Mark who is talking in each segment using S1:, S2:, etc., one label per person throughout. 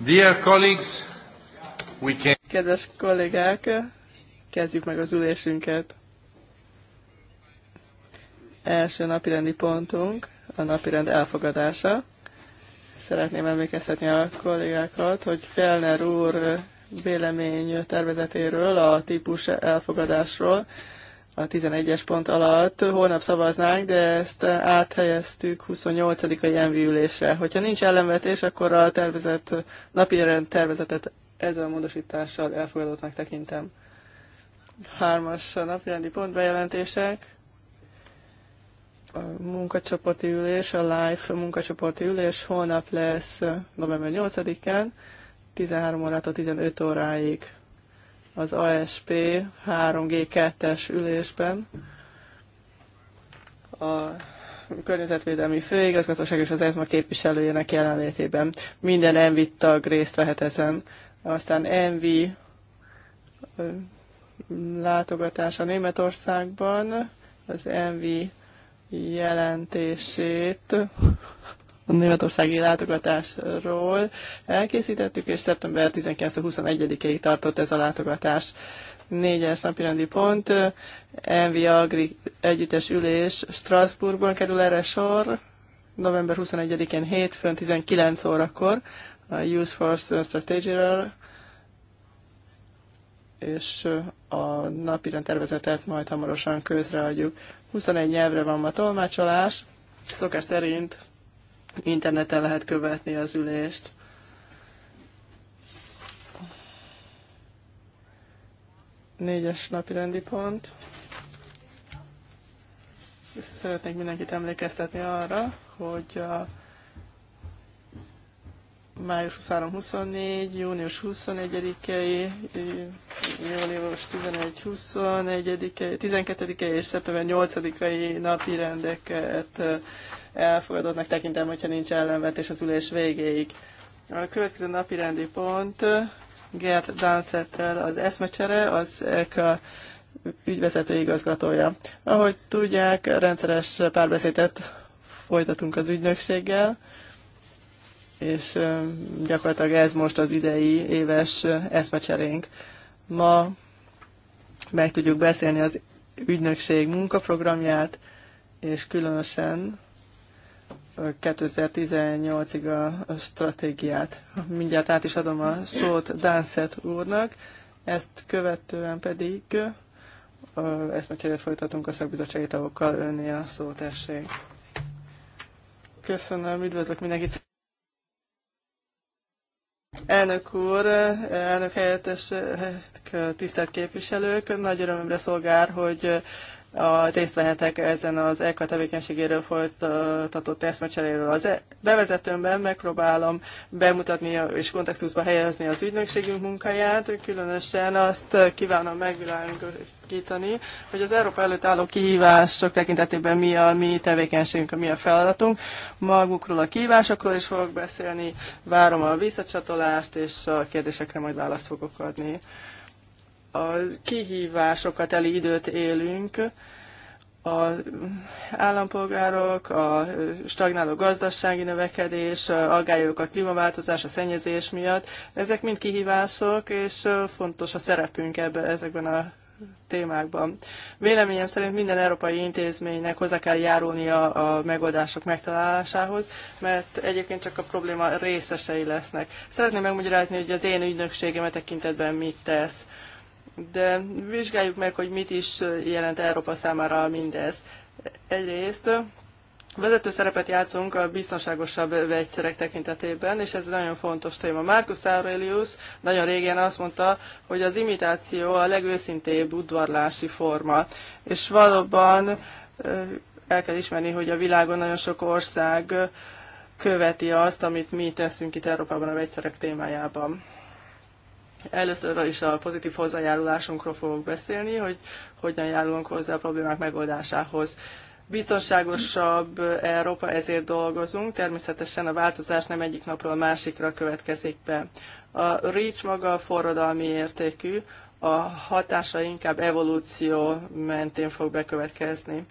S1: Dear colleagues, we can...
S2: Kedves kollégák, kezdjük meg az ülésünket. Első napirendi pontunk a napirend elfogadása. Szeretném emlékeztetni a kollégákat, hogy Felner úr vélemény tervezetéről, a típus elfogadásról a 11-es pont alatt. Holnap szavaznánk, de ezt áthelyeztük 28-ai MV ülésre. Hogyha nincs ellenvetés, akkor a tervezett, napi tervezetet ezzel a módosítással elfogadottnak tekintem. Hármas a napirendi pont bejelentések. A munkacsoporti ülés, a live munkacsoporti ülés holnap lesz november 8-án, 13 órától 15 óráig az ASP 3G2-es ülésben a környezetvédelmi főigazgatóság és az ESMA képviselőjének jelenlétében. Minden ENVI tag részt vehet ezen. Aztán ENVI látogatása Németországban az ENVI jelentését a németországi látogatásról elkészítettük, és szeptember 19-21-ig tartott ez a látogatás. Négyes napirendi pont, Envi Agri együttes ülés Strasbourgban kerül erre sor, november 21-én hétfőn 19 órakor a Use for strategy és a napirend tervezetet majd hamarosan közreadjuk. 21 nyelvre van ma tolmácsolás, szokás szerint Interneten lehet követni az ülést. Négyes napi rendi pont. Szeretnék mindenkit emlékeztetni arra, hogy a május 23-24, június 21-ei, június 11-21-ei, 12 i és szeptember 8-ai napi rendeket elfogadottnak tekintem, hogyha nincs ellenvetés az ülés végéig. A következő napi rendi pont Gert Dansettel az eszmecsere, az EKA ügyvezető igazgatója. Ahogy tudják, rendszeres párbeszédet folytatunk az ügynökséggel, és gyakorlatilag ez most az idei éves eszmecserénk. Ma meg tudjuk beszélni az ügynökség munkaprogramját, és különösen 2018-ig a stratégiát. Mindjárt át is adom a szót Dánszet úrnak, ezt követően pedig ezt eszmecserét folytatunk a szakbizottsági tagokkal, önné a szótesség. Köszönöm, üdvözlök mindenkit. Elnök úr, elnök helyettes, tisztelt képviselők, nagy örömömre szolgál, hogy a részt vehetek ezen az ELKA tevékenységéről folytatott eszmecseréről. Az e- bevezetőmben megpróbálom bemutatni és kontextusba helyezni az ügynökségünk munkáját, különösen azt kívánom megvilágítani, hogy az Európa előtt álló kihívások tekintetében mi a mi tevékenységünk, a mi a feladatunk. Magukról a kihívásokról is fogok beszélni, várom a visszacsatolást, és a kérdésekre majd választ fogok adni a kihívásokat teli időt élünk, az állampolgárok, a stagnáló gazdasági növekedés, aggályok a klímaváltozás, a szennyezés miatt. Ezek mind kihívások, és fontos a szerepünk ebben, ezekben a témákban. Véleményem szerint minden európai intézménynek hozzá kell járulnia a megoldások megtalálásához, mert egyébként csak a probléma részesei lesznek. Szeretném megmagyarázni, hogy az én ügynökségem e tekintetben mit tesz. De vizsgáljuk meg, hogy mit is jelent Európa számára mindez. Egyrészt vezető szerepet játszunk a biztonságosabb vegyszerek tekintetében, és ez nagyon fontos téma. Marcus Aurelius nagyon régen azt mondta, hogy az imitáció a legőszintébb udvarlási forma, és valóban el kell ismerni, hogy a világon nagyon sok ország követi azt, amit mi teszünk itt Európában a vegyszerek témájában. Először is a pozitív hozzájárulásunkról fogok beszélni, hogy hogyan járulunk hozzá a problémák megoldásához. Biztonságosabb Európa, ezért dolgozunk. Természetesen a változás nem egyik napról a másikra következik be. A REACH maga forradalmi értékű, a hatása inkább evolúció mentén fog bekövetkezni.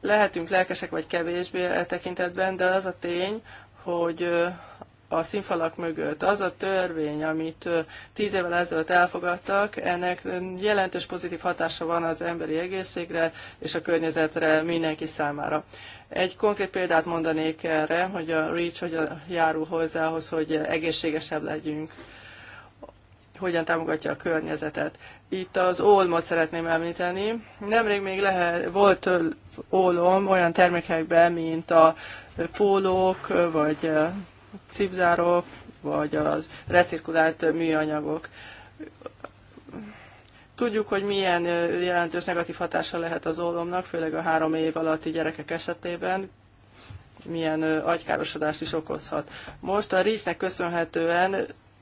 S2: Lehetünk lelkesek vagy kevésbé e tekintetben, de az a tény, hogy a színfalak mögött. Az a törvény, amit tíz évvel ezelőtt elfogadtak, ennek jelentős pozitív hatása van az emberi egészségre és a környezetre mindenki számára. Egy konkrét példát mondanék erre, hogy a REACH hogy a járul hozzá ahhoz, hogy egészségesebb legyünk hogyan támogatja a környezetet. Itt az olmot szeretném említeni. Nemrég még lehet, volt ólom olyan termékekben, mint a pólók, vagy cipzáró, vagy az recirkulált műanyagok. Tudjuk, hogy milyen jelentős negatív hatása lehet az ólomnak, főleg a három év alatti gyerekek esetében, milyen agykárosodást is okozhat. Most a rizsnek köszönhetően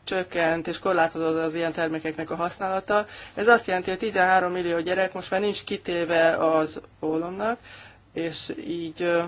S2: csökkent és korlátozott az ilyen termékeknek a használata. Ez azt jelenti, hogy 13 millió gyerek most már nincs kitéve az ólomnak, és így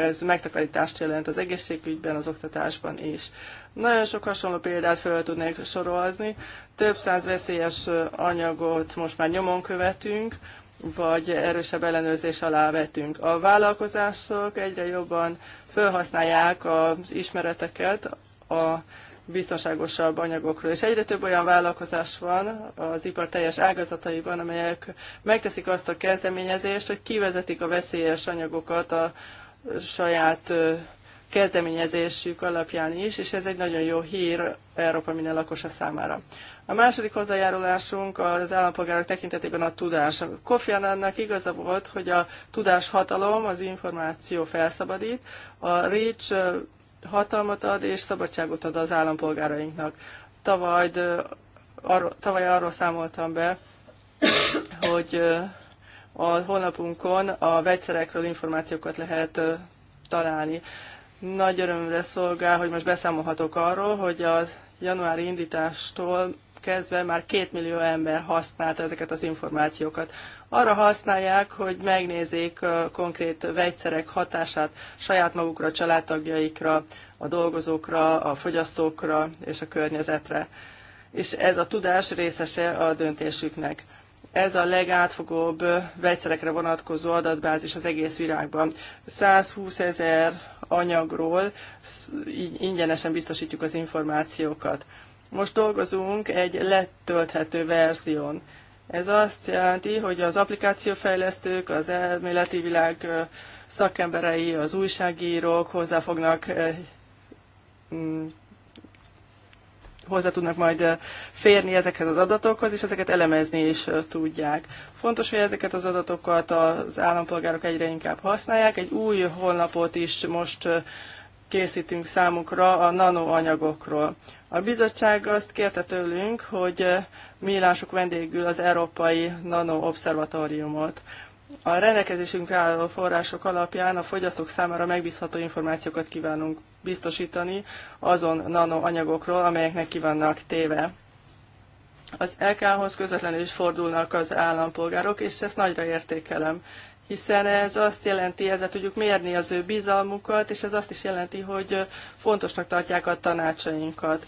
S2: ez megtakarítást jelent az egészségügyben, az oktatásban is. Nagyon sok hasonló példát fel tudnék sorolni. Több száz veszélyes anyagot most már nyomon követünk, vagy erősebb ellenőrzés alá vetünk. A vállalkozások egyre jobban felhasználják az ismereteket a biztonságosabb anyagokról. És egyre több olyan vállalkozás van az ipar teljes ágazataiban, amelyek megteszik azt a kezdeményezést, hogy kivezetik a veszélyes anyagokat a saját kezdeményezésük alapján is, és ez egy nagyon jó hír Európa minden lakosa számára. A második hozzájárulásunk az állampolgárok tekintetében a tudás. Kofi Annannak igaza volt, hogy a tudás hatalom, az információ felszabadít, a REACH hatalmat ad és szabadságot ad az állampolgárainknak. Tavaly, arról, tavaly arról számoltam be, hogy a honlapunkon a vegyszerekről információkat lehet találni. Nagy örömre szolgál, hogy most beszámolhatok arról, hogy a januári indítástól kezdve már két millió ember használta ezeket az információkat. Arra használják, hogy megnézzék konkrét vegyszerek hatását saját magukra, a családtagjaikra, a dolgozókra, a fogyasztókra és a környezetre. És ez a tudás részese a döntésüknek ez a legátfogóbb vegyszerekre vonatkozó adatbázis az egész világban. 120 ezer anyagról így ingyenesen biztosítjuk az információkat. Most dolgozunk egy letölthető verzión. Ez azt jelenti, hogy az applikációfejlesztők, az elméleti világ szakemberei, az újságírók hozzá fognak hozzá tudnak majd férni ezekhez az adatokhoz, és ezeket elemezni is tudják. Fontos, hogy ezeket az adatokat az állampolgárok egyre inkább használják. Egy új honlapot is most készítünk számukra a nanoanyagokról. A bizottság azt kérte tőlünk, hogy mi lássuk vendégül az Európai Nano Obszervatóriumot. A rendelkezésünkre álló források alapján a fogyasztók számára megbízható információkat kívánunk biztosítani azon nanoanyagokról, amelyeknek kívánnak téve. Az LK-hoz közvetlenül is fordulnak az állampolgárok, és ezt nagyra értékelem, hiszen ez azt jelenti, ezzel tudjuk mérni az ő bizalmukat, és ez azt is jelenti, hogy fontosnak tartják a tanácsainkat.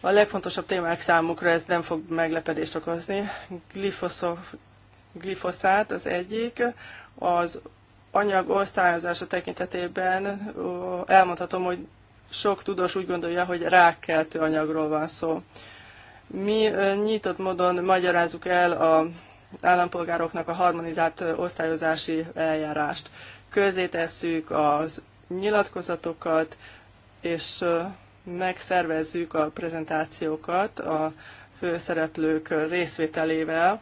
S2: A legfontosabb témák számukra ez nem fog meglepedést okozni. Glifoszok glifoszát az egyik, az anyag osztályozása tekintetében elmondhatom, hogy sok tudós úgy gondolja, hogy rákkeltő anyagról van szó. Mi nyitott módon magyarázzuk el a állampolgároknak a harmonizált osztályozási eljárást. Közzétesszük az nyilatkozatokat, és megszervezzük a prezentációkat a főszereplők részvételével,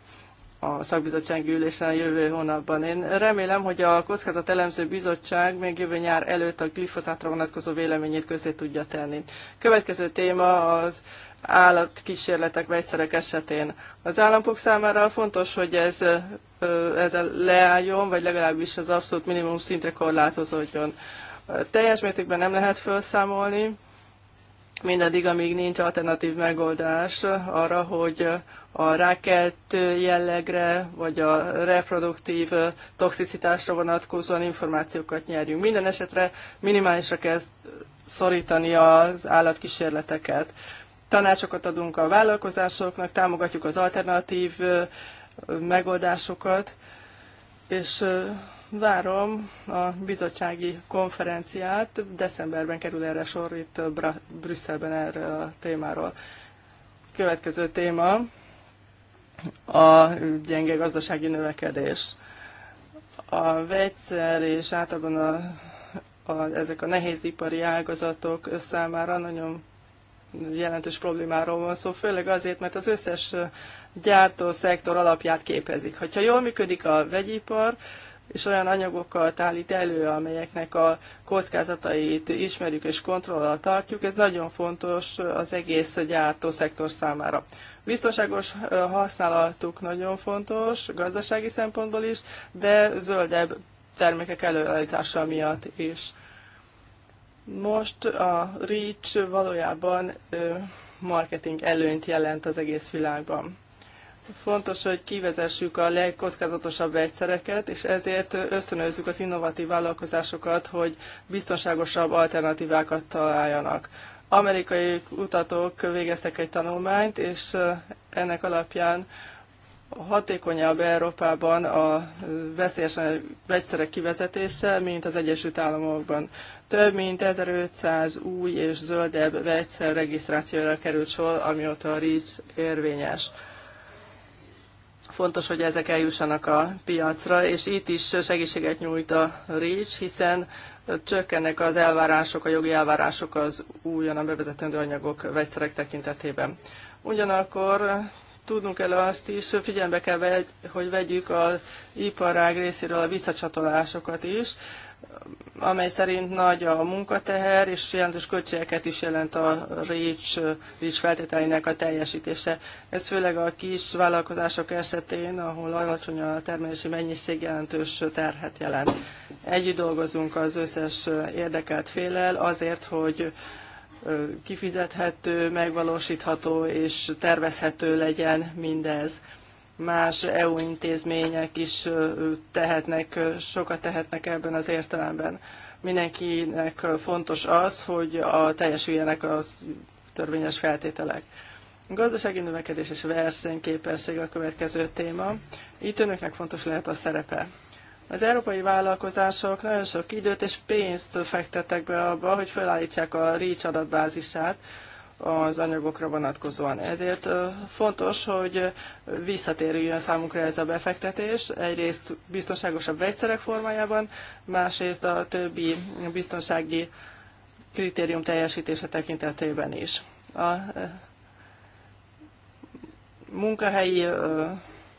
S2: a szakbizottsági ülésen jövő hónapban. Én remélem, hogy a Kockázat Elemző Bizottság még jövő nyár előtt a glifozátra vonatkozó véleményét közé tudja tenni. Következő téma az állatkísérletek vegyszerek esetén. Az állampok számára fontos, hogy ez ez leálljon, vagy legalábbis az abszolút minimum szintre korlátozódjon. Teljes mértékben nem lehet felszámolni, mindaddig, amíg nincs alternatív megoldás arra, hogy a rákeltő jellegre, vagy a reproduktív toxicitásra vonatkozóan információkat nyerjünk. Minden esetre minimálisra kell szorítani az állatkísérleteket. Tanácsokat adunk a vállalkozásoknak, támogatjuk az alternatív megoldásokat, és várom a bizottsági konferenciát. Decemberben kerül erre sor itt Brüsszelben erre a témáról. Következő téma a gyenge gazdasági növekedés. A vegyszer és általában a, a, ezek a ipari ágazatok számára nagyon jelentős problémáról van szó, főleg azért, mert az összes szektor alapját képezik. Ha jól működik a vegyipar, és olyan anyagokat állít elő, amelyeknek a kockázatait ismerjük és kontrollal tartjuk, ez nagyon fontos az egész szektor számára. Biztonságos használatuk nagyon fontos, gazdasági szempontból is, de zöldebb termékek előállítása miatt is. Most a REACH valójában marketing előnyt jelent az egész világban. Fontos, hogy kivezessük a legkockázatosabb vegyszereket, és ezért ösztönözzük az innovatív vállalkozásokat, hogy biztonságosabb alternatívákat találjanak. Amerikai kutatók végeztek egy tanulmányt, és ennek alapján hatékonyabb Európában a veszélyes vegyszerek kivezetése, mint az Egyesült Államokban. Több mint 1500 új és zöldebb vegyszer regisztrációra került sor, amióta a REACH érvényes fontos, hogy ezek eljussanak a piacra, és itt is segítséget nyújt a REACH, hiszen csökkennek az elvárások, a jogi elvárások az újonnan bevezetendő anyagok, vegyszerek tekintetében. Ugyanakkor tudnunk kell azt is, figyelembe kell, hogy vegyük az iparág részéről a visszacsatolásokat is, amely szerint nagy a munkateher, és jelentős költségeket is jelent a REACH, REACH feltételének a teljesítése. Ez főleg a kis vállalkozások esetén, ahol alacsony a termelési mennyiség jelentős terhet jelent. Együtt dolgozunk az összes érdekelt félel azért, hogy kifizethető, megvalósítható és tervezhető legyen mindez más EU intézmények is tehetnek, sokat tehetnek ebben az értelemben. Mindenkinek fontos az, hogy a teljesüljenek a törvényes feltételek. A gazdasági növekedés és versenyképesség a következő téma. Itt önöknek fontos lehet a szerepe. Az európai vállalkozások nagyon sok időt és pénzt fektettek be abba, hogy felállítsák a REACH adatbázisát, az anyagokra vonatkozóan. Ezért fontos, hogy visszatérüljön számunkra ez a befektetés, egyrészt biztonságosabb vegyszerek formájában, másrészt a többi biztonsági kritérium teljesítése tekintetében is. A munkahelyi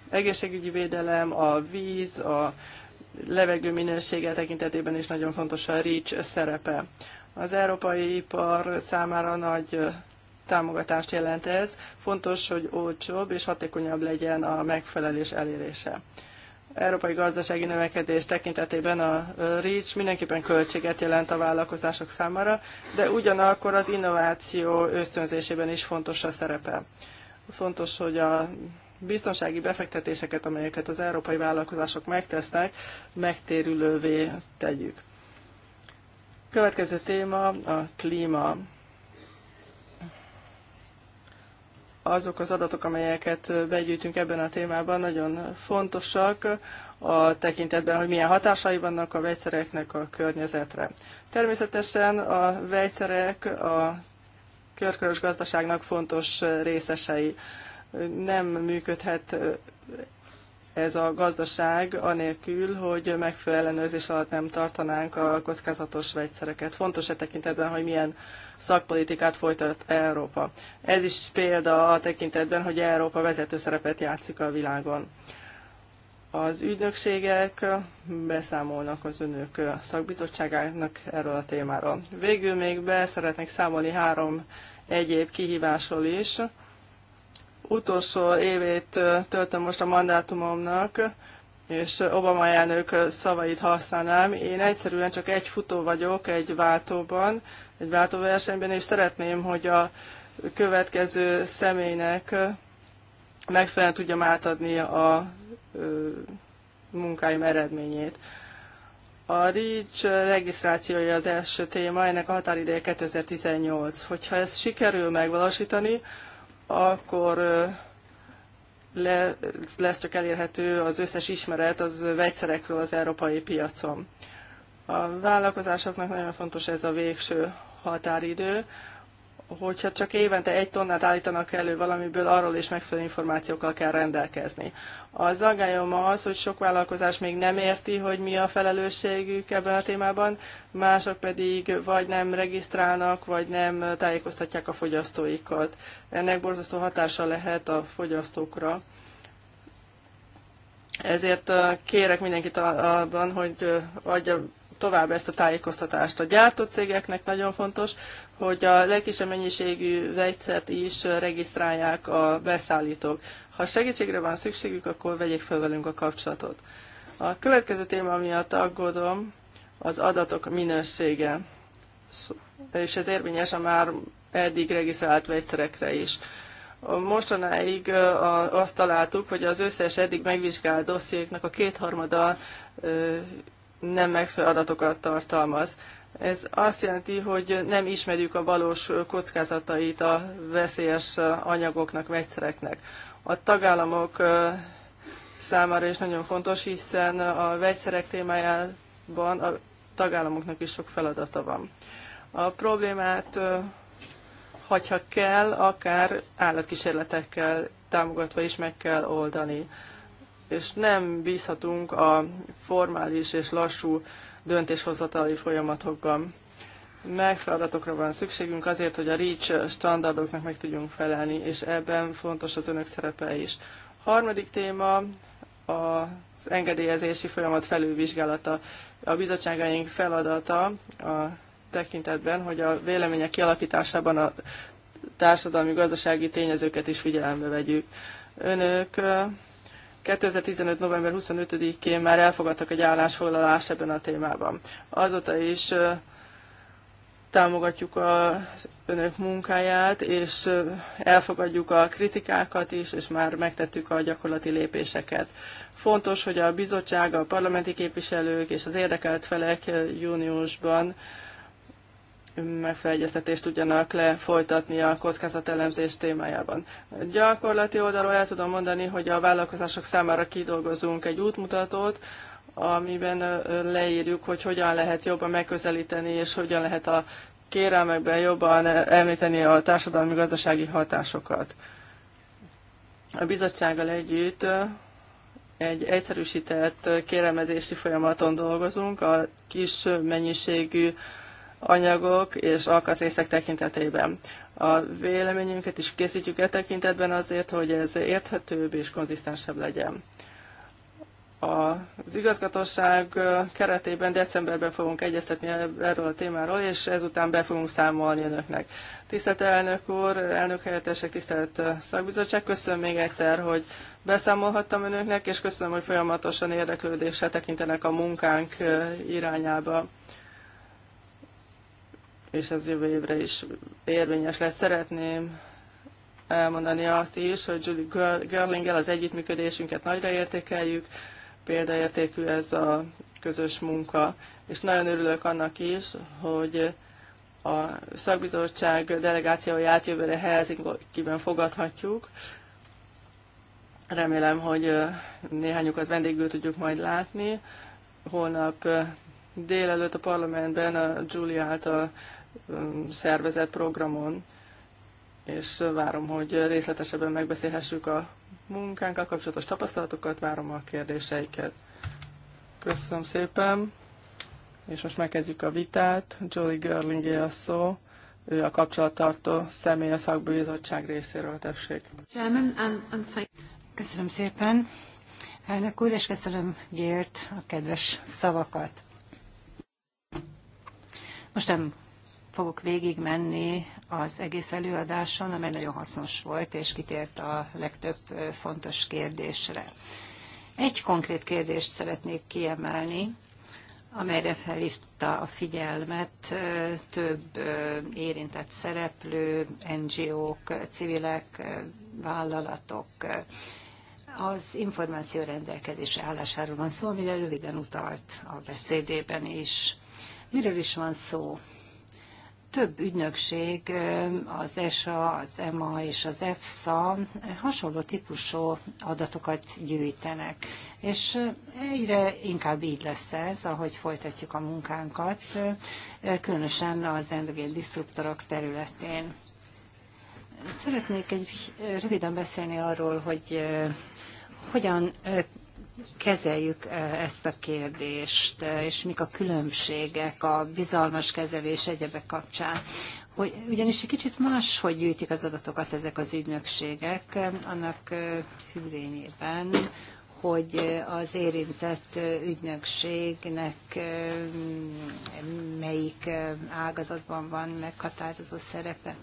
S2: egészségügyi védelem, a víz, a levegő minősége tekintetében is nagyon fontos a REACH szerepe. Az európai ipar számára nagy támogatást jelent ez. Fontos, hogy olcsóbb és hatékonyabb legyen a megfelelés elérése. Európai gazdasági növekedés tekintetében a REACH mindenképpen költséget jelent a vállalkozások számára, de ugyanakkor az innováció ösztönzésében is fontos a szerepe. Fontos, hogy a biztonsági befektetéseket, amelyeket az európai vállalkozások megtesznek, megtérülővé tegyük. Következő téma a klíma. azok az adatok, amelyeket begyűjtünk ebben a témában, nagyon fontosak a tekintetben, hogy milyen hatásai vannak a vegyszereknek a környezetre. Természetesen a vegyszerek a körkörös gazdaságnak fontos részesei. Nem működhet ez a gazdaság anélkül, hogy megfelelő ellenőrzés alatt nem tartanánk a kockázatos vegyszereket. Fontos e tekintetben, hogy milyen szakpolitikát folytat Európa. Ez is példa a tekintetben, hogy Európa vezető szerepet játszik a világon. Az ügynökségek beszámolnak az önök szakbizottságának erről a témáról. Végül még be szeretnék számolni három egyéb kihívásról is. Utolsó évét töltöm most a mandátumomnak, és Obama elnök szavait használnám. Én egyszerűen csak egy futó vagyok egy váltóban, egy váltóversenyben, és szeretném, hogy a következő személynek megfelelően tudjam átadni a munkáim eredményét. A REACH regisztrációja az első téma, ennek a határideje 2018. Hogyha ezt sikerül megvalósítani, akkor le, lesz csak elérhető az összes ismeret az vegyszerekről az európai piacon. A vállalkozásoknak nagyon fontos ez a végső határidő, hogyha csak évente egy tonnát állítanak elő valamiből, arról is megfelelő információkkal kell rendelkezni. Az aggályom az, hogy sok vállalkozás még nem érti, hogy mi a felelősségük ebben a témában, mások pedig vagy nem regisztrálnak, vagy nem tájékoztatják a fogyasztóikat. Ennek borzasztó hatása lehet a fogyasztókra. Ezért uh, kérek mindenkit abban, hogy uh, adja tovább ezt a tájékoztatást. A gyártó cégeknek nagyon fontos, hogy a legkisebb mennyiségű vegyszert is regisztrálják a beszállítók. Ha segítségre van szükségük, akkor vegyék fel velünk a kapcsolatot. A következő téma miatt aggódom az adatok minősége, és ez érvényes a már eddig regisztrált vegyszerekre is. Mostanáig azt találtuk, hogy az összes eddig megvizsgált dossziéknak a kétharmada nem megfelelő adatokat tartalmaz. Ez azt jelenti, hogy nem ismerjük a valós kockázatait a veszélyes anyagoknak, vegyszereknek. A tagállamok számára is nagyon fontos, hiszen a vegyszerek témájában a tagállamoknak is sok feladata van. A problémát, hogyha kell, akár állatkísérletekkel támogatva is meg kell oldani és nem bízhatunk a formális és lassú döntéshozatali folyamatokban. Megfeladatokra van szükségünk azért, hogy a REACH standardoknak meg tudjunk felelni, és ebben fontos az önök szerepe is. Harmadik téma az engedélyezési folyamat felülvizsgálata. A bizottságaink feladata a tekintetben, hogy a vélemények kialakításában a társadalmi-gazdasági tényezőket is figyelembe vegyük. Önök 2015. november 25-én már elfogadtak egy állásfoglalást ebben a témában. Azóta is támogatjuk a önök munkáját, és elfogadjuk a kritikákat is, és már megtettük a gyakorlati lépéseket. Fontos, hogy a bizottság, a parlamenti képviselők és az érdekelt felek júniusban megfelegyeztetést tudjanak le folytatni a kockázatelemzés témájában. Gyakorlati oldalról el tudom mondani, hogy a vállalkozások számára kidolgozunk egy útmutatót, amiben leírjuk, hogy hogyan lehet jobban megközelíteni, és hogyan lehet a kérelmekben jobban említeni a társadalmi-gazdasági hatásokat. A bizottsággal együtt egy egyszerűsített kérelmezési folyamaton dolgozunk, a kis mennyiségű anyagok és alkatrészek tekintetében. A véleményünket is készítjük e tekintetben azért, hogy ez érthetőbb és konzisztensebb legyen. Az igazgatóság keretében decemberben fogunk egyeztetni erről a témáról, és ezután be fogunk számolni önöknek. Tisztelt elnök úr, elnök helyettesek, tisztelt szakbizottság, köszönöm még egyszer, hogy beszámolhattam önöknek, és köszönöm, hogy folyamatosan érdeklődésre tekintenek a munkánk irányába és ez jövő évre is érvényes lesz. Szeretném elmondani azt is, hogy Julie Görlinggel az együttműködésünket nagyra értékeljük, példaértékű ez a közös munka, és nagyon örülök annak is, hogy a szakbizottság delegációját jövőre Helsinki-ben fogadhatjuk. Remélem, hogy néhányukat vendégül tudjuk majd látni. Holnap délelőtt a parlamentben a Julie által szervezett programon, és várom, hogy részletesebben megbeszélhessük a munkánkkal kapcsolatos tapasztalatokat, várom a kérdéseiket. Köszönöm szépen, és most megkezdjük a vitát. Jolly Görling a szó, ő a kapcsolattartó személy a szakbizottság részéről, tessék.
S3: Köszönöm szépen, elnök úr, és köszönöm Gért a kedves szavakat. Most nem fogok végigmenni az egész előadáson, amely nagyon hasznos volt, és kitért a legtöbb fontos kérdésre. Egy konkrét kérdést szeretnék kiemelni, amelyre felhívta a figyelmet több érintett szereplő, NGO-k, civilek, vállalatok. Az információ rendelkezés állásáról van szó, amire röviden utalt a beszédében is. Miről is van szó? több ügynökség, az ESA, az EMA és az EFSA hasonló típusú adatokat gyűjtenek. És egyre inkább így lesz ez, ahogy folytatjuk a munkánkat, különösen az endogén diszruptorok területén. Szeretnék egy röviden beszélni arról, hogy hogyan kezeljük e, ezt a kérdést, e, és mik a különbségek a bizalmas kezelés egyebek kapcsán. Hogy, ugyanis egy kicsit más, hogy gyűjtik az adatokat ezek az ügynökségek, e, annak hűvényében, hogy az érintett ügynökségnek melyik ágazatban van meghatározó szerepe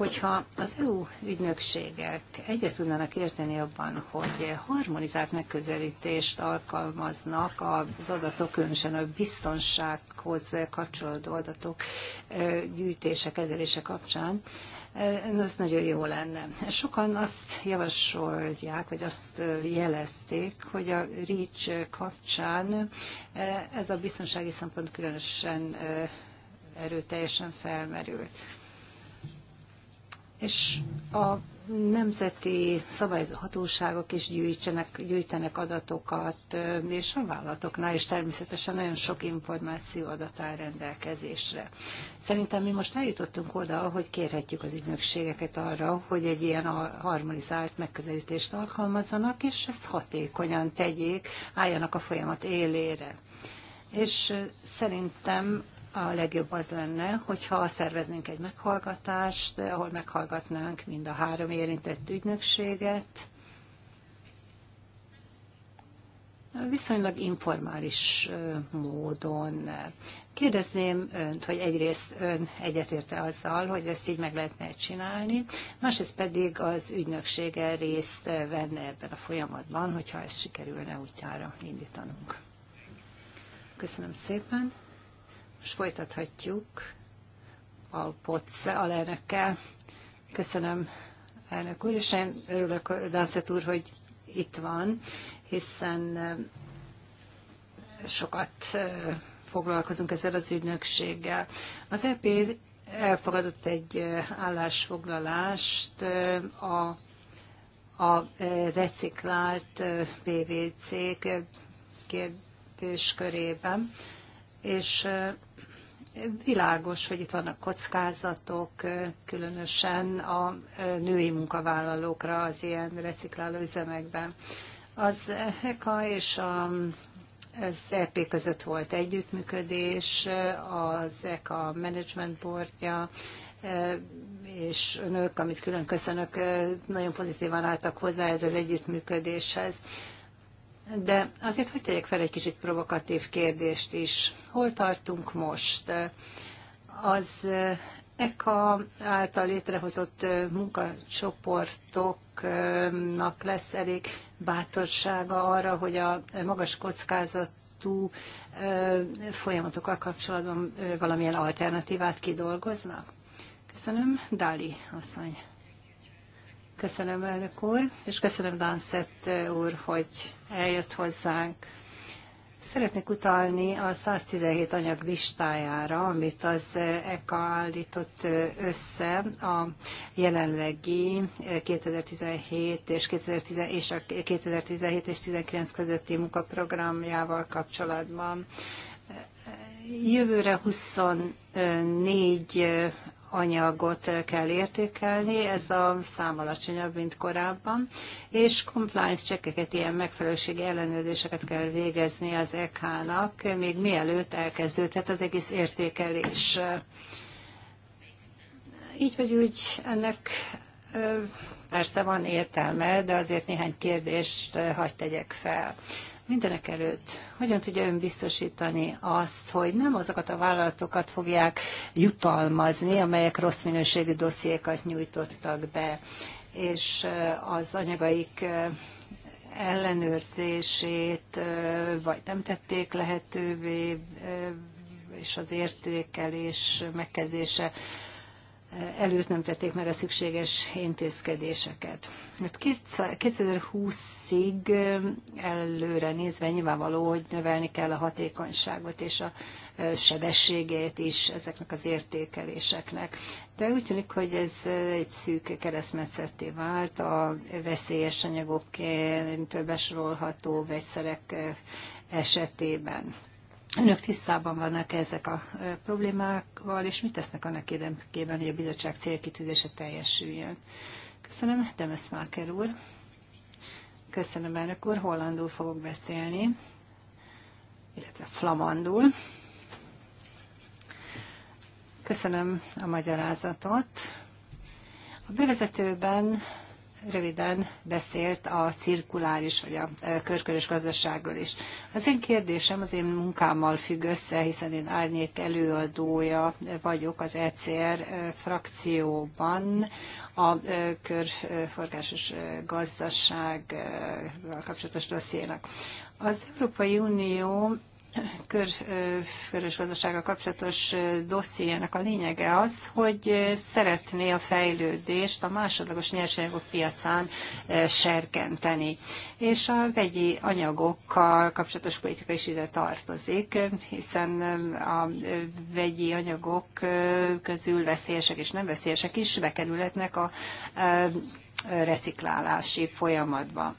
S3: hogyha az EU ügynökségek egyet tudnának érteni abban, hogy harmonizált megközelítést alkalmaznak az adatok, különösen a biztonsághoz kapcsolódó adatok gyűjtése, kezelése kapcsán, az nagyon jó lenne. Sokan azt javasolják, vagy azt jelezték, hogy a REACH kapcsán ez a biztonsági szempont különösen erőteljesen felmerült és a nemzeti szabályozó hatóságok is gyűjtsenek, gyűjtenek adatokat, és a vállalatoknál is természetesen nagyon sok információ adat áll rendelkezésre. Szerintem mi most eljutottunk oda, hogy kérhetjük az ügynökségeket arra, hogy egy ilyen harmonizált megközelítést alkalmazzanak, és ezt hatékonyan tegyék, álljanak a folyamat élére. És szerintem a legjobb az lenne, hogyha szerveznénk egy meghallgatást, ahol meghallgatnánk mind a három érintett ügynökséget. Viszonylag informális módon. Kérdezném önt, hogy egyrészt ön egyetérte azzal, hogy ezt így meg lehetne csinálni, másrészt pedig az ügynöksége részt venne ebben a folyamatban, hogyha ezt sikerülne útjára indítanunk. Köszönöm szépen. Most folytathatjuk Alpotsz alelnökkel. Köszönöm, elnök úr, és én örülök, Dancet úr, hogy itt van, hiszen eh, sokat eh, foglalkozunk ezzel az ügynökséggel. Az EP elfogadott egy eh, állásfoglalást a a reciklált PVC-k kérdéskörében, és Világos, hogy itt vannak kockázatok, különösen a női munkavállalókra az ilyen recikláló üzemekben. Az EKA és a az EP között volt együttműködés, az EKA Management Boardja, és önök, amit külön köszönök, nagyon pozitívan álltak hozzá ez az együttműködéshez de azért hogy tegyek fel egy kicsit provokatív kérdést is. Hol tartunk most? Az eka által létrehozott munkacsoportoknak lesz elég bátorsága arra, hogy a magas kockázatú folyamatokkal kapcsolatban valamilyen alternatívát kidolgoznak? Köszönöm. Dáli asszony. Köszönöm, elnök úr, és köszönöm Dánszett eh, úr, hogy eljött hozzánk. Szeretnék utalni a 117 anyag listájára, amit az EKA eh, állított eh, össze a jelenlegi 2017 és, 2010, és a 2017 és 2019 közötti munkaprogramjával kapcsolatban. Jövőre 24 anyagot kell értékelni, ez a szám alacsonyabb, mint korábban, és compliance csekkeket, ilyen megfelelőségi ellenőrzéseket kell végezni az EK-nak, még mielőtt elkezdődhet az egész értékelés. Így vagy úgy ennek persze van értelme, de azért néhány kérdést hagy tegyek fel. Mindenek előtt hogyan tudja ön biztosítani azt, hogy nem azokat a vállalatokat fogják jutalmazni, amelyek rossz minőségű dossziékat nyújtottak be, és eh, az anyagaik eh, ellenőrzését, eh, vagy nem tették lehetővé, és az értékelés megkezdése előtt nem tették meg a szükséges intézkedéseket. 2020-ig előre nézve nyilvánvaló, hogy növelni kell a hatékonyságot és a sebességét is ezeknek az értékeléseknek. De úgy tűnik, hogy ez egy szűk keresztmetszetté vált, a veszélyes anyagok besorolható vegyszerek esetében. Önök tisztában vannak ezek a problémákval, és mit tesznek annak érdekében, hogy a bizottság célkitűzése teljesüljön? Köszönöm, Máker úr. Köszönöm, elnök úr. Hollandul fogok beszélni, illetve flamandul. Köszönöm a magyarázatot. A bevezetőben röviden beszélt a cirkuláris vagy a körkörös gazdaságról is. Az én kérdésem az én munkámmal függ össze, hiszen én árnyék előadója vagyok az ECR frakcióban a körforgásos gazdaság kapcsolatos dossziénak. Az Európai Unió kör, körös gazdasággal kapcsolatos dossziének a lényege az, hogy szeretné a fejlődést a másodlagos nyersanyagok piacán serkenteni. És a vegyi anyagokkal kapcsolatos politika is ide tartozik, hiszen a vegyi anyagok közül veszélyesek és nem veszélyesek is bekerülhetnek a reciklálási folyamatba.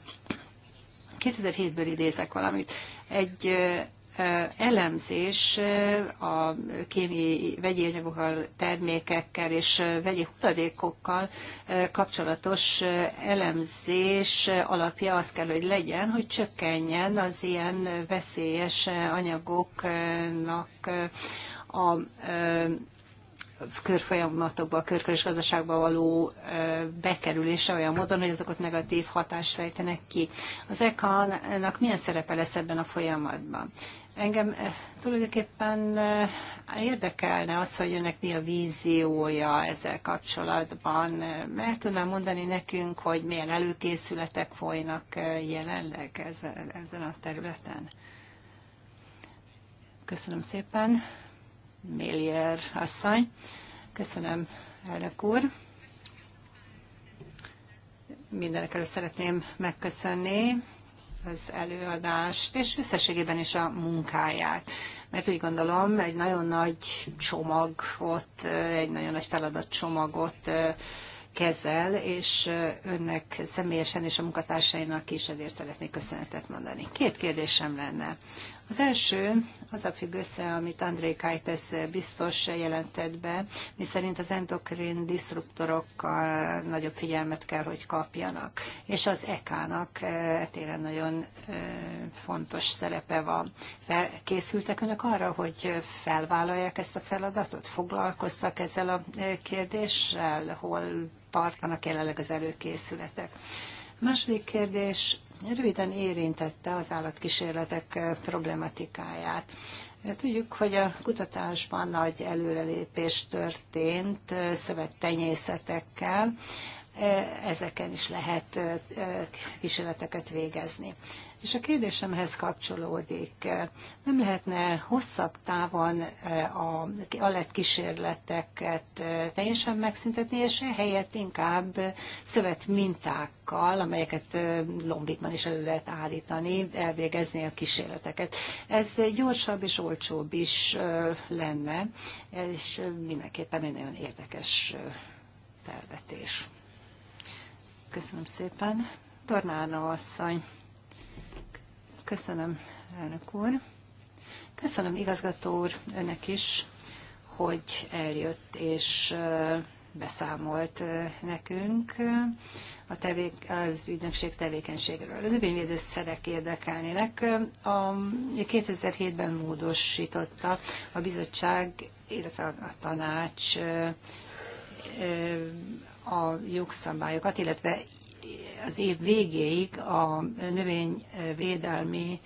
S3: 2007-ből idézek valamit. Egy elemzés a kémiai vegyi anyagokkal, termékekkel és vegyi hulladékokkal kapcsolatos elemzés alapja az kell, hogy legyen, hogy csökkenjen az ilyen veszélyes anyagoknak a körfolyamatokba, a körkörös gazdaságba való bekerülése olyan módon, hogy azokat negatív hatást fejtenek ki. Az ECA-nak milyen szerepe lesz ebben a folyamatban? Engem tulajdonképpen érdekelne az, hogy önnek mi a víziója ezzel kapcsolatban. Mert tudnám mondani nekünk, hogy milyen előkészületek folynak jelenleg ezen a területen? Köszönöm szépen. Mélier asszony. Köszönöm, elnök úr. Mindenek előtt szeretném megköszönni az előadást, és összességében is a munkáját. Mert úgy gondolom, egy nagyon nagy csomagot, egy nagyon nagy feladatcsomagot kezel, és önnek személyesen és a munkatársainak is ezért szeretnék köszönetet mondani. Két kérdésem lenne. Az első az a függ össze, amit André Kajtesz biztos jelentett be, miszerint az endokrin disruptorokkal nagyobb figyelmet kell, hogy kapjanak, és az EK-nak e, tényleg nagyon e, fontos szerepe van. Készültek önök arra, hogy felvállalják ezt a feladatot? Foglalkoztak ezzel a e, kérdéssel? Hol tartanak jelenleg az előkészületek? Második kérdés röviden érintette az állatkísérletek eh, problematikáját. Eh, tudjuk, hogy a kutatásban nagy előrelépés történt eh, szövettenyészetekkel, ezeken is lehet kísérleteket végezni. És a kérdésemhez kapcsolódik, nem lehetne hosszabb távon eh, a alett kísérleteket eh, teljesen megszüntetni, és helyett inkább szövet mintákkal, amelyeket eh, lombikban is elő lehet állítani, elvégezni a kísérleteket. Ez gyorsabb és olcsóbb is lenne, és mindenképpen egy nagyon érdekes felvetés. Köszönöm szépen. Tornána asszony. Köszönöm, elnök úr. Köszönöm, igazgató úr, önnek is, hogy eljött és beszámolt nekünk a tevék, az ügynökség tevékenységről. A szerek érdekelnének. A 2007-ben módosította a bizottság, illetve a tanács a jogszabályokat, illetve az év végéig a növényvédelmi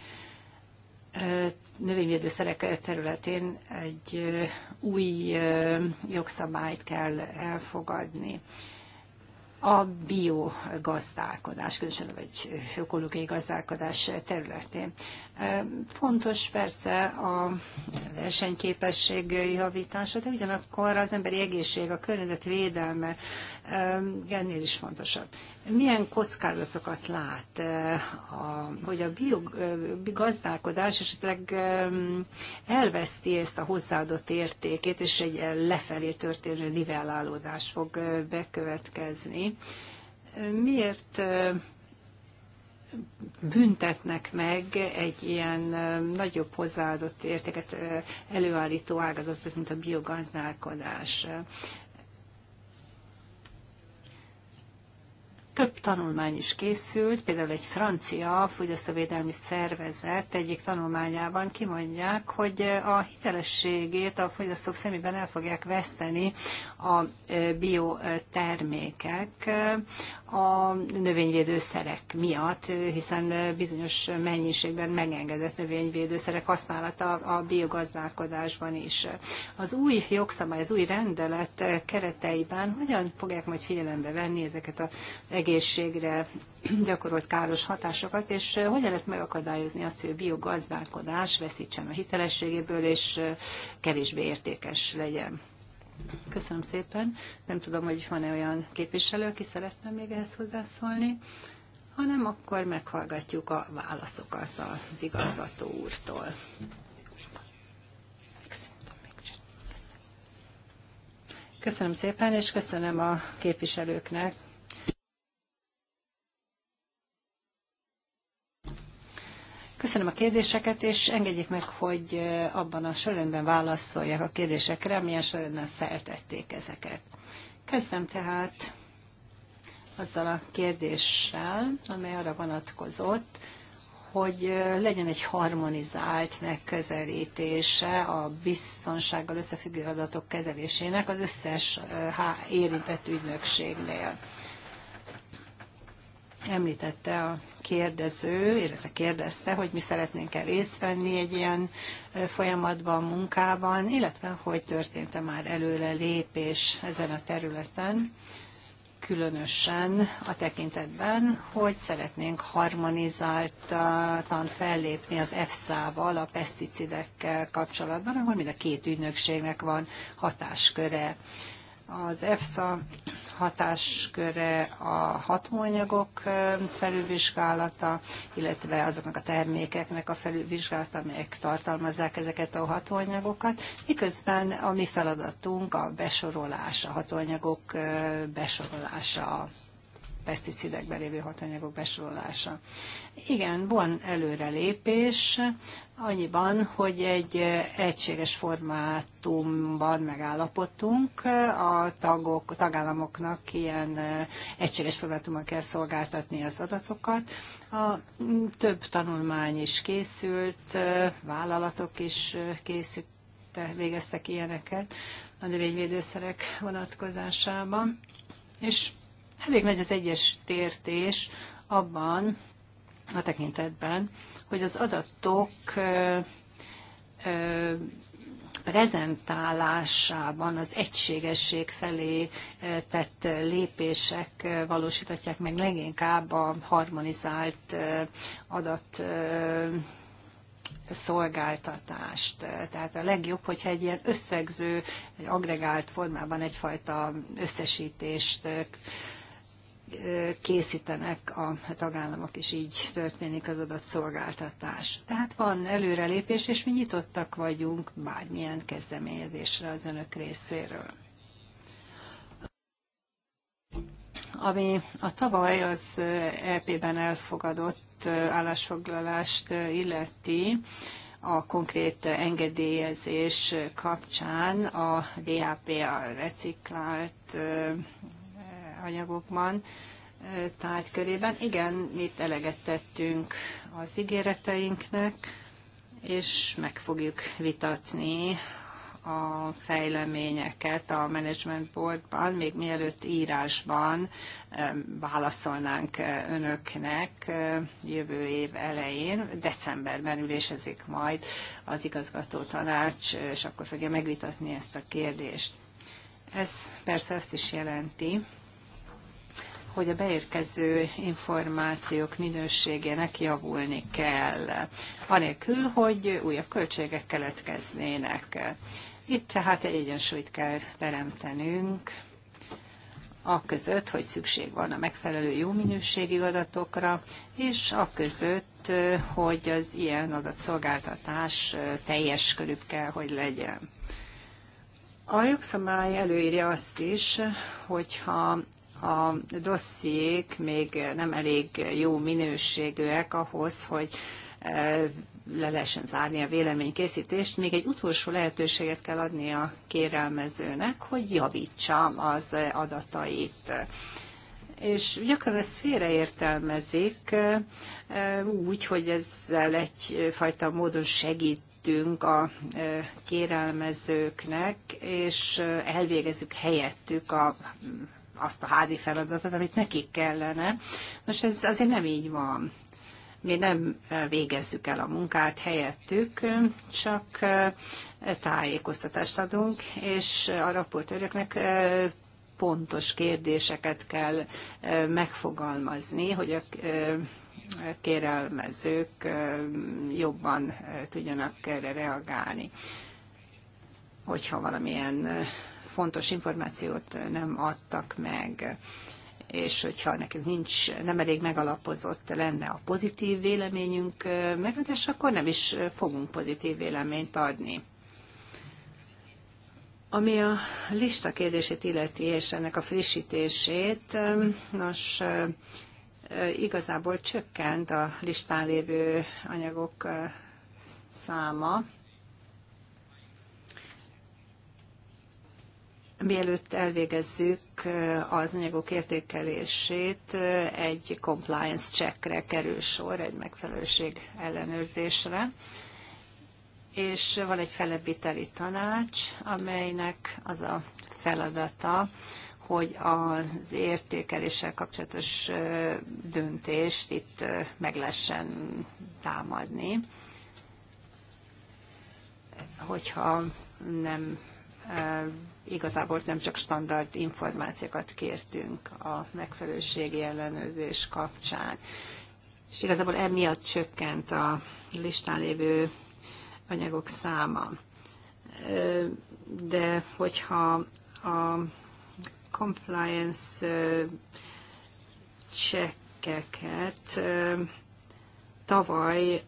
S3: növényvédőszerek területén egy új jogszabályt kell elfogadni. A biogazdálkodás, különösen vagy ökológiai gazdálkodás területén. Fontos persze a versenyképesség javítása, de ugyanakkor az emberi egészség, a környezet védelme ennél is fontosabb. Milyen kockázatokat lát, a, hogy a biogazdálkodás esetleg elveszti ezt a hozzáadott értékét, és egy lefelé történő nivellálódás fog bekövetkezni? Miért büntetnek meg egy ilyen nagyobb hozzáadott értéket előállító ágazatot, mint a biogazdálkodás. több tanulmány is készült, például egy francia fogyasztóvédelmi szervezet egyik tanulmányában kimondják, hogy a hitelességét a fogyasztók szemében el fogják veszteni a biotermékek, a növényvédőszerek miatt, hiszen bizonyos mennyiségben megengedett növényvédőszerek használata a biogazdálkodásban is. Az új jogszabály, az új rendelet kereteiben hogyan fogják majd figyelembe venni ezeket az egészségre gyakorolt káros hatásokat, és hogyan lehet megakadályozni azt, hogy a biogazdálkodás veszítsen a hitelességéből, és kevésbé értékes legyen? Köszönöm szépen. Nem tudom, hogy van-e olyan képviselő, aki szeretne még ehhez hozzászólni, hanem akkor meghallgatjuk a válaszokat az igazgató úrtól. Köszönöm szépen, és köszönöm a képviselőknek Köszönöm a kérdéseket, és engedjék meg, hogy abban a sorrendben válaszoljak a kérdésekre, milyen sorrendben feltették ezeket. Kezdem tehát azzal a kérdéssel, amely arra vonatkozott, hogy legyen egy harmonizált megközelítése a biztonsággal összefüggő adatok kezelésének az összes érintett ügynökségnél. Említette a kérdező, illetve kérdezte, hogy mi szeretnénk-e részt venni egy ilyen folyamatban, munkában, illetve hogy történt-e már előle lépés ezen a területen különösen a tekintetben, hogy szeretnénk harmonizáltan fellépni az EFSA-val a peszticidekkel kapcsolatban, ahol mind a két ügynökségnek van hatásköre. Az EFSA hatásköre a hatóanyagok felülvizsgálata, illetve azoknak a termékeknek a felülvizsgálata, amelyek tartalmazzák ezeket a hatóanyagokat, miközben a mi feladatunk a besorolás, a hatóanyagok besorolása a peszticidekben lévő hatanyagok besorolása. Igen, van előrelépés, annyiban, hogy egy egységes formátumban megállapodtunk, a tagok, tagállamoknak ilyen egységes formátumban kell szolgáltatni az adatokat. A több tanulmány is készült, vállalatok is készült, végeztek ilyeneket a növényvédőszerek vonatkozásában, és elég nagy az egyes tértés abban, a tekintetben, hogy az adatok prezentálásában az egységesség felé tett lépések valósítatják meg leginkább a harmonizált adat szolgáltatást. Tehát a legjobb, hogyha egy ilyen összegző, egy agregált formában egyfajta összesítést készítenek a tagállamok, és így történik az adatszolgáltatás. Tehát van előrelépés, és mi nyitottak vagyunk bármilyen kezdeményezésre az önök részéről. Ami a tavaly az EP-ben elfogadott állásfoglalást illeti, a konkrét engedélyezés kapcsán a DHP a reciklált anyagokban, körében Igen, itt eleget tettünk az ígéreteinknek, és meg fogjuk vitatni a fejleményeket a Management Boardban, még mielőtt írásban válaszolnánk önöknek jövő év elején, decemberben ülésezik majd az igazgató tanács, és akkor fogja megvitatni ezt a kérdést. Ez persze azt is jelenti, hogy a beérkező információk minőségének javulni kell, anélkül, hogy újabb költségek keletkeznének. Itt tehát egy egyensúlyt kell teremtenünk, a között, hogy szükség van a megfelelő jó minőségű adatokra, és a között, hogy az ilyen adatszolgáltatás teljes körül kell, hogy legyen. A jogszabály előírja azt is, hogyha a dossziék még nem elég jó minőségűek ahhoz, hogy e, le lehessen zárni a véleménykészítést, még egy utolsó lehetőséget kell adni a kérelmezőnek, hogy javítsa az adatait. És gyakran ezt félreértelmezik e, e, úgy, hogy ezzel egyfajta módon segít segítünk a kérelmezőknek, és elvégezzük helyettük a azt a házi feladatot, amit nekik kellene. Most ez azért nem így van. Mi nem eh, végezzük el a munkát helyettük, csak eh, tájékoztatást adunk, és a raportőröknek eh, pontos kérdéseket kell megfogalmazni, hogy a kérelmezők jobban tudjanak erre reagálni hogyha valamilyen fontos információt nem adtak meg és hogyha nekünk nincs, nem elég megalapozott lenne a pozitív véleményünk megadás, akkor nem is fogunk pozitív véleményt adni. Ami a lista kérdését illeti, és ennek a frissítését, nos, igazából csökkent a listán lévő anyagok száma, mielőtt elvégezzük eh, az anyagok értékelését, eh, egy compliance checkre kerül sor, egy megfelelőség ellenőrzésre, és van egy felebbiteli tanács, amelynek az a feladata, hogy az értékeléssel kapcsolatos eh, döntést itt meg lehessen támadni, hogyha nem igazából nem csak standard információkat kértünk a megfelelőségi ellenőrzés kapcsán. És igazából emiatt csökkent a listán lévő anyagok száma. De hogyha a compliance csekkeket tavaly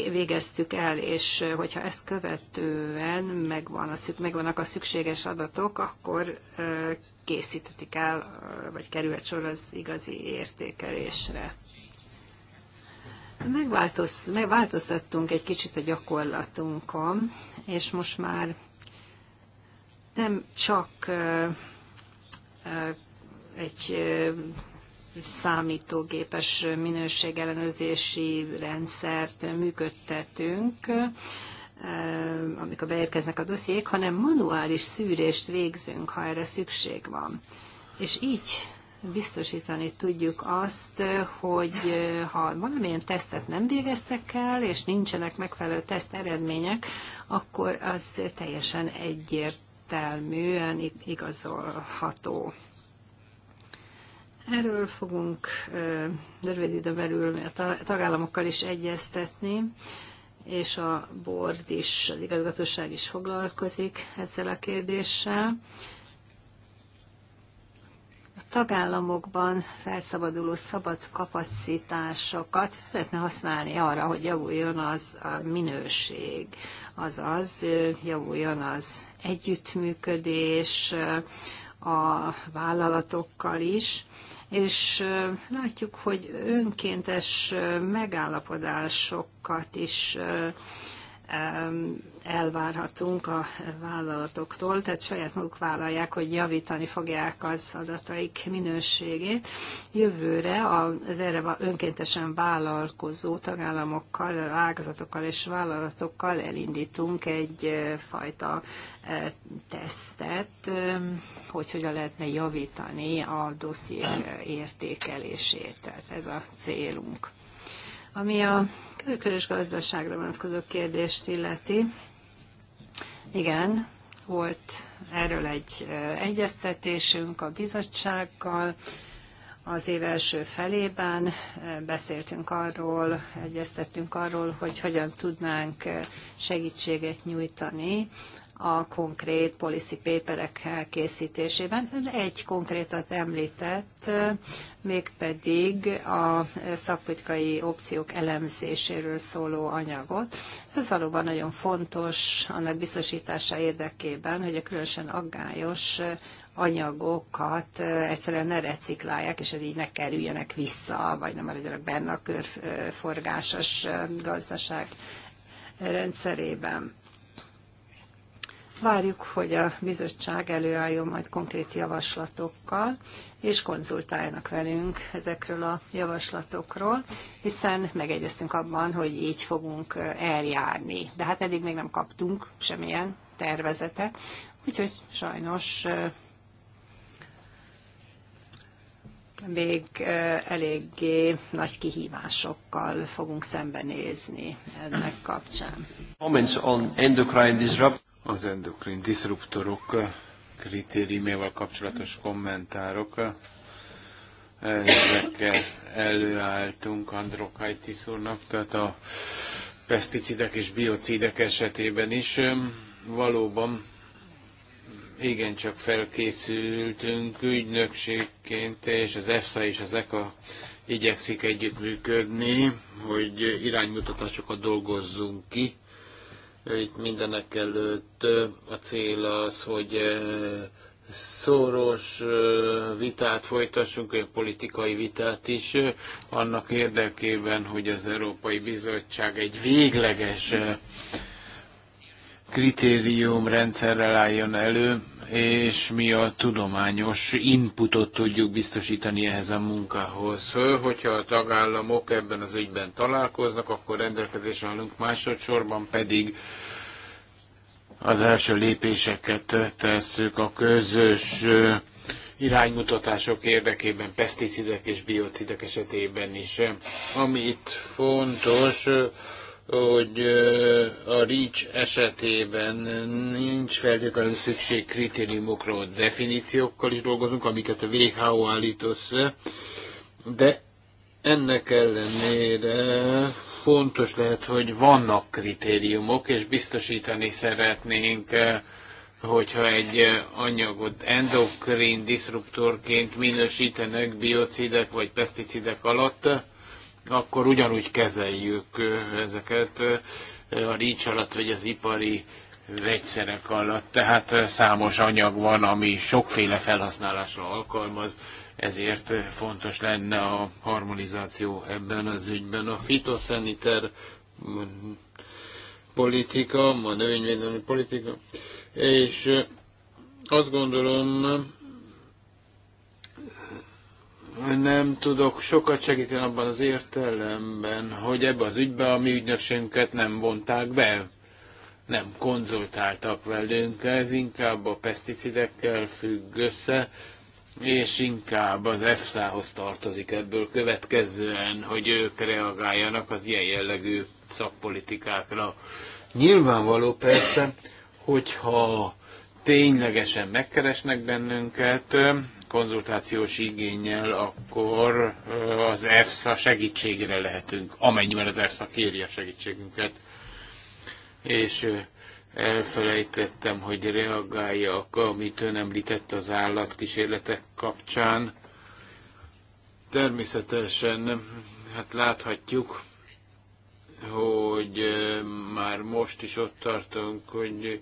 S3: végeztük el, és hogyha ezt követően megvan a, megvannak a szükséges adatok, akkor készítetik el, vagy kerülhet sor az igazi értékelésre. Megváltoz, megváltoztattunk egy kicsit a gyakorlatunkon, és most már nem csak egy számítógépes minőségellenőrzési rendszert működtetünk, eh, amikor beérkeznek a dossziék, hanem manuális szűrést végzünk, ha erre szükség van. És így biztosítani tudjuk azt, hogy eh, ha valamilyen tesztet nem végeztek el, és nincsenek megfelelő teszt eredmények, akkor az teljesen egyértelműen igazolható. Erről fogunk rövid időn belül a tagállamokkal is egyeztetni, és a board is, az igazgatóság is foglalkozik ezzel a kérdéssel. A tagállamokban felszabaduló szabad kapacitásokat lehetne használni arra, hogy javuljon az a minőség, azaz javuljon az együttműködés, a vállalatokkal is, és látjuk, hogy önkéntes megállapodásokat is elvárhatunk a vállalatoktól, tehát saját maguk vállalják, hogy javítani fogják az adataik minőségét. Jövőre az erre önkéntesen vállalkozó tagállamokkal, ágazatokkal és vállalatokkal elindítunk egyfajta eh, eh, tesztet, hogy hogyan lehetne javítani a dossziék eh, értékelését. Tehát ez a célunk. Ami a körkörös gazdaságra vonatkozó kérdést illeti, igen, volt erről egy egyeztetésünk a bizottsággal, az év első felében beszéltünk arról, egyeztettünk arról, hogy hogyan tudnánk segítséget nyújtani a konkrét policy paperek készítésében. Ön egy konkrétat említett, mégpedig a szakpolitikai opciók elemzéséről szóló anyagot. Ez valóban nagyon fontos annak biztosítása érdekében, hogy a különösen aggályos anyagokat egyszerűen ne reciklálják, és ez így ne kerüljenek vissza, vagy nem maradjanak benne a körforgásos gazdaság rendszerében. Várjuk, hogy a bizottság előálljon majd konkrét javaslatokkal, és konzultáljanak velünk ezekről a javaslatokról, hiszen megegyeztünk abban, hogy így fogunk eljárni. De hát eddig még nem kaptunk semmilyen tervezete, úgyhogy sajnos még eléggé nagy kihívásokkal fogunk szembenézni ennek kapcsán.
S1: Comments on endocrine az endokrin diszruptorok kritériumával kapcsolatos kommentárok. Ezekkel előálltunk Androkaitis úrnak, tehát a peszticidek és biocidek esetében is. Valóban igencsak felkészültünk ügynökségként, és az EFSA és az ECA igyekszik együttműködni, hogy iránymutatásokat dolgozzunk ki itt mindenek előtt a cél az, hogy szoros vitát folytassunk, egy politikai vitát is, annak érdekében, hogy az Európai Bizottság egy végleges kritériumrendszerrel álljon elő, és mi a tudományos inputot tudjuk biztosítani ehhez a munkához. Hogyha a tagállamok ebben az ügyben találkoznak, akkor rendelkezésre állunk másodszorban pedig az első lépéseket tesszük a közös iránymutatások érdekében, peszticidek és biocidek esetében is. Ami itt fontos, hogy a REACH esetében nincs feltétlenül szükség kritériumokra, definíciókkal is dolgozunk, amiket a WHO állít össze, de ennek ellenére fontos lehet, hogy vannak kritériumok, és biztosítani szeretnénk, hogyha egy anyagot endokrin diszruptorként minősítenek biocidek vagy peszticidek alatt, akkor ugyanúgy kezeljük ezeket a rics alatt, vagy az ipari vegyszerek alatt. Tehát számos anyag van, ami sokféle felhasználásra alkalmaz, ezért fontos lenne a harmonizáció ebben az ügyben. A fitoszeniter mm, politika, a növényvédelmi politika, és azt gondolom, nem tudok sokat segíteni abban az értelemben, hogy ebbe az ügybe a mi ügynökségünket nem vonták be, nem konzultáltak velünk, ez inkább a peszticidekkel függ össze, és inkább az EFSA-hoz tartozik ebből következően, hogy ők reagáljanak az ilyen jellegű szakpolitikákra. Nyilvánvaló persze, hogyha ténylegesen megkeresnek bennünket, konzultációs igényel, akkor az EFSA segítségére lehetünk, amennyiben az EFSA kéri a segítségünket. És elfelejtettem, hogy reagáljak, amit ön említett az állatkísérletek kapcsán. Természetesen, hát láthatjuk, hogy már most is ott tartunk, hogy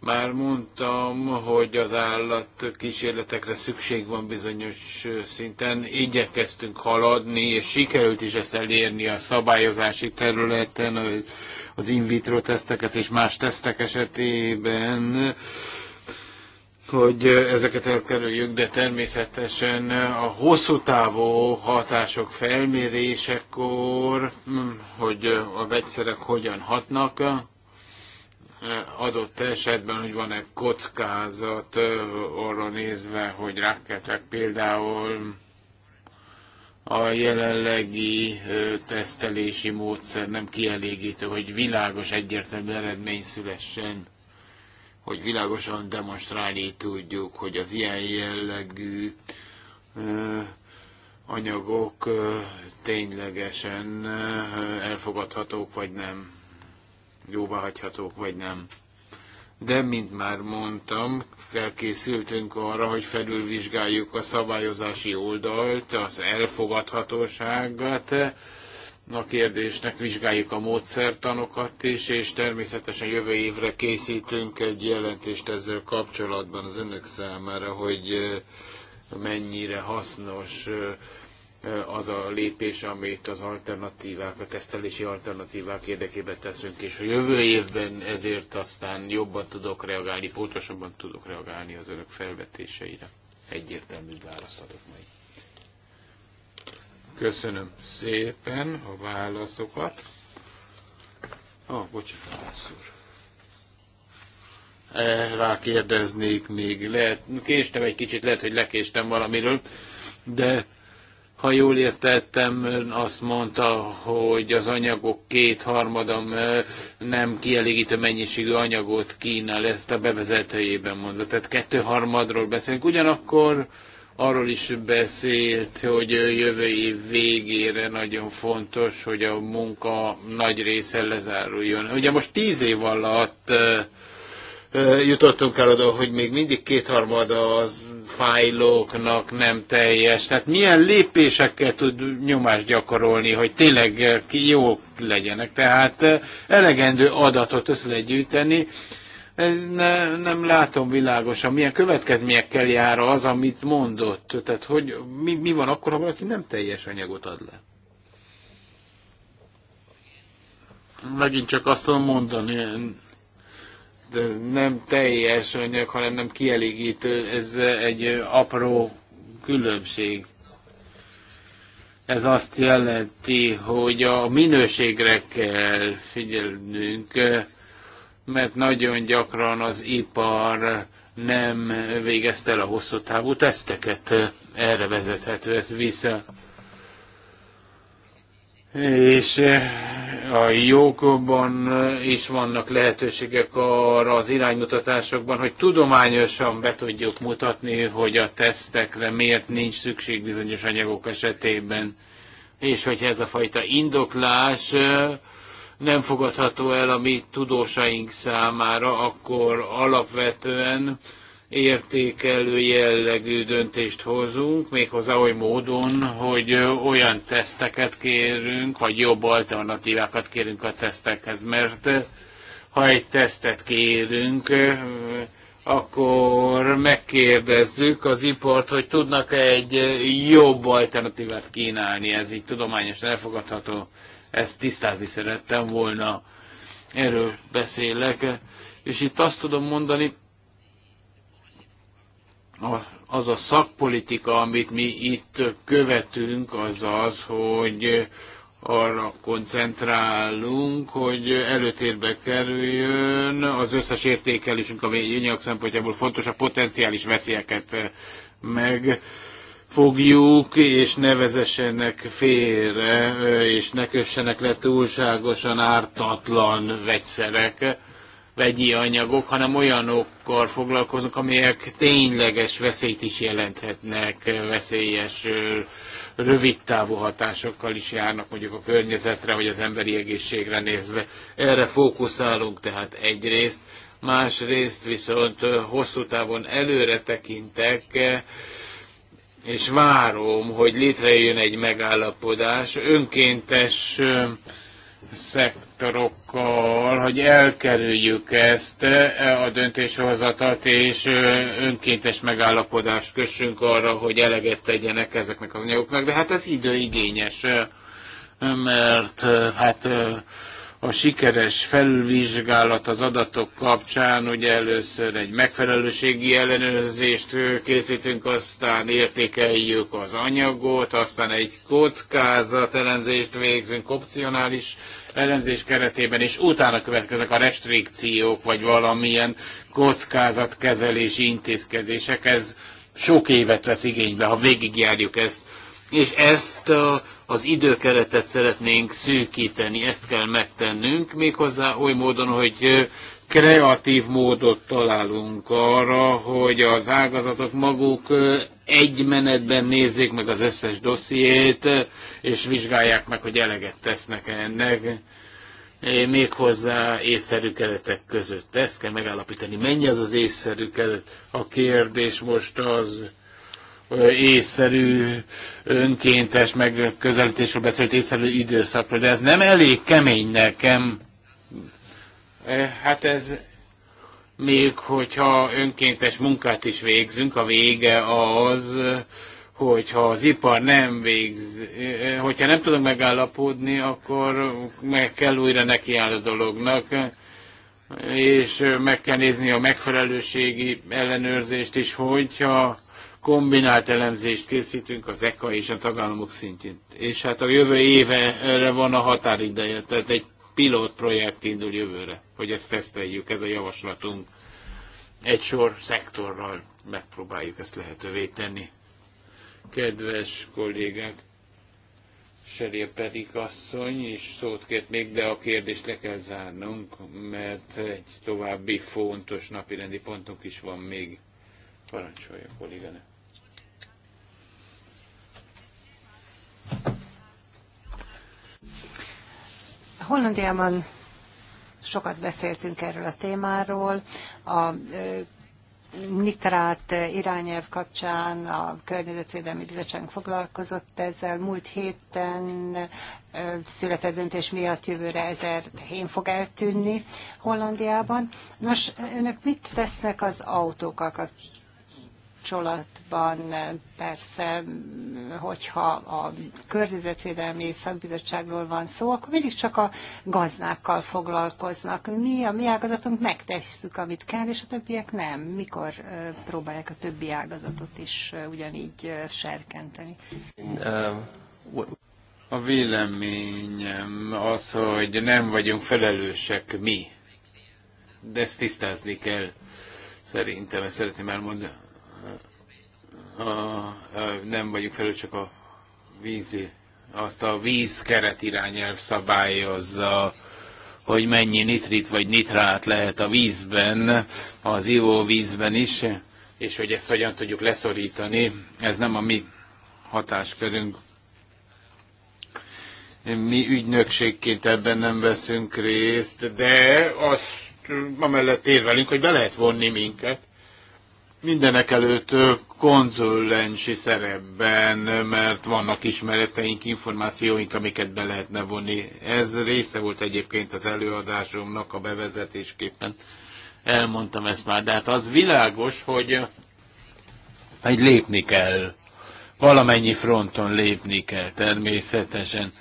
S1: már mondtam, hogy az állat kísérletekre szükség van bizonyos szinten. Igyekeztünk haladni, és sikerült is ezt elérni a szabályozási területen, az in vitro teszteket és más tesztek esetében hogy ezeket elkerüljük, de természetesen a hosszú távú hatások felmérésekor, hogy a vegyszerek hogyan hatnak, adott esetben, hogy van-e kockázat arra nézve, hogy rakettek például a jelenlegi tesztelési módszer nem kielégítő, hogy világos, egyértelmű eredmény szülessen, hogy világosan demonstrálni tudjuk, hogy az ilyen jellegű anyagok ténylegesen elfogadhatók vagy nem jóváhagyhatók vagy nem. De, mint már mondtam, felkészültünk arra, hogy felülvizsgáljuk a szabályozási oldalt, az elfogadhatóságát, a kérdésnek vizsgáljuk a módszertanokat is, és természetesen jövő évre készítünk egy jelentést ezzel kapcsolatban az önök számára, hogy mennyire hasznos az a lépés, amit az alternatívák, a tesztelési alternatívák érdekében teszünk, és a jövő évben ezért aztán jobban tudok reagálni, pontosabban tudok reagálni az önök felvetéseire. Egyértelmű választ adok majd. Köszönöm szépen a válaszokat. Ah, bocsánat, válasz úr. E, rákérdeznék még, lehet, késtem egy kicsit, lehet, hogy lekéstem valamiről, de ha jól értettem, ön azt mondta, hogy az anyagok kétharmada nem kielégítő mennyiségű anyagot kínál, ezt a bevezetőjében mondta. Tehát kettőharmadról beszélünk. Ugyanakkor arról is beszélt, hogy jövő év végére nagyon fontos, hogy a munka nagy része lezáruljon. Ugye most tíz év alatt jutottunk el oda, hogy még mindig kétharmada az fájlóknak nem teljes. Tehát milyen lépésekkel tud nyomást gyakorolni, hogy tényleg jók legyenek. Tehát elegendő adatot össze lehet gyűjteni. ne, nem látom világosan, milyen következményekkel jár az, amit mondott. Tehát hogy, mi, mi van akkor, ha valaki nem teljes anyagot ad le? Megint csak azt tudom mondani, nem teljes anyag, hanem nem kielégítő, ez egy apró különbség. Ez azt jelenti, hogy a minőségre kell figyelnünk, mert nagyon gyakran az ipar nem végezte el a hosszú távú teszteket. Erre vezethető ez vissza és eh, a jókban eh, is vannak lehetőségek arra az iránymutatásokban, hogy tudományosan be tudjuk mutatni, hogy a tesztekre miért nincs szükség bizonyos anyagok esetében. És hogyha ez a fajta indoklás eh, nem fogadható el a mi tudósaink számára, akkor alapvetően értékelő jellegű döntést hozunk, méghozzá oly módon, hogy olyan teszteket kérünk, vagy jobb alternatívákat kérünk a tesztekhez, mert ha egy tesztet kérünk, akkor megkérdezzük az ipart, hogy tudnak -e egy jobb alternatívát kínálni, ez így tudományosan elfogadható. Ezt tisztázni szerettem volna, erről beszélek. És itt azt tudom mondani, az a szakpolitika, amit mi itt követünk, az az, hogy arra koncentrálunk, hogy előtérbe kerüljön az összes értékelésünk, ami nyilag szempontjából fontos, a potenciális veszélyeket meg fogjuk, és ne vezessenek félre, és ne kössenek le túlságosan ártatlan vegyszerek vegyi anyagok, hanem olyanokkal foglalkozunk, amelyek tényleges veszélyt is jelenthetnek, veszélyes rövidtávú hatásokkal is járnak mondjuk a környezetre, vagy az emberi egészségre nézve. Erre fókuszálunk tehát egyrészt, másrészt viszont hosszú távon előre tekintek, és várom, hogy létrejön egy megállapodás önkéntes szektor, szektorokkal, hogy elkerüljük ezt e, a döntéshozatat, és önkéntes megállapodást kössünk arra, hogy eleget tegyenek ezeknek az anyagoknak, de hát ez időigényes, mert hát a sikeres felülvizsgálat az adatok kapcsán, ugye először egy megfelelőségi ellenőrzést készítünk, aztán értékeljük az anyagot, aztán egy kockázat elemzést végzünk opcionális ellenzés keretében, és utána következnek a restrikciók, vagy valamilyen kockázatkezelési intézkedések. Ez sok évet vesz igénybe, ha végigjárjuk ezt. És ezt a az időkeretet szeretnénk szűkíteni, ezt kell megtennünk, méghozzá oly módon, hogy kreatív módot találunk arra, hogy az ágazatok maguk egy menetben nézzék meg az összes dossziét, és vizsgálják meg, hogy eleget tesznek -e ennek, méghozzá észszerű keretek között. Ezt kell megállapítani. Mennyi az az észszerű keret? A kérdés most az, észszerű, önkéntes megközelítésről beszélt észszerű időszakról, de ez nem elég kemény nekem. Hát ez még hogyha önkéntes munkát is végzünk, a vége az, hogyha az ipar nem végz, hogyha nem tudunk megállapodni, akkor meg kell újra nekiáll a dolognak, és meg kell nézni a megfelelőségi ellenőrzést is, hogyha kombinált elemzést készítünk az ECA és a tagállamok szintjén. És hát a jövő évre van a határideje, tehát egy pilot projekt indul jövőre, hogy ezt teszteljük, ez a javaslatunk. Egy sor szektorral megpróbáljuk ezt lehetővé tenni. Kedves kollégák, Serje pedig asszony is szót kért még, de a kérdést le kell zárnunk, mert egy további fontos napirendi pontunk is van még. Parancsolja, kolléganő.
S3: Hollandiában sokat beszéltünk erről a témáról. A nitrát irányelv kapcsán a Környezetvédelmi Bizottság foglalkozott ezzel. Múlt héten született döntés miatt jövőre ezer hén fog eltűnni Hollandiában. Nos, önök mit tesznek az autókkal kapcsolatban? kapcsolatban persze, hogyha a környezetvédelmi szakbizottságról van szó, akkor mindig csak a gazdákkal foglalkoznak. Mi a mi ágazatunk megtesszük, amit kell, és a többiek nem. Mikor próbálják a többi ágazatot is ugyanígy serkenteni?
S1: A véleményem az, hogy nem vagyunk felelősek mi. De ezt tisztázni kell. Szerintem ezt szeretném elmondani a, a, nem vagyunk felül csak a vízi, azt a víz keret irányelv szabályozza, hogy mennyi nitrit vagy nitrát lehet a vízben, az ivóvízben is, és hogy ezt hogyan tudjuk leszorítani, ez nem a mi hatáskörünk. Mi ügynökségként ebben nem veszünk részt, de azt amellett érvelünk, hogy be lehet vonni minket mindenek előtt konzulensi szerepben, mert vannak ismereteink, információink, amiket be lehetne vonni. Ez része volt egyébként az előadásomnak a bevezetésképpen. Elmondtam ezt már, de hát az világos, hogy egy lépni kell. Valamennyi fronton lépni kell természetesen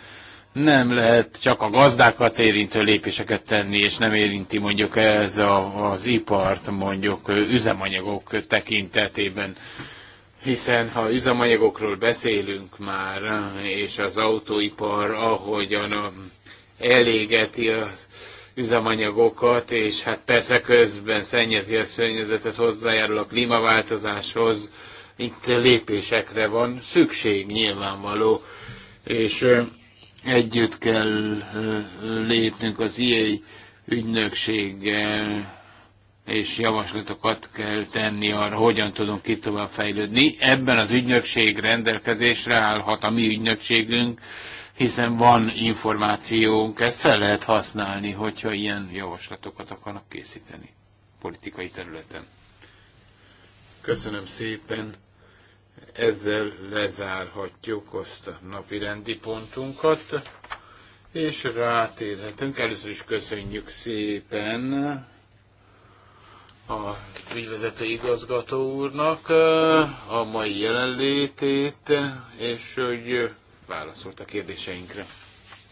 S1: nem lehet csak a gazdákat érintő lépéseket tenni, és nem érinti mondjuk ez a, az ipart mondjuk üzemanyagok tekintetében. Hiszen ha üzemanyagokról beszélünk már, és az autóipar ahogyan elégeti a üzemanyagokat, és hát persze közben szennyezi a szennyezetet, hozzájárul a klímaváltozáshoz, itt lépésekre van szükség nyilvánvaló. És Együtt kell lépnünk az ilyen ügynökséggel, és javaslatokat kell tenni arra, hogyan tudunk ki tovább fejlődni. Ebben az ügynökség rendelkezésre állhat a mi ügynökségünk, hiszen van információnk, ezt fel lehet használni, hogyha ilyen javaslatokat akarnak készíteni politikai területen. Köszönöm szépen. Ezzel lezárhatjuk azt a napi rendi pontunkat, és rátérhetünk. Először is köszönjük szépen a ügyvezető igazgató úrnak a mai jelenlétét, és hogy válaszolt a kérdéseinkre.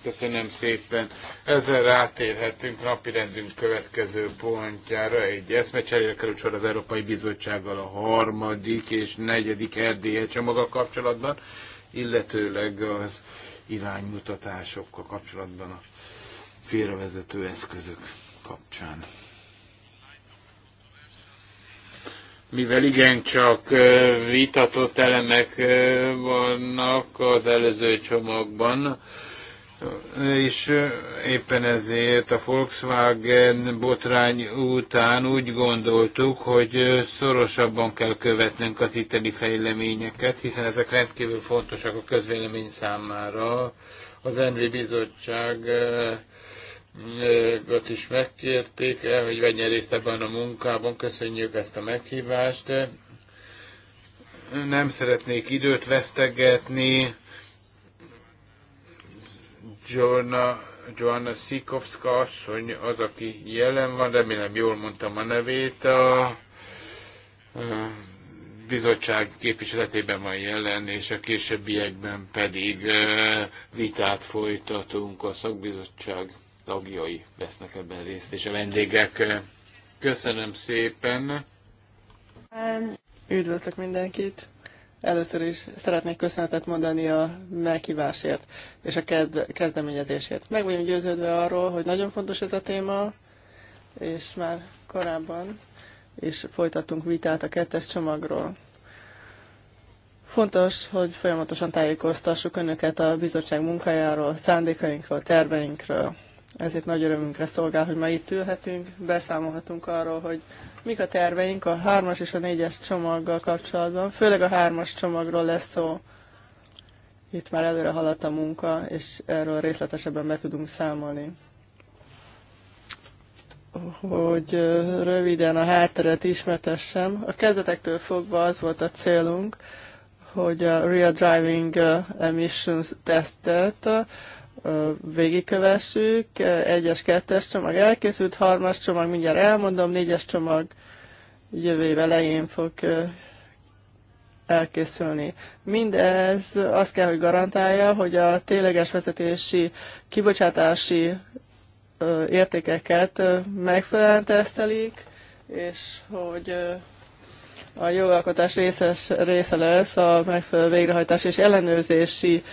S1: Köszönöm szépen. Ezzel rátérhetünk napirendünk következő pontjára. Egy eszmecserére került sor az Európai Bizottsággal a harmadik és negyedik erdélye csomaga kapcsolatban, illetőleg az iránymutatásokkal kapcsolatban a félrevezető eszközök kapcsán. mivel igencsak vitatott elemek vannak az előző csomagban, és éppen ezért a Volkswagen botrány után úgy gondoltuk, hogy szorosabban kell követnünk az itteni fejleményeket, hiszen ezek rendkívül fontosak a közvélemény számára. Az Envi Bizottság ott is megkérték, eh, hogy vegyen részt ebben a munkában. Köszönjük ezt a meghívást. Nem szeretnék időt vesztegetni Joanna, Joanna Szikovszka asszony az, aki jelen van, remélem jól mondtam a nevét, a, a bizottság képviseletében van jelen, és a későbbiekben pedig vitát folytatunk, a szakbizottság tagjai vesznek ebben részt, és a vendégek. Köszönöm szépen!
S2: Üdvözlök mindenkit! Először is szeretnék köszönetet mondani a meghívásért és a kezdeményezésért. Meg vagyunk győződve arról, hogy nagyon fontos ez a téma, és már korábban is folytattunk vitát a kettes csomagról. Fontos, hogy folyamatosan tájékoztassuk önöket a bizottság munkájáról, szándékainkról, terveinkről. Ezért nagy örömünkre szolgál, hogy ma itt ülhetünk, beszámolhatunk arról, hogy Mik a terveink a hármas és a négyes csomaggal kapcsolatban? Főleg a hármas csomagról lesz szó. Itt már előre haladt a munka, és erről részletesebben be tudunk számolni. Hogy röviden a hátteret ismertessem. A kezdetektől fogva az volt a célunk, hogy a Real Driving Emissions tesztet végigkövessük. Egyes, kettes csomag elkészült, harmas csomag mindjárt elmondom, négyes csomag jövő év elején fog elkészülni. Mindez azt kell, hogy garantálja, hogy a tényleges vezetési, kibocsátási értékeket megfelelően tesztelik, és hogy a jogalkotás részes része lesz a megfelelő végrehajtás és ellenőrzési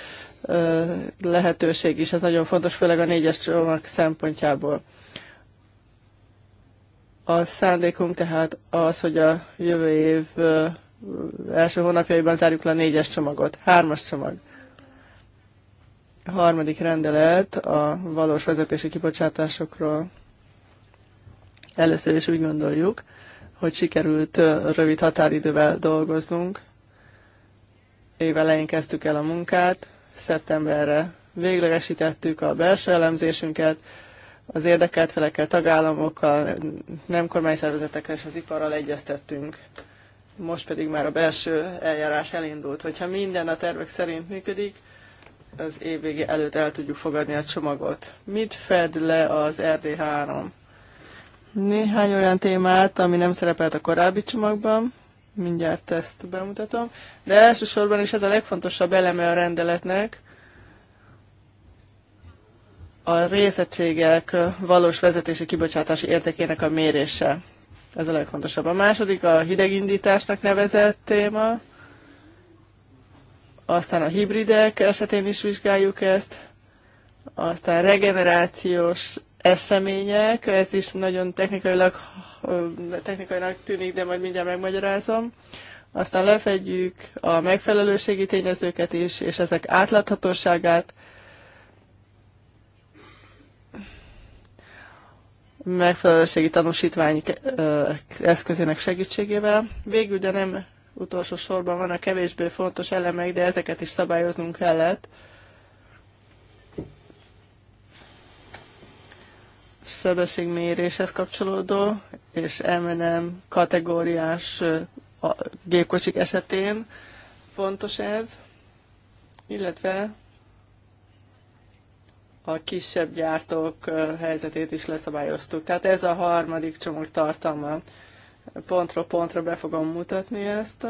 S2: lehetőség is, ez nagyon fontos, főleg a négyes csomag szempontjából. A szándékunk tehát az, hogy a jövő év első hónapjaiban zárjuk le a négyes csomagot, hármas csomag. A harmadik rendelet a valós vezetési kibocsátásokról. Először is úgy gondoljuk, hogy sikerült rövid határidővel dolgoznunk. Évelején kezdtük el a munkát, szeptemberre véglegesítettük a belső elemzésünket, az érdekelt felekkel, tagállamokkal, nem kormányszervezetekkel és az iparral egyeztettünk. Most pedig már a belső eljárás elindult. Hogyha minden a tervek szerint működik, az év előtt el tudjuk fogadni a csomagot. Mit fed le az RD3? Néhány olyan témát, ami nem szerepelt a korábbi csomagban, mindjárt ezt bemutatom, de elsősorban is ez a legfontosabb eleme a rendeletnek, a részettségek valós vezetési kibocsátási értékének a mérése. Ez a legfontosabb. A második a hidegindításnak nevezett téma. Aztán a hibridek esetén is vizsgáljuk ezt. Aztán regenerációs események, ez is nagyon technikailag, technikailag tűnik, de majd mindjárt megmagyarázom. Aztán lefedjük a megfelelőségi tényezőket is, és ezek átláthatóságát, megfelelőségi tanúsítvány eszközének segítségével. Végül, de nem utolsó sorban van a kevésbé fontos elemek, de ezeket is szabályoznunk kellett. sebességméréshez kapcsolódó és M&M kategóriás a gépkocsik esetén fontos ez, illetve a kisebb gyártók helyzetét is leszabályoztuk. Tehát ez a harmadik csomag tartalma. Pontról pontra be fogom mutatni ezt,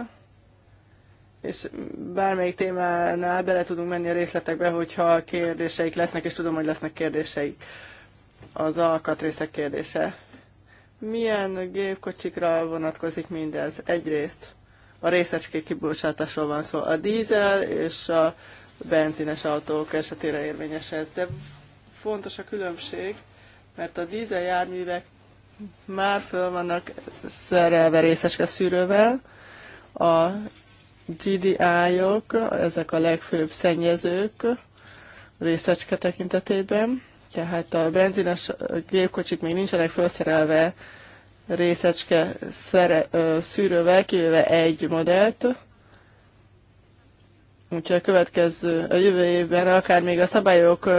S2: és bármelyik témánál bele tudunk menni a részletekbe, hogyha kérdéseik lesznek, és tudom, hogy lesznek kérdéseik az alkatrészek kérdése. Milyen gépkocsikra vonatkozik mindez? Egyrészt a részecskék kibocsátásról van szó. A dízel és a benzines autók esetére érvényes ez, de fontos a különbség, mert a dízel járművek már föl vannak szerelve részecske szűrővel, a GDI-ok, -ok, ezek a legfőbb szennyezők részecske tekintetében, tehát a benzines gépkocsik még nincsenek felszerelve részecske szere, ö, szűrővel, kivéve egy modellt. Úgyhogy a következő, a jövő évben akár még a szabályok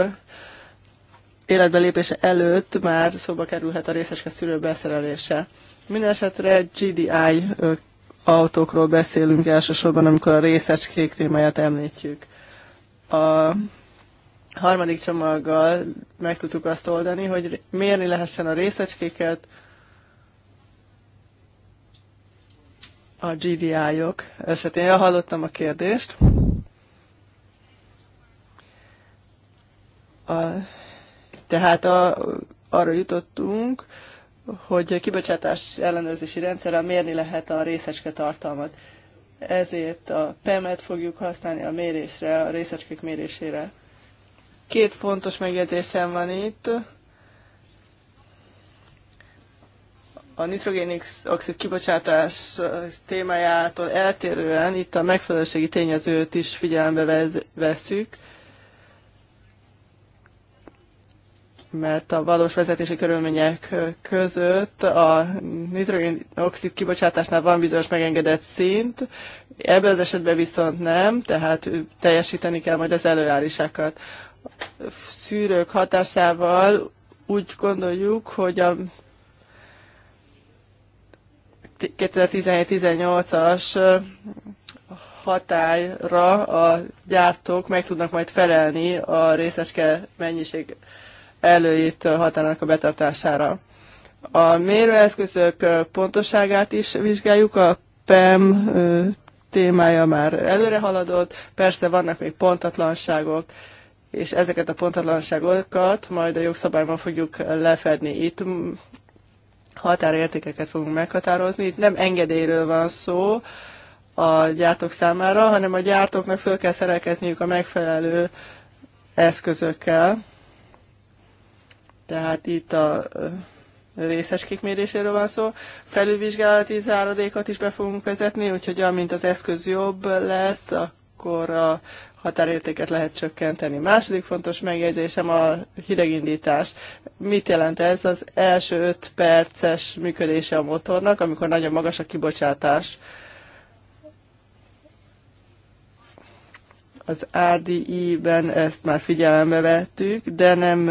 S2: életbe lépése előtt már szóba kerülhet a részecske szűrő beszerelése. Mindenesetre GDI autókról beszélünk elsősorban, amikor a részecskék témáját említjük. A harmadik csomaggal meg tudtuk azt oldani, hogy mérni lehessen a részecskéket, a GDI-ok -ok esetén. Ja, hallottam a kérdést. A, tehát a, arra jutottunk, hogy a kibocsátás ellenőrzési rendszerrel mérni lehet a részecske tartalmat. Ezért a PEM-et fogjuk használni a mérésre, a részecskék mérésére. Két fontos megjegyzésem van itt. A nitrogén oxid kibocsátás témájától eltérően itt a megfelelőségi tényezőt is figyelembe veszük, mert a valós vezetési körülmények között a nitrogén oxid kibocsátásnál van bizonyos megengedett szint, ebben az esetben viszont nem, tehát teljesíteni kell majd az előállásokat szűrők hatásával úgy gondoljuk, hogy a 2017-18-as hatályra a gyártók meg tudnak majd felelni a részecske mennyiség előírt határának a betartására. A mérőeszközök pontosságát is vizsgáljuk, a PEM témája már előre haladott, persze vannak még pontatlanságok, és ezeket a pontatlanságokat majd a jogszabályban fogjuk lefedni. Itt határértékeket fogunk meghatározni. Itt nem engedélyről van szó a gyártók számára, hanem a gyártóknak föl kell szerelkezniük a megfelelő eszközökkel. Tehát itt a részes kikméréséről van szó. Felülvizsgálati záradékot is be fogunk vezetni, úgyhogy amint az eszköz jobb lesz, akkor a határértéket lehet csökkenteni. Második fontos megjegyzésem a hidegindítás. Mit jelent ez? Az első 5 perces működése a motornak, amikor nagyon magas a kibocsátás. az RDI-ben ezt már figyelembe vettük, de nem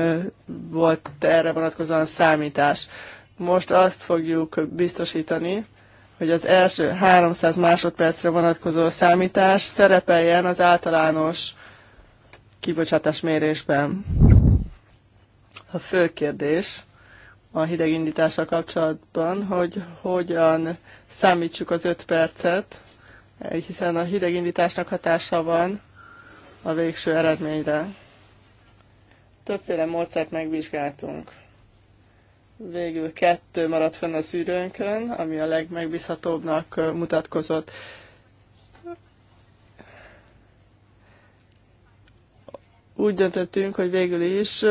S2: volt erre vonatkozóan számítás. Most azt fogjuk biztosítani, hogy az első 300 másodpercre vonatkozó számítás szerepeljen az általános kibocsátás mérésben. A fő kérdés a hidegindítással kapcsolatban, hogy hogyan számítsuk az 5 percet, hiszen a hidegindításnak hatása van a végső eredményre. Többféle módszert megvizsgáltunk. Végül kettő maradt fenn a szűrőnkön, ami a legmegbízhatóbbnak mutatkozott. Úgy döntöttünk, hogy végül is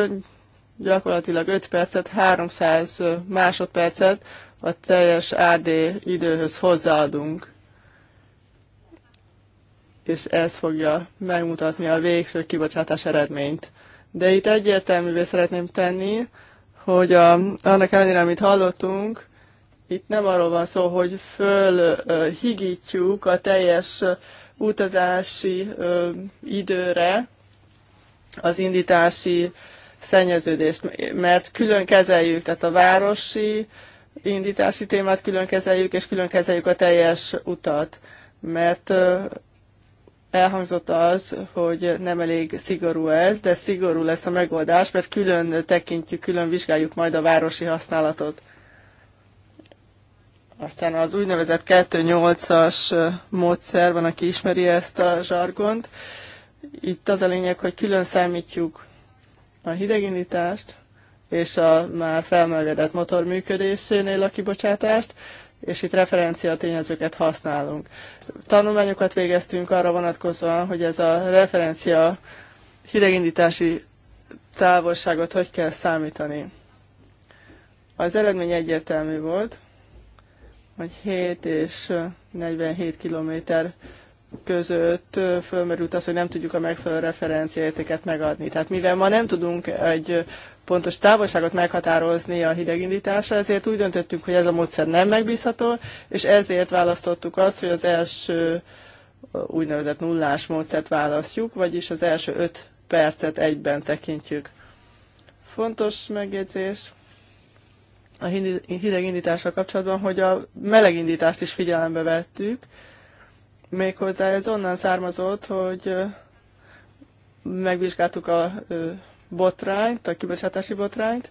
S2: gyakorlatilag 5 percet, 300 másodpercet a teljes AD időhöz hozzáadunk. És ez fogja megmutatni a végső kibocsátás eredményt. De itt egyértelművé szeretném tenni, hogy a, annak ellenére, amit hallottunk, itt nem arról van szó, hogy fölhigítjuk a teljes utazási időre az indítási szennyeződést, mert külön kezeljük, tehát a városi indítási témát külön kezeljük, és külön kezeljük a teljes utat, mert Elhangzott az, hogy nem elég szigorú ez, de szigorú lesz a megoldás, mert külön tekintjük, külön vizsgáljuk majd a városi használatot. Aztán az úgynevezett 2.8-as módszer, van, aki ismeri ezt a zsargont. Itt az a lényeg, hogy külön számítjuk a hidegindítást és a már felmelegedett motor működésénél a kibocsátást, és itt referencia tényezőket használunk. Tanulmányokat végeztünk arra vonatkozóan, hogy ez a referencia hidegindítási távolságot hogy kell számítani. Az eredmény egyértelmű volt, hogy 7 és 47 kilométer között fölmerült az, hogy nem tudjuk a megfelelő referenciaértéket megadni. Tehát mivel ma nem tudunk egy pontos távolságot meghatározni a hidegindításra, ezért úgy döntöttünk, hogy ez a módszer nem megbízható, és ezért választottuk azt, hogy az első úgynevezett nullás módszert választjuk, vagyis az első öt percet egyben tekintjük. Fontos megjegyzés a hidegindítással kapcsolatban, hogy a melegindítást is figyelembe vettük, méghozzá ez onnan származott, hogy megvizsgáltuk a botrányt, a kibocsátási botrányt,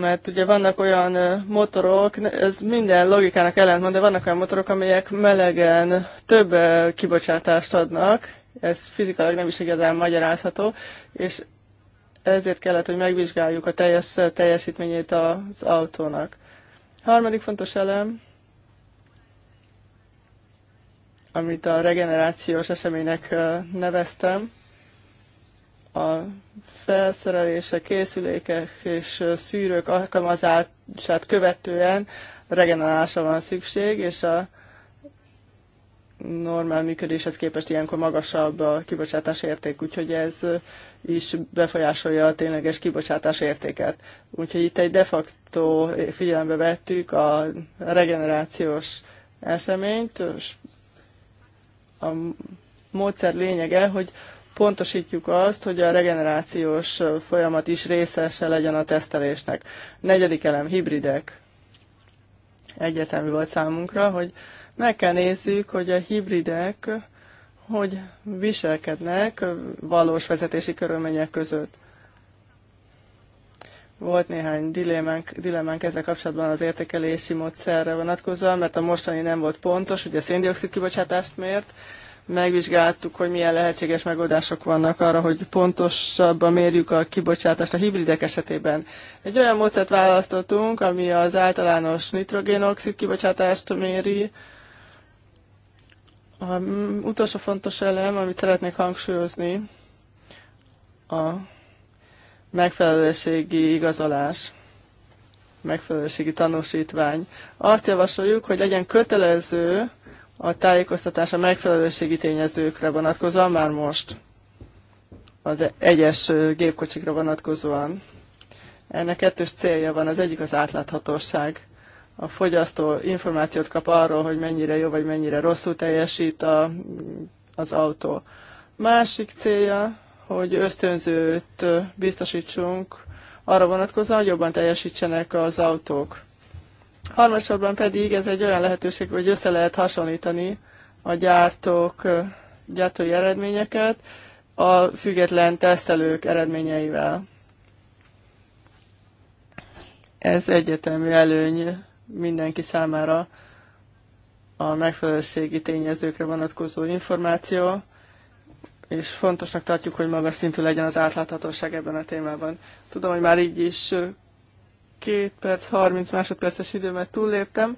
S2: mert ugye vannak olyan motorok, ez minden logikának ellentmond, de vannak olyan motorok, amelyek melegen több kibocsátást adnak, ez fizikailag nem is igazán magyarázható, és ezért kellett, hogy megvizsgáljuk a teljes teljesítményét az autónak. Harmadik fontos elem, amit a regenerációs eseménynek neveztem. A felszerelések, készülékek és szűrők alkalmazását követően regenerálásra van szükség, és a normál működéshez képest ilyenkor magasabb a kibocsátás érték, úgyhogy ez is befolyásolja a tényleges kibocsátás értéket. Úgyhogy itt egy de facto figyelembe vettük a regenerációs eseményt, és a módszer lényege, hogy pontosítjuk azt, hogy a regenerációs folyamat is részese legyen a tesztelésnek. Negyedik elem, hibridek. Egyértelmű volt számunkra, hogy meg kell nézzük, hogy a hibridek hogy viselkednek valós vezetési körülmények között. Volt néhány dilemmánk, dilemmánk ezzel kapcsolatban az értékelési módszerre vonatkozóan, mert a mostani nem volt pontos, ugye széndiokszid kibocsátást mért, megvizsgáltuk, hogy milyen lehetséges megoldások vannak arra, hogy pontosabban mérjük a kibocsátást a hibridek esetében. Egy olyan módszert választottunk, ami az általános nitrogénoxid kibocsátást méri. A mm, utolsó fontos elem, amit szeretnék hangsúlyozni, a megfelelőségi igazolás, megfelelőségi tanúsítvány. Azt javasoljuk, hogy legyen kötelező a tájékoztatás a megfelelőségi tényezőkre vonatkozóan már most, az egyes gépkocsikra vonatkozóan. Ennek kettős célja van, az egyik az átláthatóság. A fogyasztó információt kap arról, hogy mennyire jó vagy mennyire rosszul teljesít a, az autó. Másik célja hogy ösztönzőt biztosítsunk arra vonatkozóan, hogy jobban teljesítsenek az autók. Harmadsorban pedig ez egy olyan lehetőség, hogy össze lehet hasonlítani a gyártók gyártói eredményeket a független tesztelők eredményeivel. Ez egyetemű előny mindenki számára a megfelelőségi tényezőkre vonatkozó információ, és fontosnak tartjuk, hogy magas szintű legyen az átláthatóság ebben a témában. Tudom, hogy már így is két perc, 30 másodperces időmet túlléptem.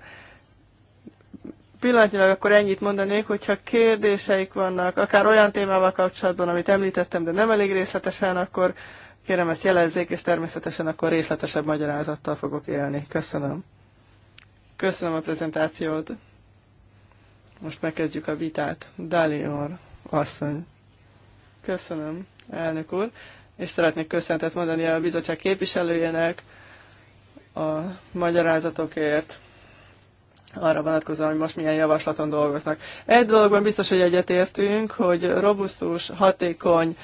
S2: Pillanatnyilag akkor ennyit mondanék, hogyha kérdéseik vannak, akár olyan témával kapcsolatban, amit említettem, de nem elég részletesen, akkor kérem ezt jelezzék, és természetesen akkor részletesebb magyarázattal fogok élni. Köszönöm. Köszönöm a prezentációt. Most megkezdjük a vitát. Dalior asszony. Köszönöm, elnök úr, és szeretnék köszönetet mondani a bizottság képviselőjének a magyarázatokért arra vonatkozóan, hogy most milyen javaslaton dolgoznak. Egy dologban biztos, hogy egyetértünk, hogy robusztus, hatékony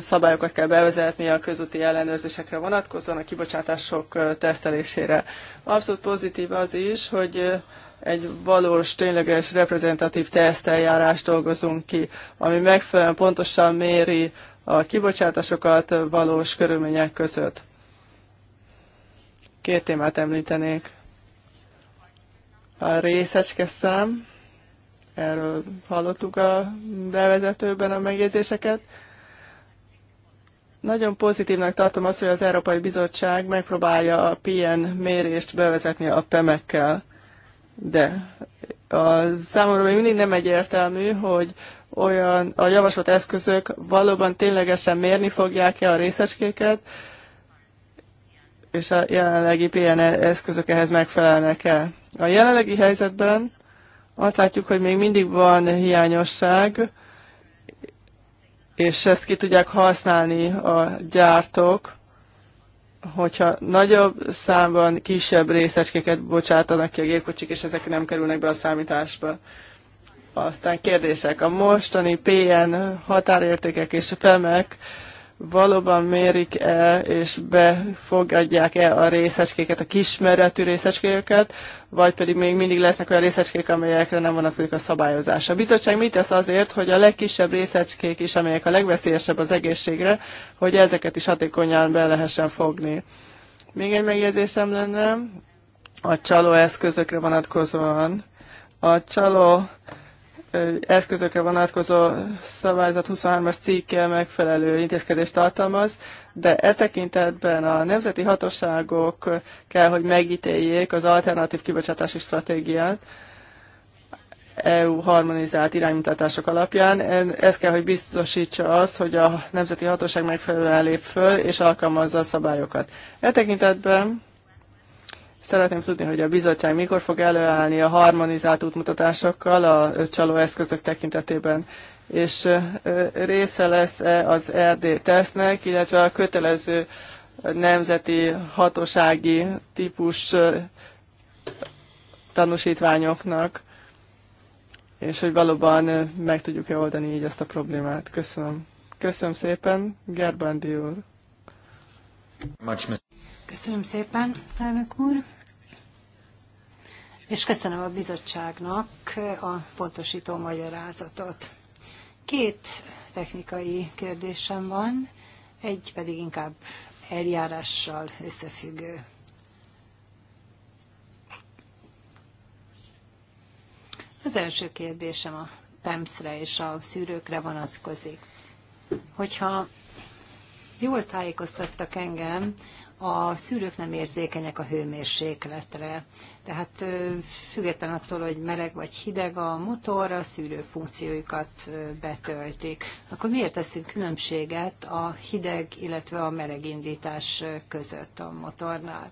S2: szabályokat kell bevezetni a közúti ellenőrzésekre vonatkozóan, a kibocsátások tesztelésére. Abszolút pozitív az is, hogy egy valós, tényleges, reprezentatív teszteljárást dolgozunk ki, ami megfelelően pontosan méri a kibocsátásokat valós körülmények között. Két témát említenék. A részecske szám, erről hallottuk a bevezetőben a megjegyzéseket. Nagyon pozitívnak tartom azt, hogy az Európai Bizottság megpróbálja a PN mérést bevezetni a PEMekkel. De a számomra még mindig nem egyértelmű, hogy olyan a javasolt eszközök valóban ténylegesen mérni fogják-e a részecskéket, és a jelenlegi PN eszközök ehhez megfelelnek-e. A jelenlegi helyzetben azt látjuk, hogy még mindig van hiányosság, és ezt ki tudják használni a gyártók hogyha nagyobb számban kisebb részecskéket bocsátanak ki a gépkocsik, és ezek nem kerülnek be a számításba. Aztán kérdések. A mostani PN határértékek és a PEMek valóban mérik el és befogadják el a részecskéket, a kismeretű részecskéket, vagy pedig még mindig lesznek olyan részecskék, amelyekre nem vonatkozik a szabályozás. A bizottság mit tesz azért, hogy a legkisebb részecskék is, amelyek a legveszélyesebb az egészségre, hogy ezeket is hatékonyan be lehessen fogni. Még egy megjegyzésem lenne a csaló eszközökre vonatkozóan. A csaló eszközökre vonatkozó szabályzat 23-as cikke megfelelő intézkedést tartalmaz, de e tekintetben a nemzeti hatóságok kell, hogy megítéljék az alternatív kibocsátási stratégiát EU harmonizált iránymutatások alapján. Ez kell, hogy biztosítsa azt, hogy a nemzeti hatóság megfelelően lép föl és alkalmazza a szabályokat. E tekintetben Szeretném tudni, hogy a bizottság mikor fog előállni a harmonizált útmutatásokkal a csaló eszközök tekintetében, és része lesz -e az RD tesznek, illetve a kötelező nemzeti hatósági típus tanúsítványoknak, és hogy valóban meg tudjuk-e oldani így ezt a problémát. Köszönöm. Köszönöm szépen, Gerbandi úr.
S3: Köszönöm szépen, elnök úr. És köszönöm a bizottságnak a pontosító magyarázatot. Két technikai kérdésem van, egy pedig inkább eljárással összefüggő. Az első kérdésem a pemsz re és a szűrőkre vonatkozik. Hogyha jól tájékoztattak engem, a szülők nem érzékenyek a hőmérsékletre. Tehát független attól, hogy meleg vagy hideg a motor, a szűrő funkcióikat betöltik. Akkor miért teszünk különbséget a hideg, illetve a meleg indítás között a motornál?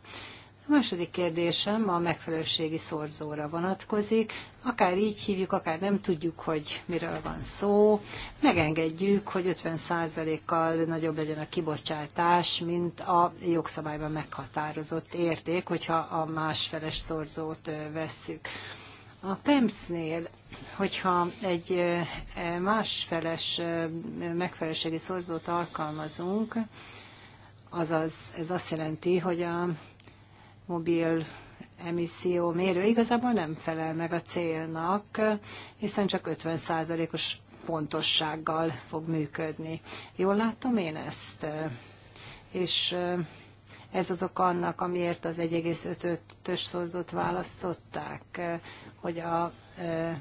S3: A második kérdésem a megfelelőségi szorzóra vonatkozik. Akár így hívjuk, akár nem tudjuk, hogy miről van szó. Megengedjük, hogy 50%-kal nagyobb legyen a kibocsátás, mint a jogszabályban meghatározott érték, hogyha a másfeles szorzót vesszük. A PEMS-nél, hogyha egy e, másfeles megfelelőségi szorzót alkalmazunk, azaz ez azt jelenti, hogy a mobil emisszió mérő igazából nem felel meg a célnak, hiszen csak 50%-os pontossággal fog működni. Jól látom én ezt? És eh, ez az ok annak, amiért az 1,5-ös szorzót választották, hogy a eh,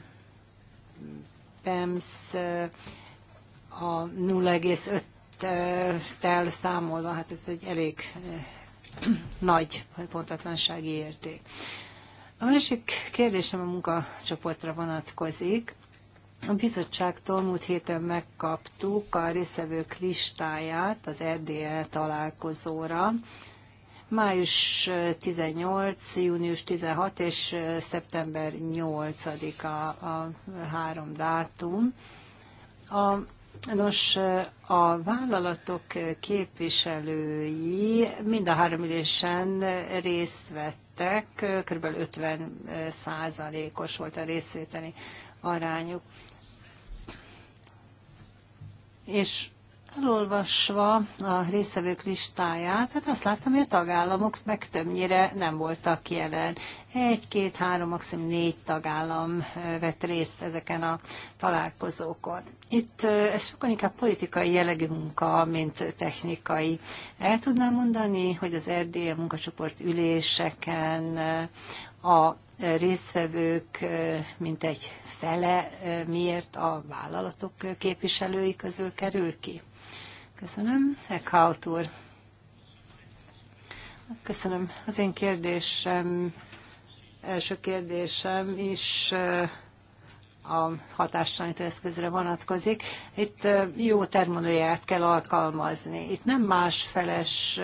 S3: PEMS eh, a 0,5-tel számolva, hát ez egy elég nagy pontatlansági érték. A másik kérdésem a munkacsoportra vonatkozik. A bizottságtól múlt héten megkaptuk a részevők listáját az RDE találkozóra. Május 18, június 16 és szeptember 8 a, a három dátum. A Nos, a vállalatok képviselői mind a három ülésen részt vettek, kb. 50 százalékos volt a részvételi arányuk. És Elolvasva a részevők listáját, hát azt láttam, hogy a tagállamok meg többnyire nem voltak jelen. Egy, két, három, maximum négy tagállam eh, vett részt ezeken a találkozókon. Itt eh, ez sokkal inkább politikai jellegű munka, mint technikai. El tudnám mondani, hogy az RDA munkacsoport üléseken eh, a résztvevők mint egy fele miért a vállalatok képviselői közül kerül ki? Köszönöm. Eckhout úr. Köszönöm. Az én kérdésem, első kérdésem is a hatástalanító eszközre vonatkozik. Itt jó termonóját kell alkalmazni. Itt nem más feles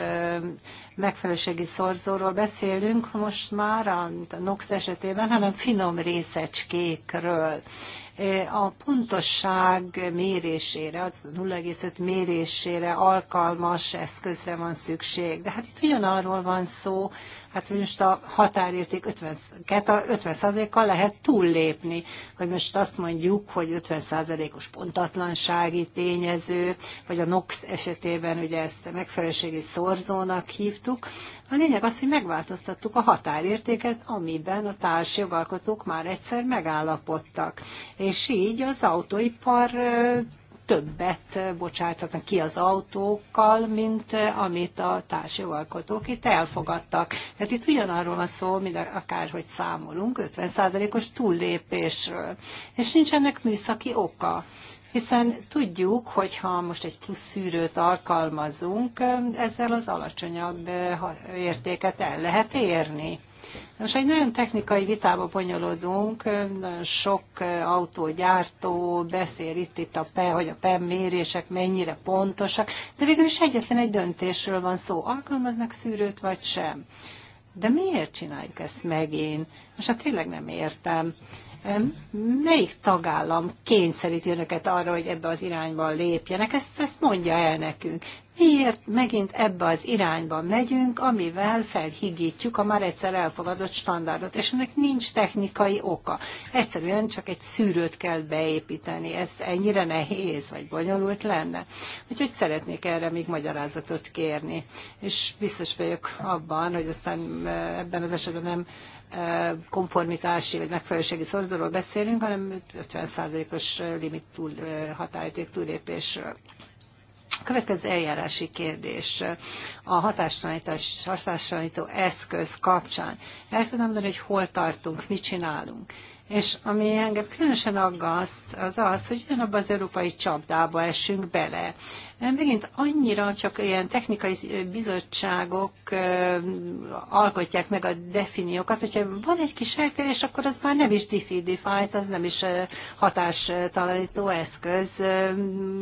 S3: megfelelőségi szorzóról beszélünk most már a NOx esetében, hanem finom részecskékről a pontosság mérésére, az 0,5 mérésére alkalmas eszközre van szükség. De hát itt ugyanarról van szó, hát most a határérték 50, 50 kal lehet túllépni, hogy most azt mondjuk, hogy 50 os pontatlansági tényező, vagy a NOx esetében ugye ezt megfelelőségi szorzónak hívtuk. A lényeg az, hogy megváltoztattuk a határértéket, amiben a társjogalkotók már egyszer megállapodtak. És így az autóipar többet bocsáthatnak ki az autókkal, mint amit a társjogalkotók itt elfogadtak. Tehát itt ugyanarról van szó, mint akárhogy számolunk, 50%-os túllépésről. És nincs ennek műszaki oka hiszen tudjuk, hogy ha most egy plusz szűrőt alkalmazunk, ezzel az alacsonyabb eh, értéket el lehet érni. Most egy nagyon technikai vitába bonyolodunk, nagyon sok autógyártó beszél itt, itt a PE, hogy a PEM mérések mennyire pontosak, de végül is egyetlen egy döntésről van szó, alkalmaznak szűrőt vagy sem. De miért csináljuk ezt én? Most hát tényleg nem értem. Melyik tagállam kényszeríti önöket arra, hogy ebbe az irányba lépjenek? Ezt, ezt mondja el nekünk miért megint ebbe az irányba megyünk, amivel felhigítjük a már egyszer elfogadott standardot, és ennek nincs technikai oka. Egyszerűen csak egy szűrőt kell beépíteni, ez ennyire nehéz, vagy bonyolult lenne. Úgyhogy szeretnék erre még magyarázatot kérni, és biztos vagyok abban, hogy aztán ebben az esetben nem konformitási vagy megfelelőségi szorzóról beszélünk, hanem 50%-os limit túl, határíték túlépésről. Következő eljárási kérdés a hatástalanító eszköz kapcsán. El tudom mondani, hogy hol tartunk, mit csinálunk. És ami engem különösen aggaszt, az az, hogy ugyanabban az európai csapdába esünk bele. Megint annyira csak ilyen technikai bizottságok alkotják meg a definiókat, hogyha van egy kis elkerés, akkor az már nem is diffi device, az nem is hatástalanító eszköz,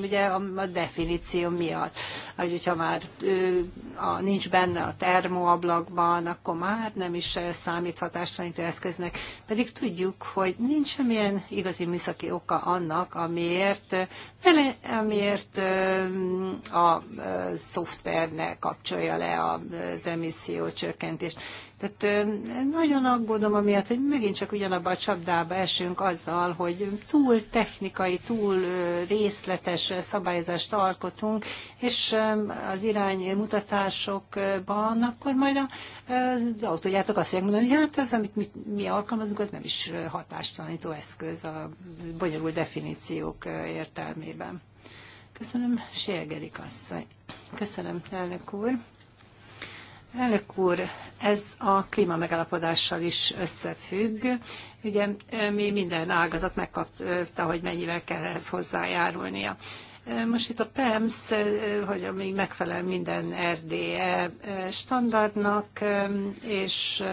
S3: ugye a definíció miatt. Hogyha már a, nincs benne a termoablakban, akkor már nem is számít hatástalanító eszköznek. Pedig tudjuk, hogy nincs semmilyen igazi műszaki oka annak, amiért, amiért a szoftvernek kapcsolja le az emisszió csökkentést. Tehát nagyon aggódom amiatt, hogy megint csak ugyanabba a csapdába esünk azzal, hogy túl technikai, túl részletes szabályozást alkotunk, és az iránymutatásokban akkor majd az autógyártok azt fogják mondani, hogy hát ez, amit mi, mi alkalmazunk, az nem is hatástalanító eszköz a bonyolult definíciók értelmében. Köszönöm, Sérgerik asszony. Köszönöm, elnök úr. Elnök úr, ez a klíma megalapodással is összefügg. Ugye mi minden ágazat megkapta, hogy mennyivel kell ehhez hozzájárulnia. Most itt a PEMS, hogy ami megfelel minden RDE standardnak, és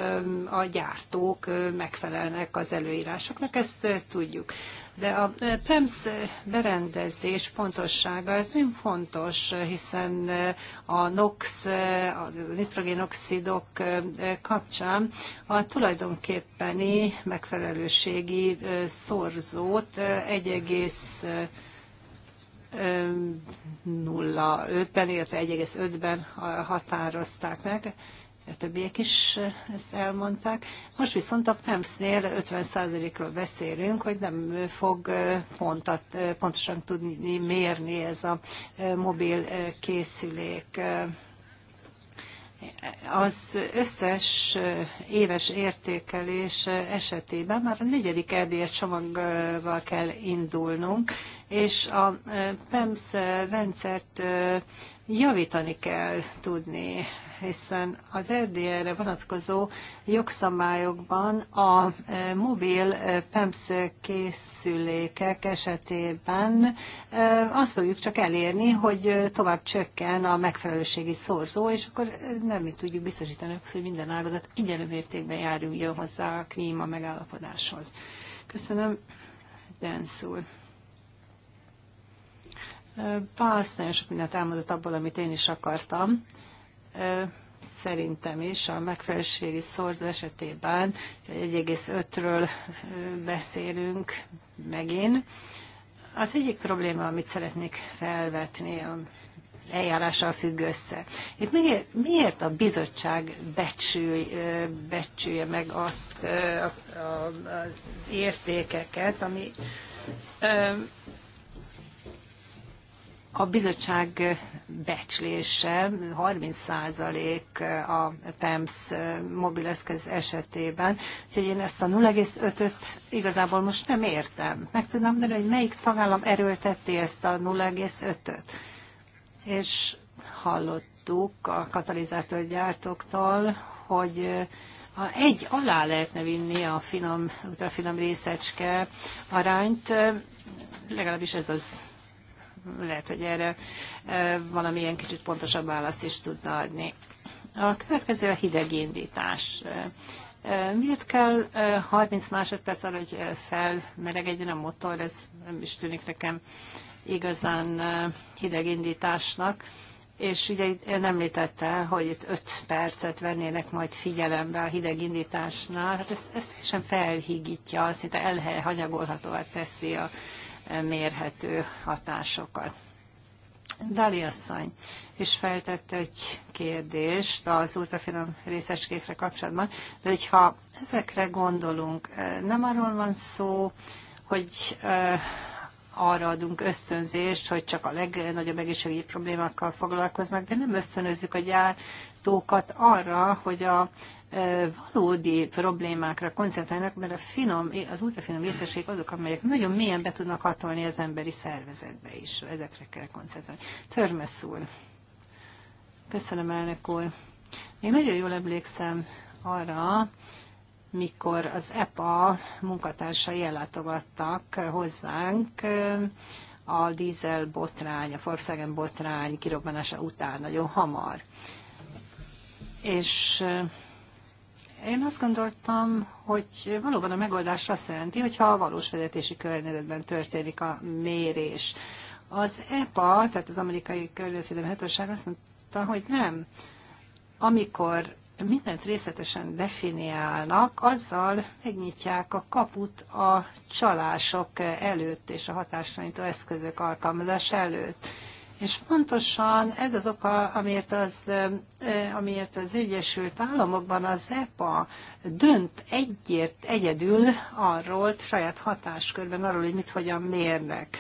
S3: a gyártók megfelelnek az előírásoknak, ezt tudjuk. De a PEMS berendezés pontossága, ez nem fontos, hiszen a NOx, a nitrogénoxidok kapcsán a tulajdonképpeni megfelelőségi szorzót 105 ben illetve 1,5-ben határozták meg a többiek is ezt elmondták. Most viszont a pemsz nél 50%-ról beszélünk, hogy nem fog pontat, pontosan tudni mérni ez a mobil készülék az összes éves értékelés esetében már a negyedik erdélyes csomaggal kell indulnunk, és a PEMSZ rendszert javítani kell tudni hiszen az erdélyre vonatkozó jogszabályokban a e, mobil e, PEMS készülékek esetében e, azt fogjuk csak elérni, hogy tovább csökken a megfelelőségi szorzó, és akkor nem mi tudjuk biztosítani, hogy minden ágazat egyenlő mértékben járuljon hozzá a klíma megállapodáshoz. Köszönöm, Densz úr. Pász nagyon sok mindent elmondott abból, amit én is akartam szerintem is a megfelelőségi szorz esetében, 1,5-ről beszélünk megint. Az egyik probléma, amit szeretnék felvetni, a eljárással függ össze. Itt miért, miért a bizottság becsülj, becsülje meg azt a, a, az értékeket, ami a bizottság becslése 30% a PEMS mobileszköz esetében, úgyhogy én ezt a 0,5-öt igazából most nem értem. Meg tudnám mondani, hogy melyik tagállam erőltetti ezt a 0,5-öt. És hallottuk a katalizátorgyártóktól, hogy eh, egy alá lehetne vinni a finom, a finom részecske arányt, eh, legalábbis ez az lehet, hogy erre valamilyen kicsit pontosabb választ is tudna adni. A következő a hidegindítás. Miért kell 30 másodperc arra, hogy felmelegedjen a motor? Ez nem is tűnik nekem igazán hidegindításnak. És ugye nem említette, hogy itt 5 percet vennének majd figyelembe a hidegindításnál. Hát ezt, ezt sem felhigítja, szinte elhanyagolhatóvá teszi a mérhető hatásokat. Dali asszony is feltett egy kérdést az ultrafinom részecskékre kapcsolatban, de hogyha ezekre gondolunk, nem arról van szó, hogy arra adunk ösztönzést, hogy csak a legnagyobb egészségügyi problémákkal foglalkoznak, de nem ösztönözzük a gyártókat arra, hogy a valódi problémákra koncentrálnak, mert a finom, az ultrafinom részeség azok, amelyek nagyon mélyen be tudnak hatolni az emberi szervezetbe is. Ezekre kell koncentrálni. Törmesz úr. Köszönöm, elnök úr. Én nagyon jól emlékszem arra, mikor az EPA munkatársai ellátogattak hozzánk, a dízel botrány, a Volkswagen botrány kirobbanása után nagyon hamar. És én azt gondoltam, hogy valóban a megoldás azt jelenti, hogyha a valós vezetési környezetben történik a mérés. Az EPA, tehát az Amerikai Környezetvédelmi Hatóság azt mondta, hogy nem. Amikor mindent részletesen definiálnak, azzal megnyitják a kaput a csalások előtt és a hatástalanító eszközök alkalmazás előtt. És pontosan ez az oka, amiért az, amiért az Egyesült Államokban az EPA dönt egyért egyedül arról, saját hatáskörben arról, hogy mit hogyan mérnek.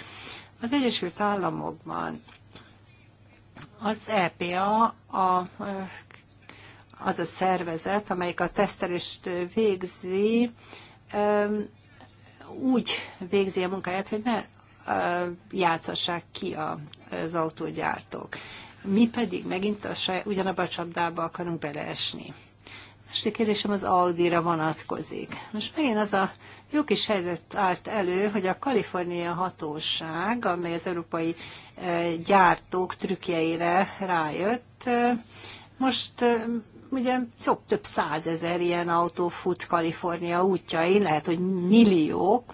S3: Az Egyesült Államokban az EPA a az a szervezet, amelyik a tesztelést végzi, úgy végzi a munkáját, hogy ne játszassák ki az autógyártók. Mi pedig megint a saj, ugyanabba a csapdába akarunk beleesni. Most a kérdésem az Audi-ra vonatkozik. Most megint az a jó kis helyzet állt elő, hogy a Kalifornia hatóság, amely az európai gyártók trükkjeire rájött, most ugye több, több százezer ilyen autó fut Kalifornia útjain, lehet, hogy milliók,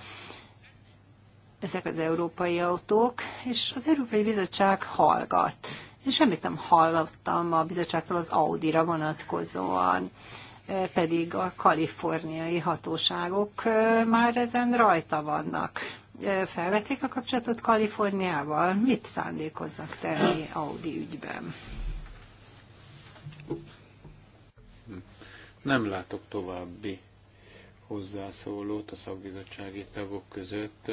S3: ezek az európai autók, és az Európai Bizottság hallgat. Én semmit nem hallottam a bizottságtól az audi Audi-ra vonatkozóan, pedig a kaliforniai hatóságok már ezen rajta vannak. Felvették a kapcsolatot Kaliforniával? Mit szándékoznak tenni Audi ügyben?
S1: Nem látok további hozzászólót a szakbizottsági tagok között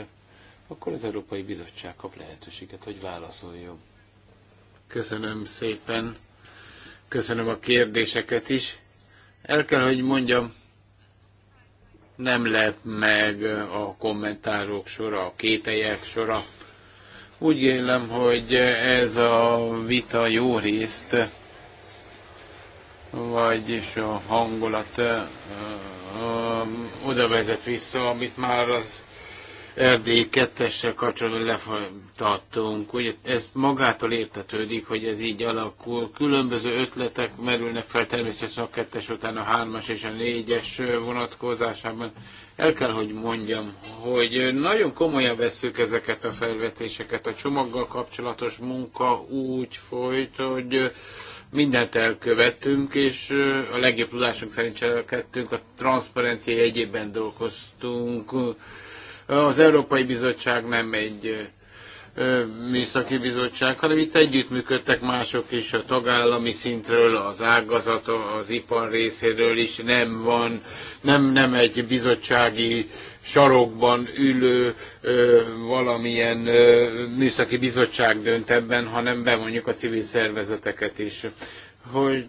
S1: akkor az Európai Bizottság kap lehetőséget, hogy válaszoljon. Köszönöm szépen, köszönöm a kérdéseket is. El kell, hogy mondjam, nem lep meg a kommentárok sora, a kételyek sora. Úgy élem, hogy ez a vita jó részt, vagyis a hangulat ö, ö, oda vezet vissza, amit már az Erdély kettessel kapcsolatban lefolytattunk. hogy ez magától értetődik, hogy ez így alakul. Különböző ötletek merülnek fel természetesen a kettes után a hármas és a négyes vonatkozásában. El kell, hogy mondjam, hogy nagyon komolyan veszük ezeket a felvetéseket. A csomaggal kapcsolatos munka úgy folyt, hogy mindent elkövettünk, és a legjobb tudásunk szerint cselekedtünk, a transzparencia egyében dolgoztunk, az Európai Bizottság nem egy műszaki bizottság, hanem itt együttműködtek mások is a tagállami szintről, az ágazat, az ipar részéről is nem van, nem, nem egy bizottsági sarokban ülő ö, valamilyen ö, műszaki bizottság dönt ebben, hanem bevonjuk a civil szervezeteket is hogy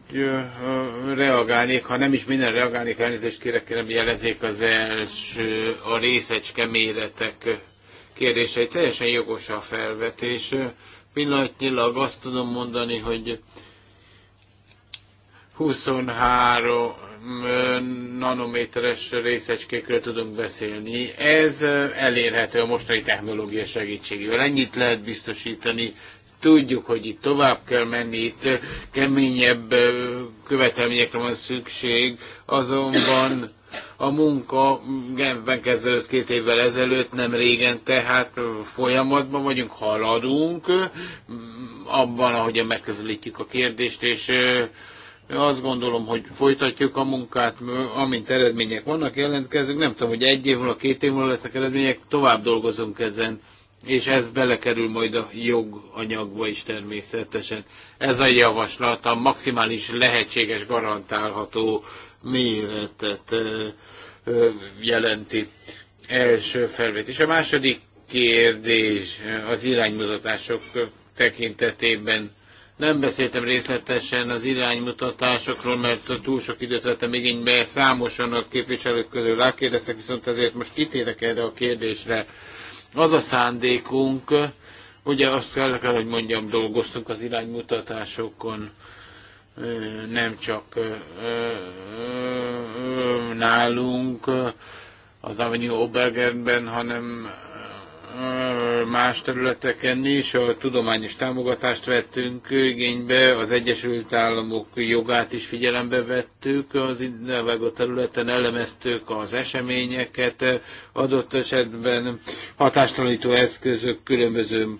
S1: reagálnék, ha nem is minden reagálnék, elnézést kérek, kérem jelezék az első, a részecske méretek kérdései. Teljesen jogos a felvetés. Pillanatnyilag azt tudom mondani, hogy 23 nanométeres részecskékről tudunk beszélni. Ez elérhető a mostani technológia segítségével. Ennyit lehet biztosítani. Tudjuk, hogy itt tovább kell menni, itt eh, keményebb eh, követelményekre van szükség, azonban a munka Genfben kezdődött két évvel ezelőtt, nem régen, tehát folyamatban vagyunk, haladunk mm, abban, ahogyan megközelítjük a kérdést, és eh, azt gondolom, hogy folytatjuk a munkát, amint eredmények vannak, jelentkezünk, nem tudom, hogy egy év múlva, két év múlva lesznek eredmények, tovább dolgozunk ezen és ez belekerül majd a joganyagba is természetesen. Ez a javaslat a maximális lehetséges garantálható méretet jelenti. Első felvetés. A második kérdés az iránymutatások tekintetében. Nem beszéltem részletesen az iránymutatásokról, mert túl sok időt vettem igénybe, számosan a képviselők közül rákérdeztek, viszont azért most kitérek erre a kérdésre az a szándékunk, ugye azt kell, kell hogy mondjam, dolgoztunk az iránymutatásokon, nem csak nálunk, az Avenue Obergenben, hanem más területeken is a tudományos támogatást vettünk igénybe, az Egyesült Államok jogát is figyelembe vettük, az a területen elemeztük az eseményeket, adott esetben hatástalanító eszközök különböző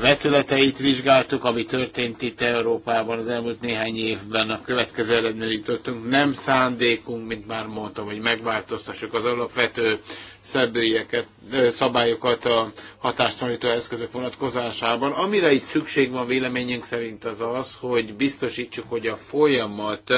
S1: vetületeit vizsgáltuk, ami történt itt Európában az elmúlt néhány évben. A következő eredményre jutottunk. Nem szándékunk, mint már mondtam, hogy megváltoztassuk az alapvető szebőjeket, szabályokat a hatástalanító eszközök vonatkozásában. Amire itt szükség van véleményünk szerint az az, hogy biztosítsuk, hogy a folyamat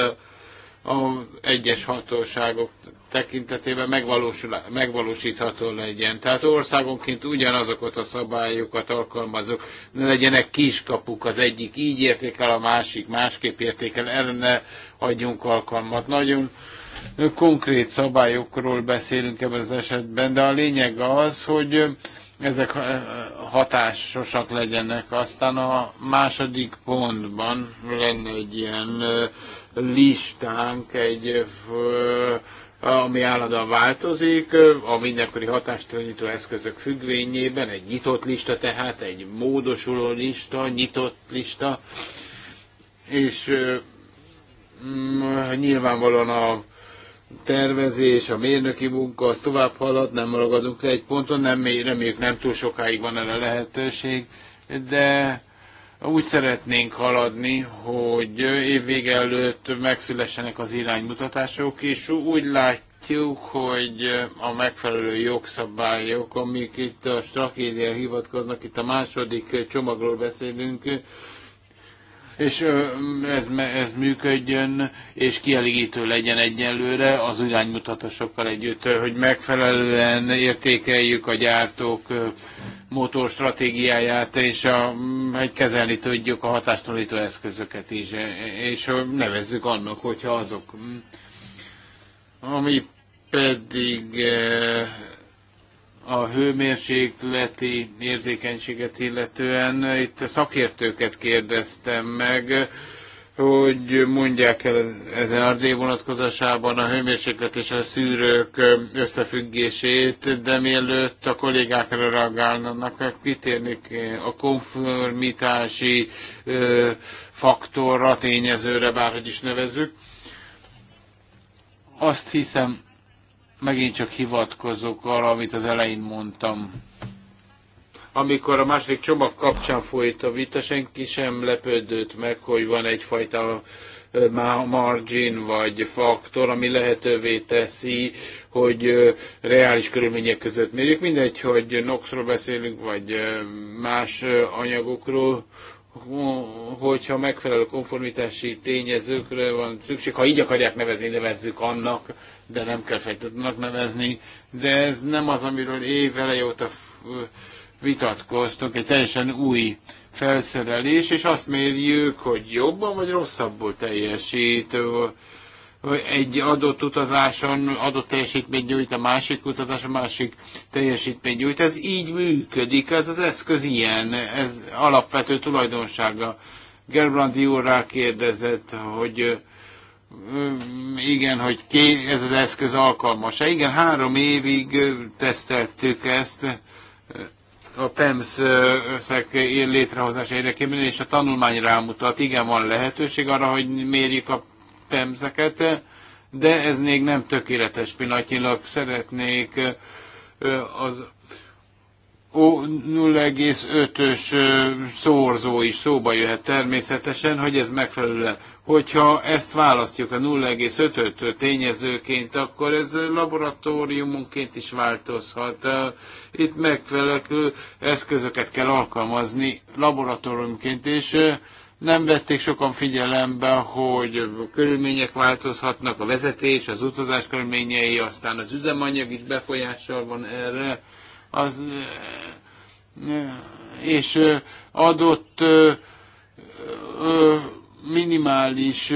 S1: az egyes hatóságok tekintetében megvalósul, megvalósítható legyen. Tehát országonként ugyanazokat a szabályokat alkalmazok, ne legyenek kiskapuk, az egyik így értékel, a másik másképp értékel, erre ne adjunk alkalmat. Nagyon konkrét szabályokról beszélünk ebben az esetben, de a lényeg az, hogy ezek hatásosak legyenek. Aztán a második pontban lenne egy ilyen listánk, egy ami állandóan változik, a mindenkori hatástalanító eszközök függvényében, egy nyitott lista tehát, egy módosuló lista, nyitott lista, és mm, nyilvánvalóan a tervezés, a mérnöki munka, az tovább halad, nem maradunk le egy ponton, nem, reméljük nem túl sokáig van erre lehetőség, de úgy szeretnénk haladni, hogy évvége előtt megszülessenek az iránymutatások, és úgy látjuk, hogy a megfelelő jogszabályok, amik itt a stratégia hivatkoznak, itt a második csomagról beszélünk, és ez, ez működjön, és kielégítő legyen egyenlőre az iránymutatásokkal együtt, hogy megfelelően értékeljük a gyártók motor stratégiáját, és a, hogy kezelni tudjuk a hatástalanító eszközöket is, e, és nevezzük annak, hogyha azok. Ami pedig e, a hőmérsékleti érzékenységet illetően, itt szakértőket kérdeztem meg, hogy mondják el ezen erdély vonatkozásában a hőmérséklet és a szűrők összefüggését, de mielőtt a kollégákra meg kitérnék a konformitási ö, faktorra, tényezőre, bárhogy is nevezzük. Azt hiszem, megint csak hivatkozok arra, amit az elején mondtam. Amikor a második csomag kapcsán folyt a vita, senki sem lepődött meg, hogy van egyfajta margin vagy faktor, ami lehetővé teszi, hogy reális körülmények között mérjük. Mindegy, hogy NOx-ról beszélünk, vagy más anyagokról, hogyha megfelelő konformitási tényezőkre van szükség, ha így akarják nevezni, nevezzük annak, de nem kell fejtetnek nevezni, de ez nem az, amiről évele óta vitatkoztunk, egy teljesen új felszerelés, és azt mérjük, hogy jobban vagy rosszabbul teljesít, egy adott utazáson adott teljesítményt nyújt, a másik utazáson másik teljesítményt nyújt. Ez így működik, ez az eszköz ilyen, ez alapvető tulajdonsága. Gerbrandi úr kérdezett, hogy igen, hogy ez az eszköz alkalmas. Igen, három évig teszteltük ezt, a PEMS összeg létrehozása érdekében, és a tanulmány rámutat, igen, van lehetőség arra, hogy mérjük a PEMS-eket, de ez még nem tökéletes pillanatnyilag. Szeretnék az 0,5-ös szorzó is szóba jöhet természetesen, hogy ez megfelelő. Hogyha ezt választjuk a 0,5-öt tényezőként, akkor ez laboratóriumunként is változhat. Itt megfelelő eszközöket kell alkalmazni laboratóriumként, és nem vették sokan figyelembe, hogy a körülmények változhatnak, a vezetés, az utazás körülményei, aztán az üzemanyag is befolyással van erre az, és adott minimális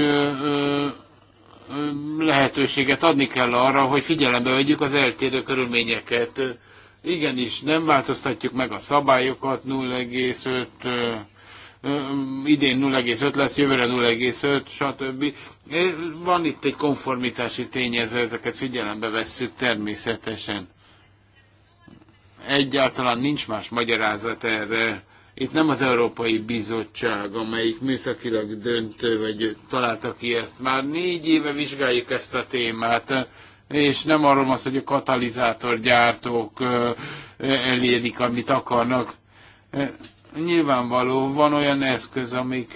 S1: lehetőséget adni kell arra, hogy figyelembe vegyük az eltérő körülményeket. Igenis, nem változtatjuk meg a szabályokat, 0,5 idén 0,5 lesz, jövőre 0,5, stb. Van itt egy konformitási tényező, ezeket figyelembe vesszük természetesen. Egyáltalán nincs más magyarázat erre. Itt nem az Európai Bizottság, amelyik műszakilag döntő, vagy találta ki ezt. Már négy éve vizsgáljuk ezt a témát, és nem arról az, hogy a katalizátorgyártók elérik, amit akarnak. Nyilvánvaló, van olyan eszköz, amik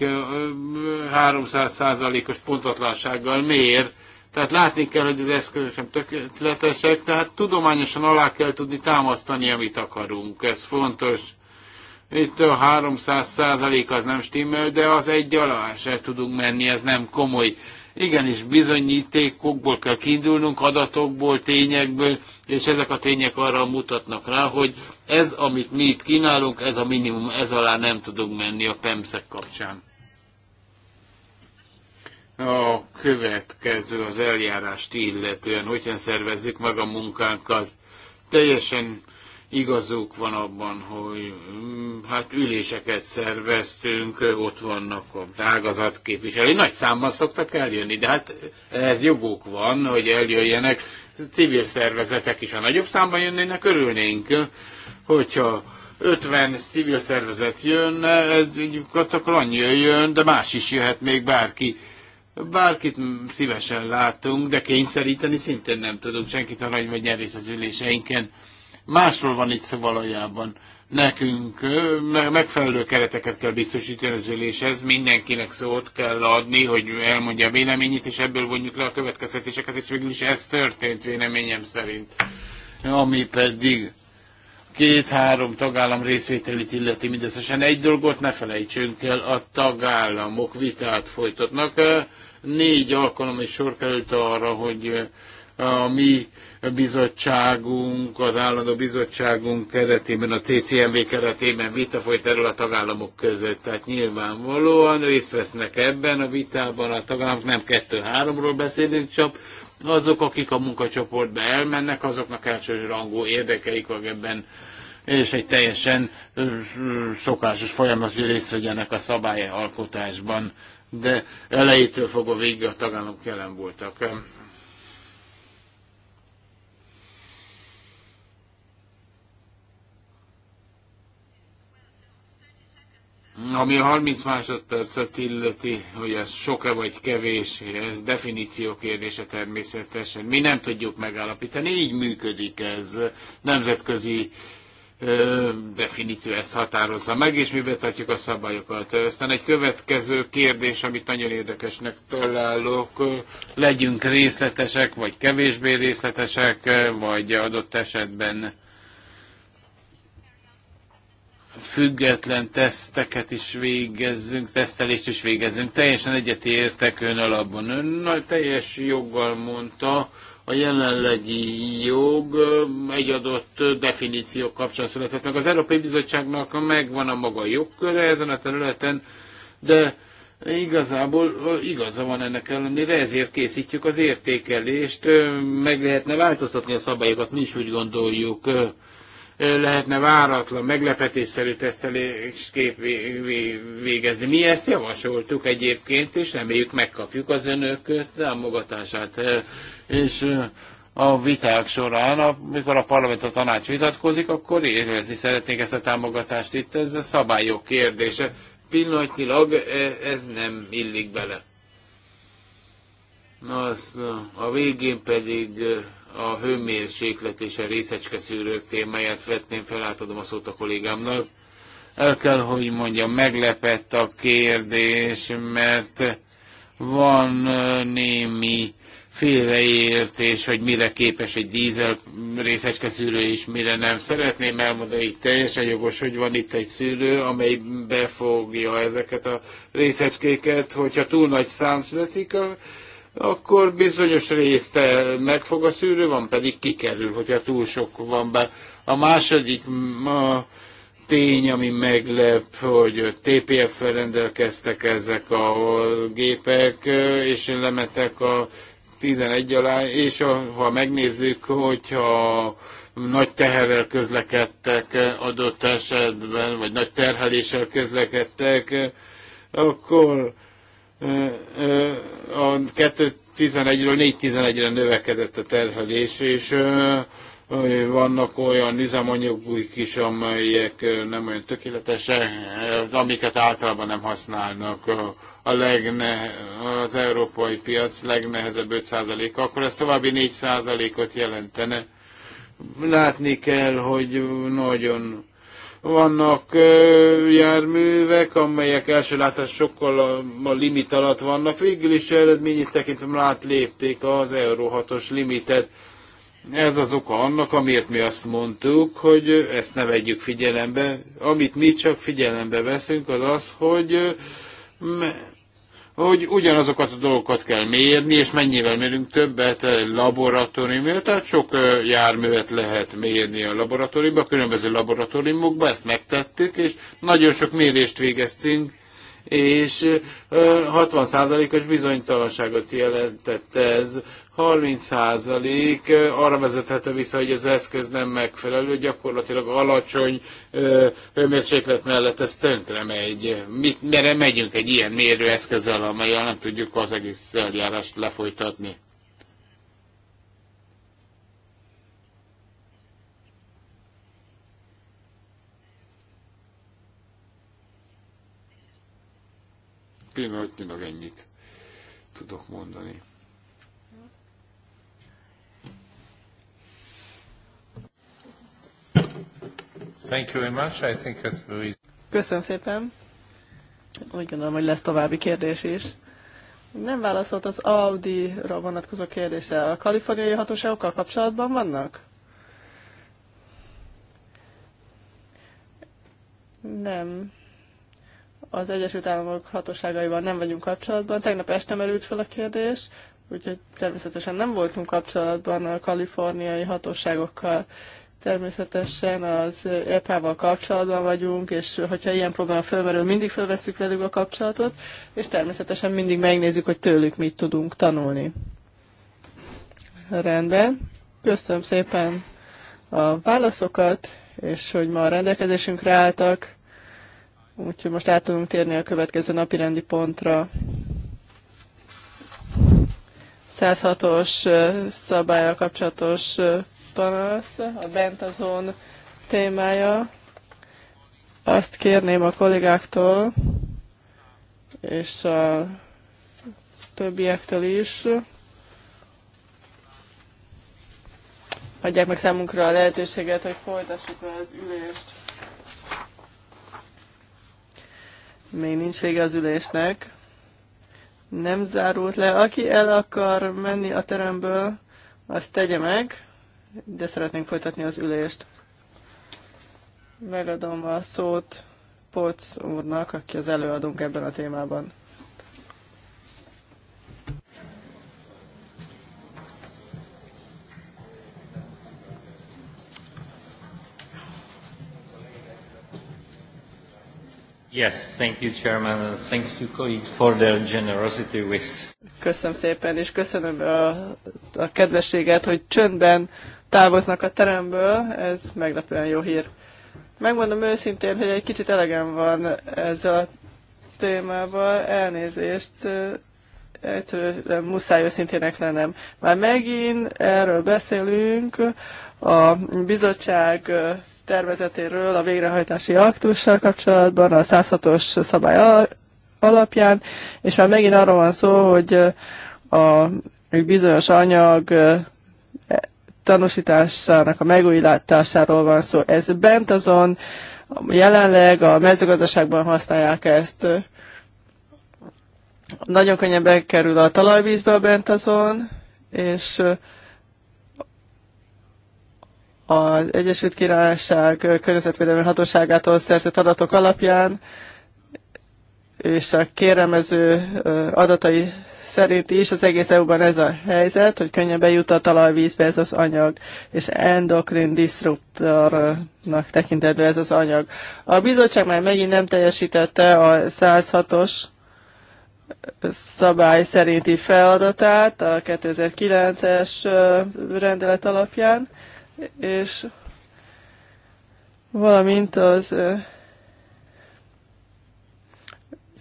S1: 300%-os pontatlansággal mér, tehát látni kell, hogy az eszközök sem tökéletesek, tehát tudományosan alá kell tudni támasztani, amit akarunk. Ez fontos. Itt a 300 százalék az nem stimmel, de az egy alá se tudunk menni, ez nem komoly. Igenis, bizonyítékokból kell kiindulnunk, adatokból, tényekből, és ezek a tények arra mutatnak rá, hogy ez, amit mi itt kínálunk, ez a minimum, ez alá nem tudunk menni a PEMSZek kapcsán. A következő az eljárást illetően, hogyan szervezzük meg a munkánkat. Teljesen igazuk van abban, hogy mm, hát üléseket szerveztünk, ott vannak a tágazat képviselői. Nagy számban szoktak eljönni, de hát ez joguk van, hogy eljöjjenek. Civil szervezetek is, a nagyobb számban jönnének, örülnénk, hogyha 50 civil szervezet jön, ez, akkor annyi jön, de más is jöhet még bárki. Bárkit szívesen látunk, de kényszeríteni szintén nem tudunk senkit arra, nagy vagy nyerész az üléseinken. Másról van itt szó valójában. Nekünk megfelelő kereteket kell biztosítani az üléshez, mindenkinek szót kell adni, hogy elmondja a véleményét, és ebből vonjuk le a következtetéseket, és végül is ez történt véleményem szerint. Ami pedig két-három tagállam részvételét illeti mindösszesen egy dolgot, ne felejtsünk el, a tagállamok vitát folytatnak. Négy alkalom is sor került arra, hogy a mi bizottságunk, az állandó bizottságunk keretében, a CCMV keretében vita folyt erről a tagállamok között. Tehát nyilvánvalóan részt vesznek ebben a vitában a tagállamok, nem kettő-háromról beszélünk csak, azok, akik a munkacsoportba elmennek, azoknak első rangú érdekeik van ebben, és egy teljesen szokásos folyamat, hogy részt vegyenek a szabályalkotásban, de elejétől fogva végig a tagállamok jelen voltak. Ami a 30 másodpercet illeti, hogy ez sok-e vagy kevés, ez definíció kérdése természetesen. Mi nem tudjuk megállapítani, így működik ez. Nemzetközi ö, definíció ezt határozza meg, és mi betartjuk a szabályokat. Aztán egy következő kérdés, amit nagyon érdekesnek találok, legyünk részletesek, vagy kevésbé részletesek, vagy adott esetben független teszteket is végezzünk, tesztelést is végezzünk. Teljesen egyetértek ön alapban. Ön nagy teljes joggal mondta, a jelenlegi jog egy adott definíció kapcsán született meg. Az Európai Bizottságnak megvan a maga jogköre ezen a területen, de Igazából igaza van ennek ellenére, ezért készítjük az értékelést, meg lehetne változtatni a szabályokat, mi is úgy gondoljuk lehetne váratlan, meglepetésszerű tesztelésképp végezni. Mi ezt javasoltuk egyébként, és reméljük megkapjuk az önök támogatását. És a viták során, amikor a parlament a tanács vitatkozik, akkor érezni szeretnénk ezt a támogatást. Itt ez a szabályok kérdése. Pillanatnyilag ez nem illik bele. Na, azt, a végén pedig a hőmérséklet és a részecskeszűrők témáját vetném fel, átadom a szót a kollégámnak. El kell, hogy mondjam, meglepett a kérdés, mert van némi félreértés, hogy mire képes egy dízel részecske szűrő és mire nem. Szeretném elmondani, hogy teljesen jogos, hogy van itt egy szűrő, amely befogja ezeket a részecskéket, hogyha túl nagy szám születik, akkor bizonyos részt megfog a szűrő, van pedig kikerül, hogyha túl sok van be. A második a tény, ami meglep, hogy TPF-fel rendelkeztek ezek a gépek, és lemetek a 11 alá, és a, ha megnézzük, hogyha nagy teherrel közlekedtek adott esetben, vagy nagy terheléssel közlekedtek, akkor a 2011 ről 11 re növekedett a terhelés, és vannak olyan üzemanyagok is, amelyek nem olyan tökéletesek, amiket általában nem használnak a legne, az európai piac legnehezebb 5%-a, akkor ez további 4%-ot jelentene. Látni kell, hogy nagyon vannak járművek, amelyek első látás sokkal a, a limit alatt vannak. Végül is eredményét tekintve átlépték az Euró 6-os limitet. Ez az oka annak, amiért mi azt mondtuk, hogy ezt ne vegyük figyelembe. Amit mi csak figyelembe veszünk, az az, hogy hogy ugyanazokat a dolgokat kell mérni, és mennyivel mérünk többet laboratóriumot, tehát sok járművet lehet mérni a laboratóriumban, különböző laboratóriumokban, ezt megtettük, és nagyon sok mérést végeztünk, és 60%-os bizonytalanságot jelentett ez. 30% arra vezethető vissza, hogy az eszköz nem megfelelő, gyakorlatilag alacsony hőmérséklet mellett ez tönkre megy. Mit, mire megyünk egy ilyen mérőeszközzel, amelyel nem tudjuk az egész eljárást lefolytatni? Pillanatnyilag ennyit tudok mondani. Thank you very much. I think that's very...
S2: Köszönöm szépen. Úgy gondolom, hogy lesz további kérdés is. Nem válaszolt az Audi-ra vonatkozó kérdése. A kaliforniai hatóságokkal kapcsolatban vannak? Nem az Egyesült Államok hatóságaival nem vagyunk kapcsolatban. Tegnap este merült fel a kérdés, úgyhogy természetesen nem voltunk kapcsolatban a kaliforniai hatóságokkal. Természetesen az EPA-val kapcsolatban vagyunk, és hogyha ilyen probléma felmerül, mindig felveszük velük a kapcsolatot, és természetesen mindig megnézzük, hogy tőlük mit tudunk tanulni. Rendben. Köszönöm szépen a válaszokat, és hogy ma a rendelkezésünkre álltak. Úgyhogy most át tudunk térni a következő napi rendi pontra. 106-os szabálya kapcsolatos panasz, a bentazon témája. Azt kérném a kollégáktól és a többiektől is, adják meg számunkra a lehetőséget, hogy folytassuk az ülést. Még nincs vége az ülésnek. Nem zárult le. Aki el akar menni a teremből, azt tegye meg, de szeretnénk folytatni az ülést. Megadom a szót Poc úrnak, aki az előadónk ebben a témában.
S1: Yes, thank you, Chairman, thanks to colleagues for their generosity with.
S2: Köszönöm szépen, és köszönöm a, a kedvességet, hogy csöndben távoznak a teremből, ez meglepően jó hír. Megmondom őszintén, hogy egy kicsit elegem van ezzel a témával, elnézést, egyszerűen muszáj őszintének lennem. Már megint erről beszélünk, a bizottság tervezetéről a végrehajtási aktussal kapcsolatban, a 106-os szabály alapján, és már megint arról van szó, hogy a bizonyos anyag e, tanúsításának a megújításáról van szó. Ez bent azon, jelenleg a mezőgazdaságban használják ezt. Nagyon könnyen bekerül a talajvízbe a azon és az Egyesült Királyság Környezetvédelmi Hatóságától szerzett adatok alapján és a kérelmező adatai szerint is az egész EU-ban ez a helyzet, hogy könnyen bejut a talajvízbe ez az anyag, és endokrin disruptornak tekintető ez az anyag. A bizottság már megint nem teljesítette a 106-os szabály szerinti feladatát a 2009-es rendelet alapján, és valamint az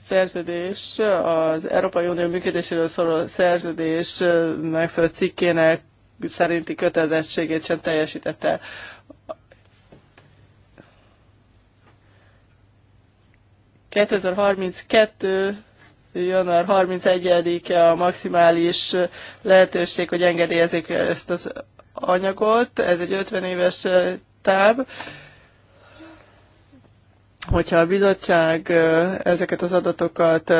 S2: szerződés, az Európai Unió működéséről szóló szerződés megfelelő cikkének szerinti kötelezettségét sem teljesítette. ...2032. január 31-e a maximális lehetőség, hogy engedélyezik ezt az anyagot, ez egy 50 éves táv, hogyha a bizottság ezeket az adatokat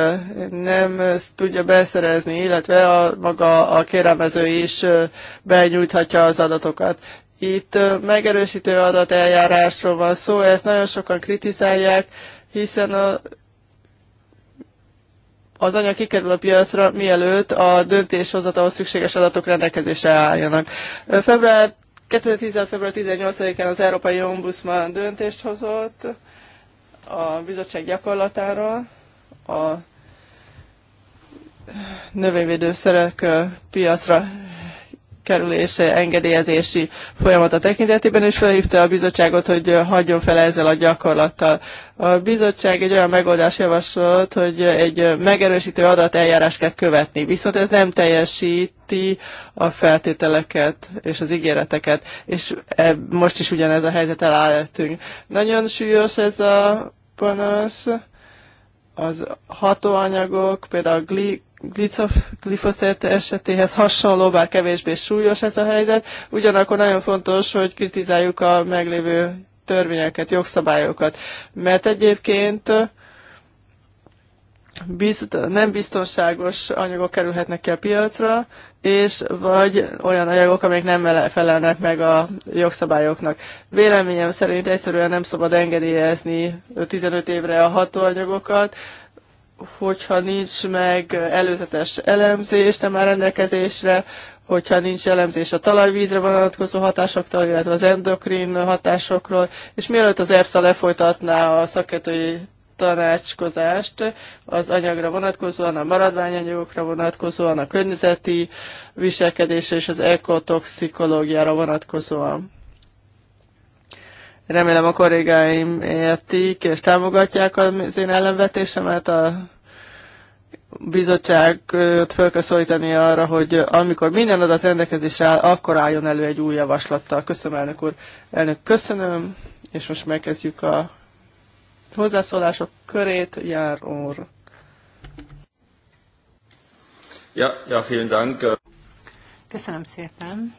S2: nem tudja beszerezni, illetve a, maga a kérelmező is benyújthatja az adatokat. Itt megerősítő adateljárásról van szó, ezt nagyon sokan kritizálják, hiszen a az anyag kikerül a piacra, mielőtt a döntéshozatához szükséges adatok rendelkezésre álljanak. Február 2016. február 18-án az Európai Ombudsman döntést hozott a bizottság gyakorlatáról a növényvédőszerek piacra kerülése, engedélyezési folyamata tekintetében, és felhívta a bizottságot, hogy hagyjon fel ezzel a gyakorlattal. A bizottság egy olyan megoldást javasolt, hogy egy megerősítő eljárás kell követni, viszont ez nem teljesíti a feltételeket és az ígéreteket, és e, most is ugyanez a helyzet elállítunk. Nagyon súlyos ez a panasz, az hatóanyagok, például a glifoszét esetéhez hasonló, bár kevésbé súlyos ez a helyzet. Ugyanakkor nagyon fontos, hogy kritizáljuk a meglévő törvényeket, jogszabályokat, mert egyébként bizt, nem biztonságos anyagok kerülhetnek ki a piacra, és vagy olyan anyagok, amelyek nem felelnek meg a jogszabályoknak. Véleményem szerint egyszerűen nem szabad engedélyezni 15 évre a hatóanyagokat, hogyha nincs meg előzetes elemzés, nem áll rendelkezésre, hogyha nincs elemzés a talajvízre vonatkozó hatásoktól, illetve az endokrin hatásokról, és mielőtt az EFSA lefolytatná a szakértői tanácskozást az anyagra vonatkozóan, a maradványanyagokra vonatkozóan, a környezeti viselkedésre és az ekotoxikológiára vonatkozóan. Remélem a kollégáim értik és támogatják az én ellenvetésemet a bizottságot fel kell szólítani arra, hogy amikor minden adat rendelkezésre áll, akkor álljon elő egy új javaslattal. Köszönöm, elnök úr. Elnök, köszönöm, és most megkezdjük a hozzászólások körét. Jár úr. Ja, ja, vielen Dank.
S3: Köszönöm szépen.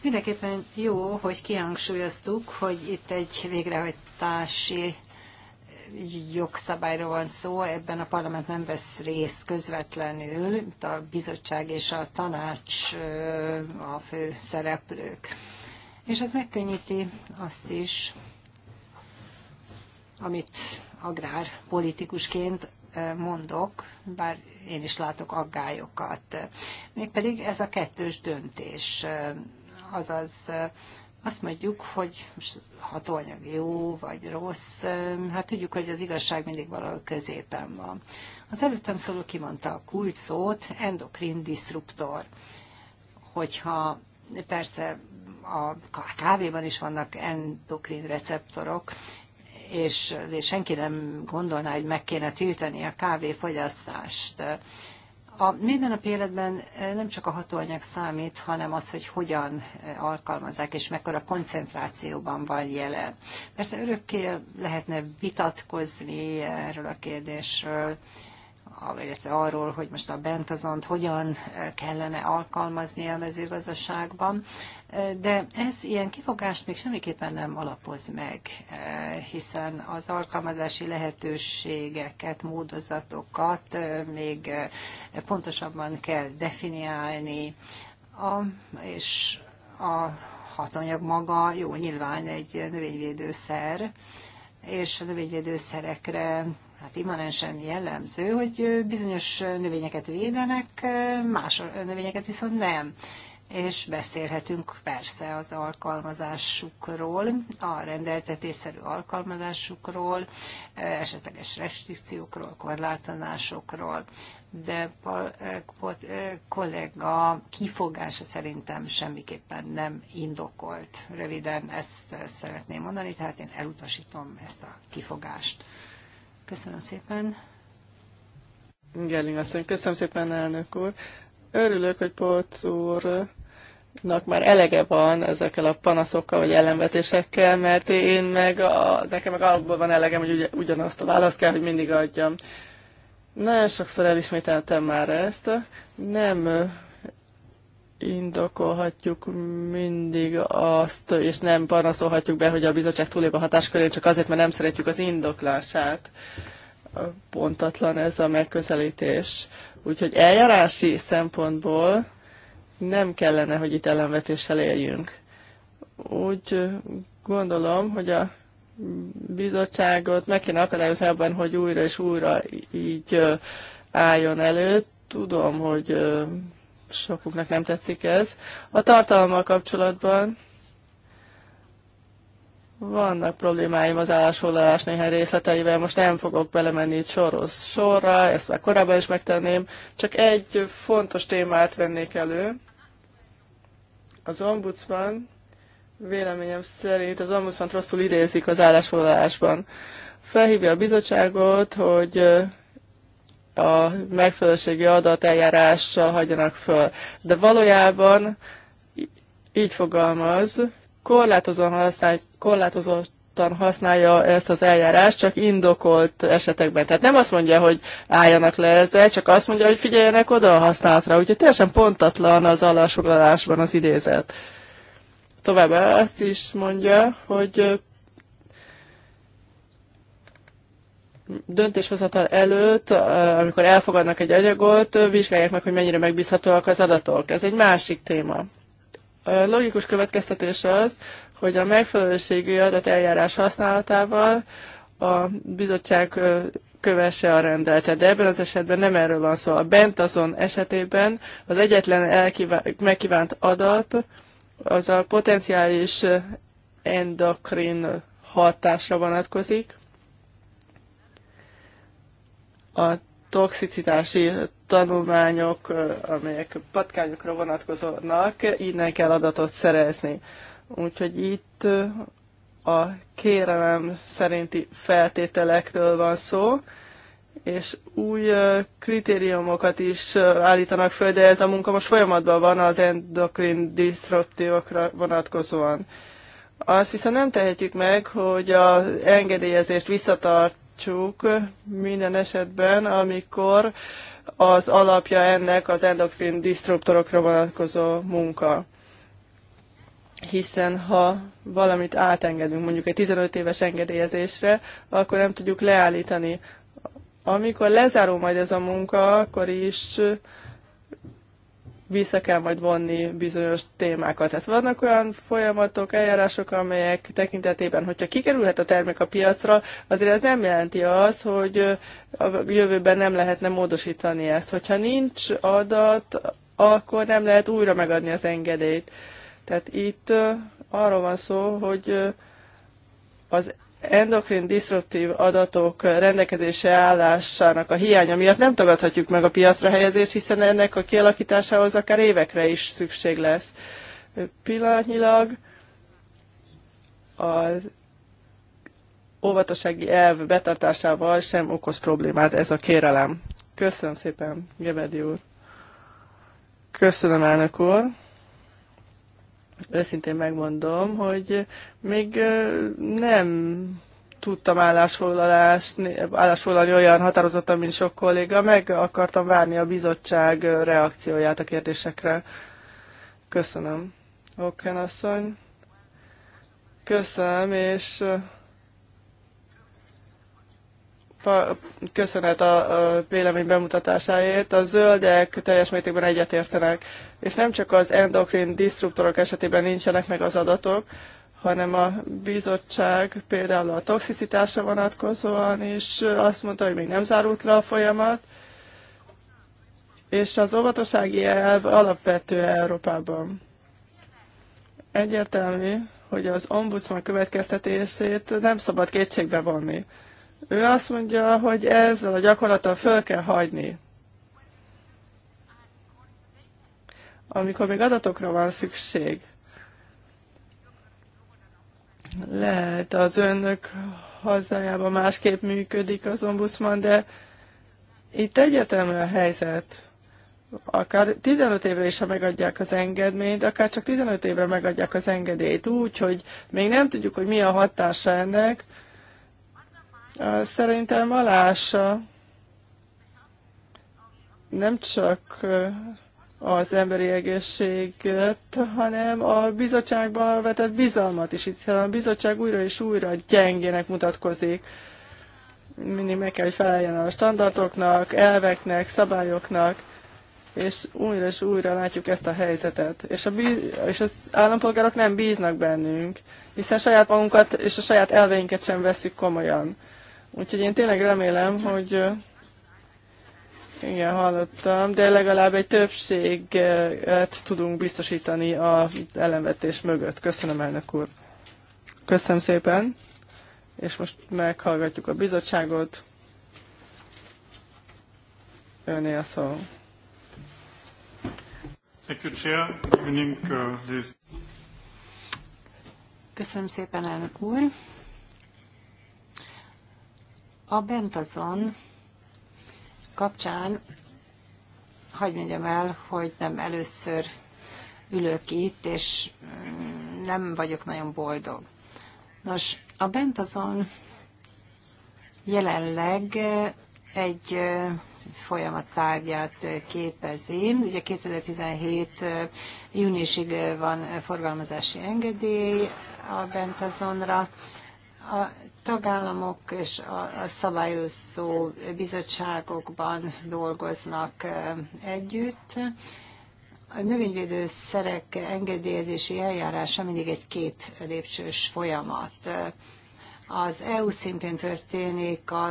S3: Mindenképpen jó, hogy kihangsúlyoztuk, hogy itt egy végrehajtási jogszabályról van szó, ebben a parlament nem vesz részt közvetlenül, mint a bizottság és a tanács a fő szereplők. És ez megkönnyíti azt is, amit agrárpolitikusként mondok, bár én is látok aggályokat. Mégpedig ez a kettős döntés. Azaz azt mondjuk, hogy hatóanyag jó vagy rossz, hát tudjuk, hogy az igazság mindig valahol középen van. Az előttem szóló kimondta a kulcs szót, endokrin disruptor. Hogyha persze a kávéban is vannak endokrin receptorok, és azért senki nem gondolná, hogy meg kéne tiltani a kávéfogyasztást. A a életben eh, nem csak a hatóanyag számít, hanem az, hogy hogyan eh, alkalmazzák, és mekkora koncentrációban van jelen. Persze örökké lehetne vitatkozni erről a kérdésről, illetve arról, hogy most a bentazont hogyan eh, kellene alkalmazni a mezőgazdaságban de ez ilyen kifogást még semmiképpen nem alapoz meg, eh, hiszen az alkalmazási lehetőségeket, módozatokat eh, még eh, pontosabban kell definiálni, a, és a hatanyag maga, jó, nyilván egy növényvédőszer, és a növényvédőszerekre hát immanensen jellemző, hogy bizonyos növényeket védenek, más növényeket viszont nem és beszélhetünk persze az alkalmazásukról, a rendeltetésszerű alkalmazásukról, e, esetleges restrikciókról, korlátozásokról, de e, e, kollega kifogása szerintem semmiképpen nem indokolt. Röviden ezt szeretném mondani, tehát én elutasítom ezt a kifogást. Köszönöm szépen.
S2: Gerling asszony, köszönöm szépen, elnök úr. Örülök, hogy Polc úr nak már elege van ezekkel a panaszokkal vagy ellenvetésekkel, mert én meg a, nekem meg abból van elegem, hogy ugy, ugyanazt a választ kell, hogy mindig adjam. Nagyon sokszor elismételtem már ezt. Nem indokolhatjuk mindig azt, és nem panaszolhatjuk be, hogy a bizottság túlép a hatáskörén, csak azért, mert nem szeretjük az indoklását. Pontatlan ez a megközelítés. Úgyhogy eljárási szempontból nem kellene, hogy itt ellenvetéssel éljünk. Úgy gondolom, hogy a bizottságot meg kéne akadályozni abban, hogy újra és újra így álljon elő. Tudom, hogy sokuknak nem tetszik ez. A tartalommal kapcsolatban vannak problémáim az állásfoglalás néhány részleteivel, most nem fogok belemenni itt sorhoz sorra, ezt már korábban is megtenném, csak egy fontos témát vennék elő, az ombudsman véleményem szerint az ombudsman rosszul idézik az állásfoglalásban. Felhívja a bizottságot, hogy a megfelelőségi eljárással hagyjanak föl. De valójában így fogalmaz, korlátozóan használják, korlátozott nyugodtan használja ezt az eljárást, csak indokolt esetekben. Tehát nem azt mondja, hogy álljanak le ezzel, csak azt mondja, hogy figyeljenek oda a használatra. Úgyhogy teljesen pontatlan az alásoglalásban az idézet. Továbbá azt is mondja, hogy döntéshozatal előtt, amikor elfogadnak egy anyagot, vizsgálják meg, hogy mennyire megbízhatóak az adatok. Ez egy másik téma. A logikus következtetés az, hogy a megfelelőségű adateljárás használatával a bizottság kövesse a rendeletet, de ebben az esetben nem erről van szó. A bent azon esetében az egyetlen elkíván, megkívánt adat az a potenciális endokrin hatásra vonatkozik, a toxicitási tanulmányok, amelyek patkányokra vonatkoznak, innen kell adatot szerezni. Úgyhogy itt a kérelem szerinti feltételekről van szó, és új kritériumokat is állítanak föl, de ez a munka most folyamatban van az endokrin disruptívokra vonatkozóan. Azt viszont nem tehetjük meg, hogy az engedélyezést visszatartsuk minden esetben, amikor az alapja ennek az endokrin disruptorokra vonatkozó munka hiszen ha valamit átengedünk, mondjuk egy 15 éves engedélyezésre, akkor nem tudjuk leállítani. Amikor lezárul majd ez a munka, akkor is vissza kell majd vonni bizonyos témákat. Tehát vannak olyan folyamatok, eljárások, amelyek tekintetében, hogyha kikerülhet a termék a piacra, azért ez nem jelenti az, hogy a jövőben nem lehetne módosítani ezt. Hogyha nincs adat, akkor nem lehet újra megadni az engedélyt. Tehát itt arról van szó, hogy az endokrin disruptív adatok rendelkezése állásának a hiánya miatt nem tagadhatjuk meg a piacra helyezést, hiszen ennek a kialakításához akár évekre is szükség lesz. Pillanatnyilag az óvatossági elv betartásával sem okoz problémát ez a kérelem. Köszönöm szépen, Gebedi úr. Köszönöm, elnök úr. Őszintén megmondom, hogy még nem tudtam állásfoglalást, állásfoglalni olyan határozottan, mint sok kolléga, meg akartam várni a bizottság reakcióját a kérdésekre. Köszönöm. Oké, asszony. Köszönöm, és köszönet a, vélemény bemutatásáért. A zöldek teljes mértékben egyetértenek, és nem csak az endokrin disruptorok esetében nincsenek meg az adatok, hanem a bizottság például a toxicitásra vonatkozóan is azt mondta, hogy még nem zárult le a folyamat, és az óvatossági elv alapvető Európában. Egyértelmű, hogy az ombudsman következtetését nem szabad kétségbe vonni. Ő azt mondja, hogy ezzel a gyakorlattal föl kell hagyni. Amikor még adatokra van szükség, lehet az önök hazájában másképp működik az ombudsman, de itt egyetemű a helyzet. Akár 15 évre is, ha megadják az engedményt, akár csak 15 évre megadják az engedélyt úgy, hogy még nem tudjuk, hogy mi a hatása ennek, Szerintem alása nem csak az emberi egészséget, hanem a bizottságban vetett bizalmat is. Itt a bizottság újra és újra gyengének mutatkozik. Mindig meg kell, hogy feleljen a standardoknak, elveknek, szabályoknak, és újra és újra látjuk ezt a helyzetet. És, a bíz, és az állampolgárok nem bíznak bennünk, hiszen saját magunkat és a saját elveinket sem veszük komolyan. Úgyhogy én tényleg remélem, hogy igen, hallottam, de legalább egy többséget tudunk biztosítani a ellenvetés mögött. Köszönöm, elnök úr. Köszönöm szépen, és most meghallgatjuk a bizottságot.
S3: Önél a szó. Uh, Köszönöm szépen, elnök úr. A bentazon kapcsán hagyd mondjam el, hogy nem először ülök itt, és mm, nem vagyok nagyon boldog. Nos, a bentazon jelenleg egy folyamat tárgyát képezi. Ugye 2017 júniusig van forgalmazási engedély a bentazonra. A tagállamok és a, szabályozó bizottságokban dolgoznak együtt. A szerek engedélyezési eljárása mindig egy két lépcsős folyamat. Az EU szintén történik a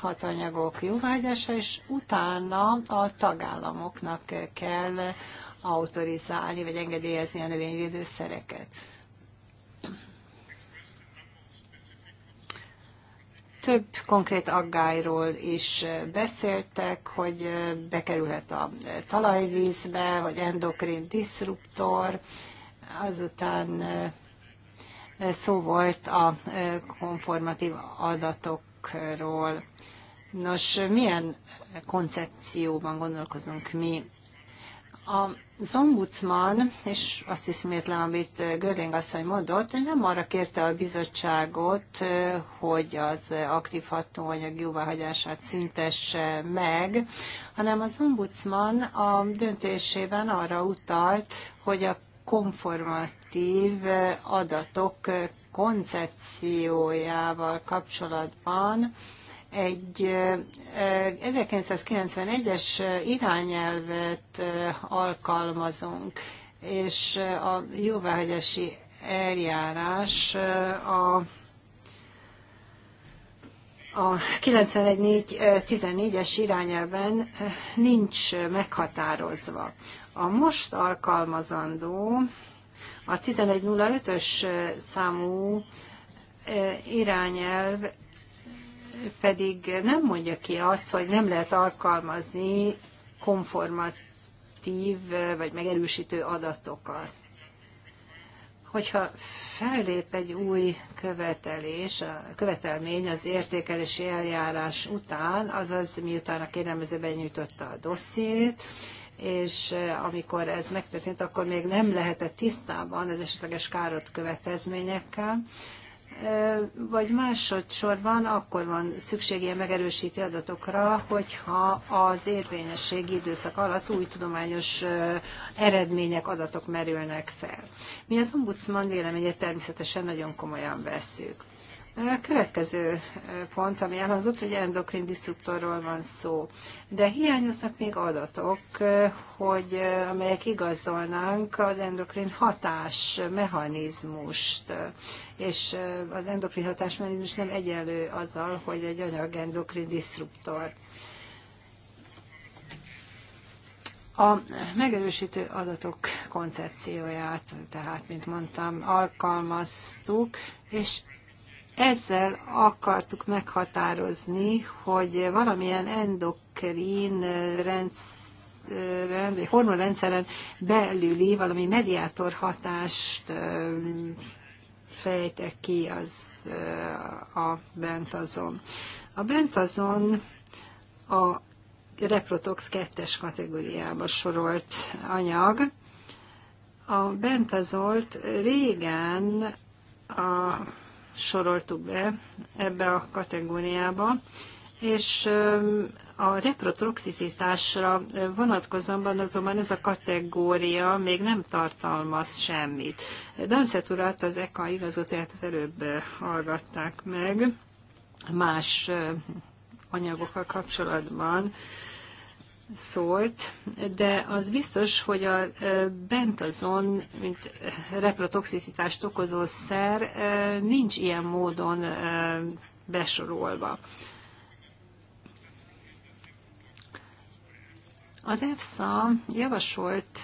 S3: hatanyagok jóvágyása, és utána a tagállamoknak kell autorizálni vagy engedélyezni a növényvédőszereket. több konkrét aggályról is beszéltek, hogy bekerülhet a talajvízbe, vagy endokrin diszruptor, azután e, szó volt a e, konformatív adatokról. Nos, milyen koncepcióban gondolkozunk mi? A az ombudsman, és azt ismétlem, amit Göring asszony mondott, nem arra kérte a bizottságot, hogy az aktív hatóanyag jóváhagyását szüntesse meg, hanem az ombudsman a döntésében arra utalt, hogy a konformatív adatok koncepciójával kapcsolatban egy 1991-es irányelvet alkalmazunk, és a jóváhagyási eljárás a a 91.4.14-es irányelven nincs meghatározva. A most alkalmazandó a 11.05-ös számú irányelv pedig nem mondja ki azt, hogy nem lehet alkalmazni konformatív vagy megerősítő adatokat. Hogyha fellép egy új követelés, a követelmény az értékelési eljárás után, azaz miután a kérelmező benyújtotta a dossziét, és eh, amikor ez megtörtént, akkor még nem lehetett tisztában az esetleges károt követezményekkel, vagy másodszorban akkor van szükség ilyen megerősítő adatokra, hogyha az érvényességi időszak alatt új tudományos eredmények, adatok merülnek fel. Mi az ombudsman véleményét természetesen nagyon komolyan vesszük. A következő pont, ami elhangzott, hogy endokrin disruptorról van szó, de hiányoznak még adatok, hogy amelyek igazolnánk az endokrin hatás mechanizmust, és az endokrin hatás mechanizmus nem egyenlő azzal, hogy egy anyag endokrin disruptor. A megerősítő adatok koncepcióját, tehát, mint mondtam, alkalmaztuk, és ezzel akartuk meghatározni, hogy valamilyen endokrin rendszer, hormonrendszeren belüli valami mediátor hatást fejtek ki az a bentazon. A bentazon a Reprotox 2-es kategóriába sorolt anyag. A bentazolt régen a soroltuk be ebbe a kategóriába, és a reprotoxicitásra vonatkozóan azonban ez a kategória még nem tartalmaz semmit. Danszet urat az EKA igazgatóját az előbb hallgatták meg más anyagokkal kapcsolatban, szólt, de az biztos, hogy a bentazon, mint reprotoxicitást okozó szer nincs ilyen módon besorolva. Az EFSA javasolt,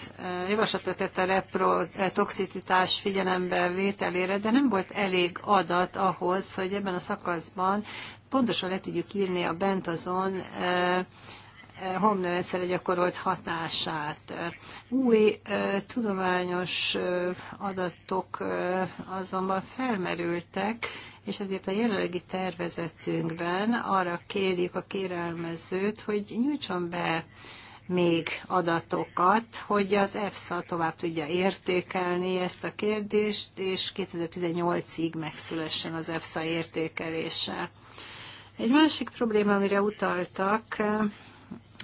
S3: javaslatot tett a reprotoxicitás figyelembe vételére, de nem volt elég adat ahhoz, hogy ebben a szakaszban pontosan le tudjuk írni a bentazon homlokszerre gyakorolt hatását. Új tudományos adatok azonban felmerültek, és ezért a jelenlegi tervezetünkben arra kérjük a kérelmezőt, hogy nyújtson be még adatokat, hogy az EFSA tovább tudja értékelni ezt a kérdést, és 2018-ig megszülessen az EFSA értékelése. Egy másik probléma, amire utaltak,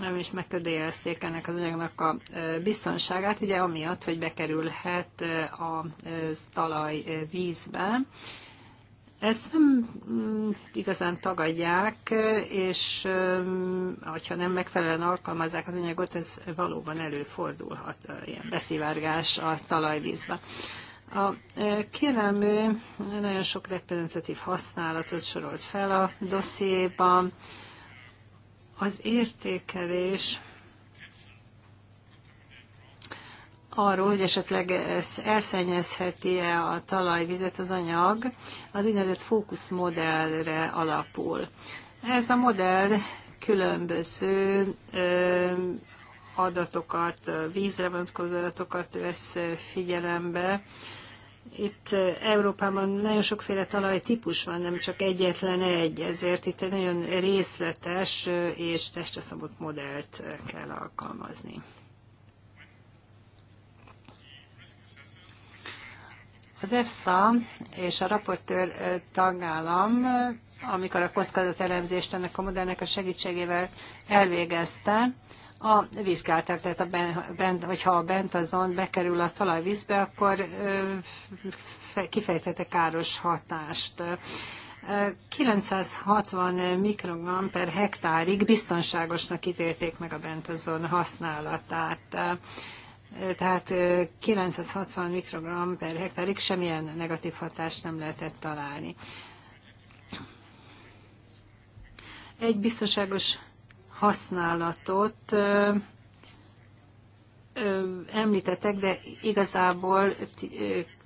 S3: nem is megködélyezték ennek az anyagnak a biztonságát, ugye amiatt, hogy bekerülhet a talaj vízbe. Ezt nem mm, igazán tagadják, és ha nem megfelelően alkalmazzák az anyagot, ez valóban előfordulhat, ilyen beszivárgás a talajvízbe. A kérelmű nagyon sok reprezentatív használatot sorolt fel a dossziéban, az értékelés arról, hogy esetleg elszennyezheti-e a talajvizet az anyag, az úgynevezett fókuszmodellre alapul. Ez a modell különböző adatokat, vízre vonatkozó adatokat vesz figyelembe, itt Európában nagyon sokféle talajtípus van, nem csak egyetlen egy, ezért itt egy nagyon részletes és testre szabott modellt kell alkalmazni. Az EFSA és a raportőr tagállam, amikor a kockázatelemzést ennek a modellnek a segítségével elvégezte, a vizsgálták, tehát a ben- vagy hogyha a azon bekerül a talajvízbe, akkor kifejtette káros hatást. 960 mikrogram per hektárig biztonságosnak ítélték meg a bentazon használatát. Tehát 960 mikrogram per hektárig semmilyen negatív hatást nem lehetett találni. Egy biztonságos használatot említettek, de igazából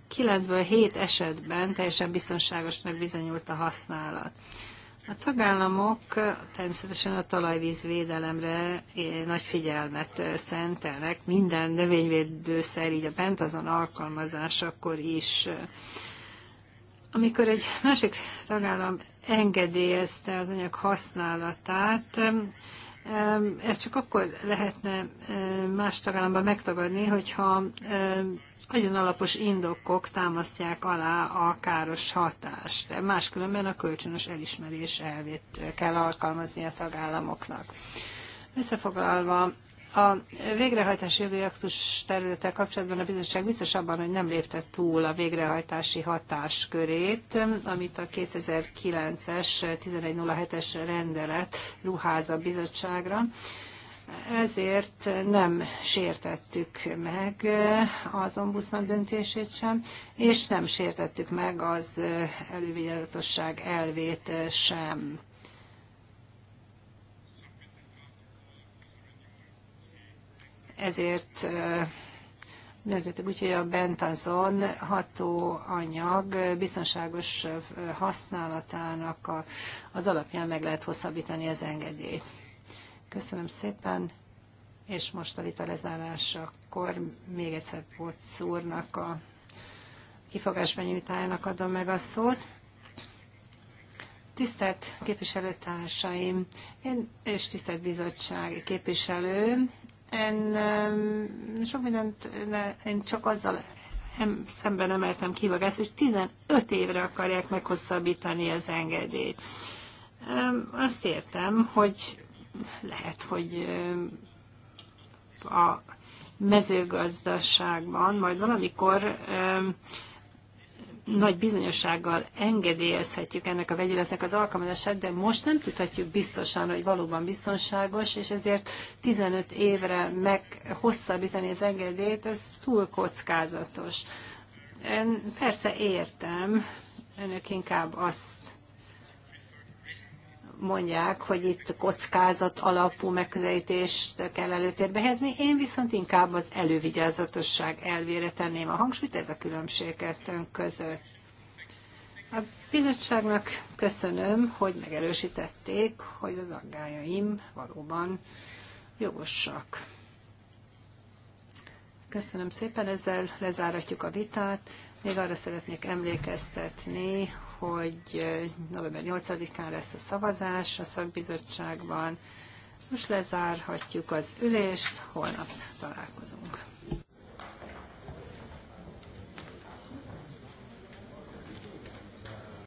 S3: 97 esetben teljesen biztonságosnak bizonyult a használat. A tagállamok természetesen a talajvízvédelemre nagy figyelmet szentelnek, minden növényvédőszer, így a bentazon alkalmazásakor is. Amikor egy másik tagállam engedélyezte az anyag használatát, ez csak akkor lehetne más tagállamban megtagadni, hogyha nagyon alapos indokok támasztják alá a káros hatást. Máskülönben a kölcsönös elismerés elvét kell alkalmazni a tagállamoknak. Összefoglalva, a végrehajtási jogi aktus területtel kapcsolatban a bizottság biztos abban, hogy nem lépte túl a végrehajtási hatáskörét, amit a 2009-es 1107-es rendelet ruház a bizottságra. Ezért nem sértettük meg az ombudsman döntését sem, és nem sértettük meg az elővigyázatosság elvét sem. ezért Úgyhogy a bentazon ható anyag biztonságos használatának a, az alapján meg lehet hosszabbítani az engedélyt. Köszönöm szépen, és most a vita lezárásakor még egyszer Bocz úrnak a kifogásbenyújtájának adom meg a szót. Tisztelt képviselőtársaim, én és tisztelt bizottság képviselő, én sok mindent én csak azzal szemben emeltem ki magát, hogy 15 évre akarják meghosszabbítani az engedélyt. Azt értem, hogy lehet, hogy a mezőgazdaságban majd valamikor nagy bizonyossággal engedélyezhetjük ennek a vegyületnek az alkalmazását, de most nem tudhatjuk biztosan, hogy valóban biztonságos, és ezért 15 évre meg hosszabbítani az engedélyt, ez túl kockázatos. Én persze értem, önök inkább azt mondják, hogy itt kockázat alapú megközelítést kell előtérbe helyezni. Én viszont inkább az elővigyázatosság elvére tenném a hangsúlyt, ez a különbség kettőnk között. A bizottságnak köszönöm, hogy megerősítették, hogy az aggájaim valóban jogosak. Köszönöm szépen, ezzel lezáratjuk a vitát. Még arra szeretnék emlékeztetni, hogy november 8-án lesz a szavazás a szakbizottságban. Most lezárhatjuk az ülést, holnap találkozunk.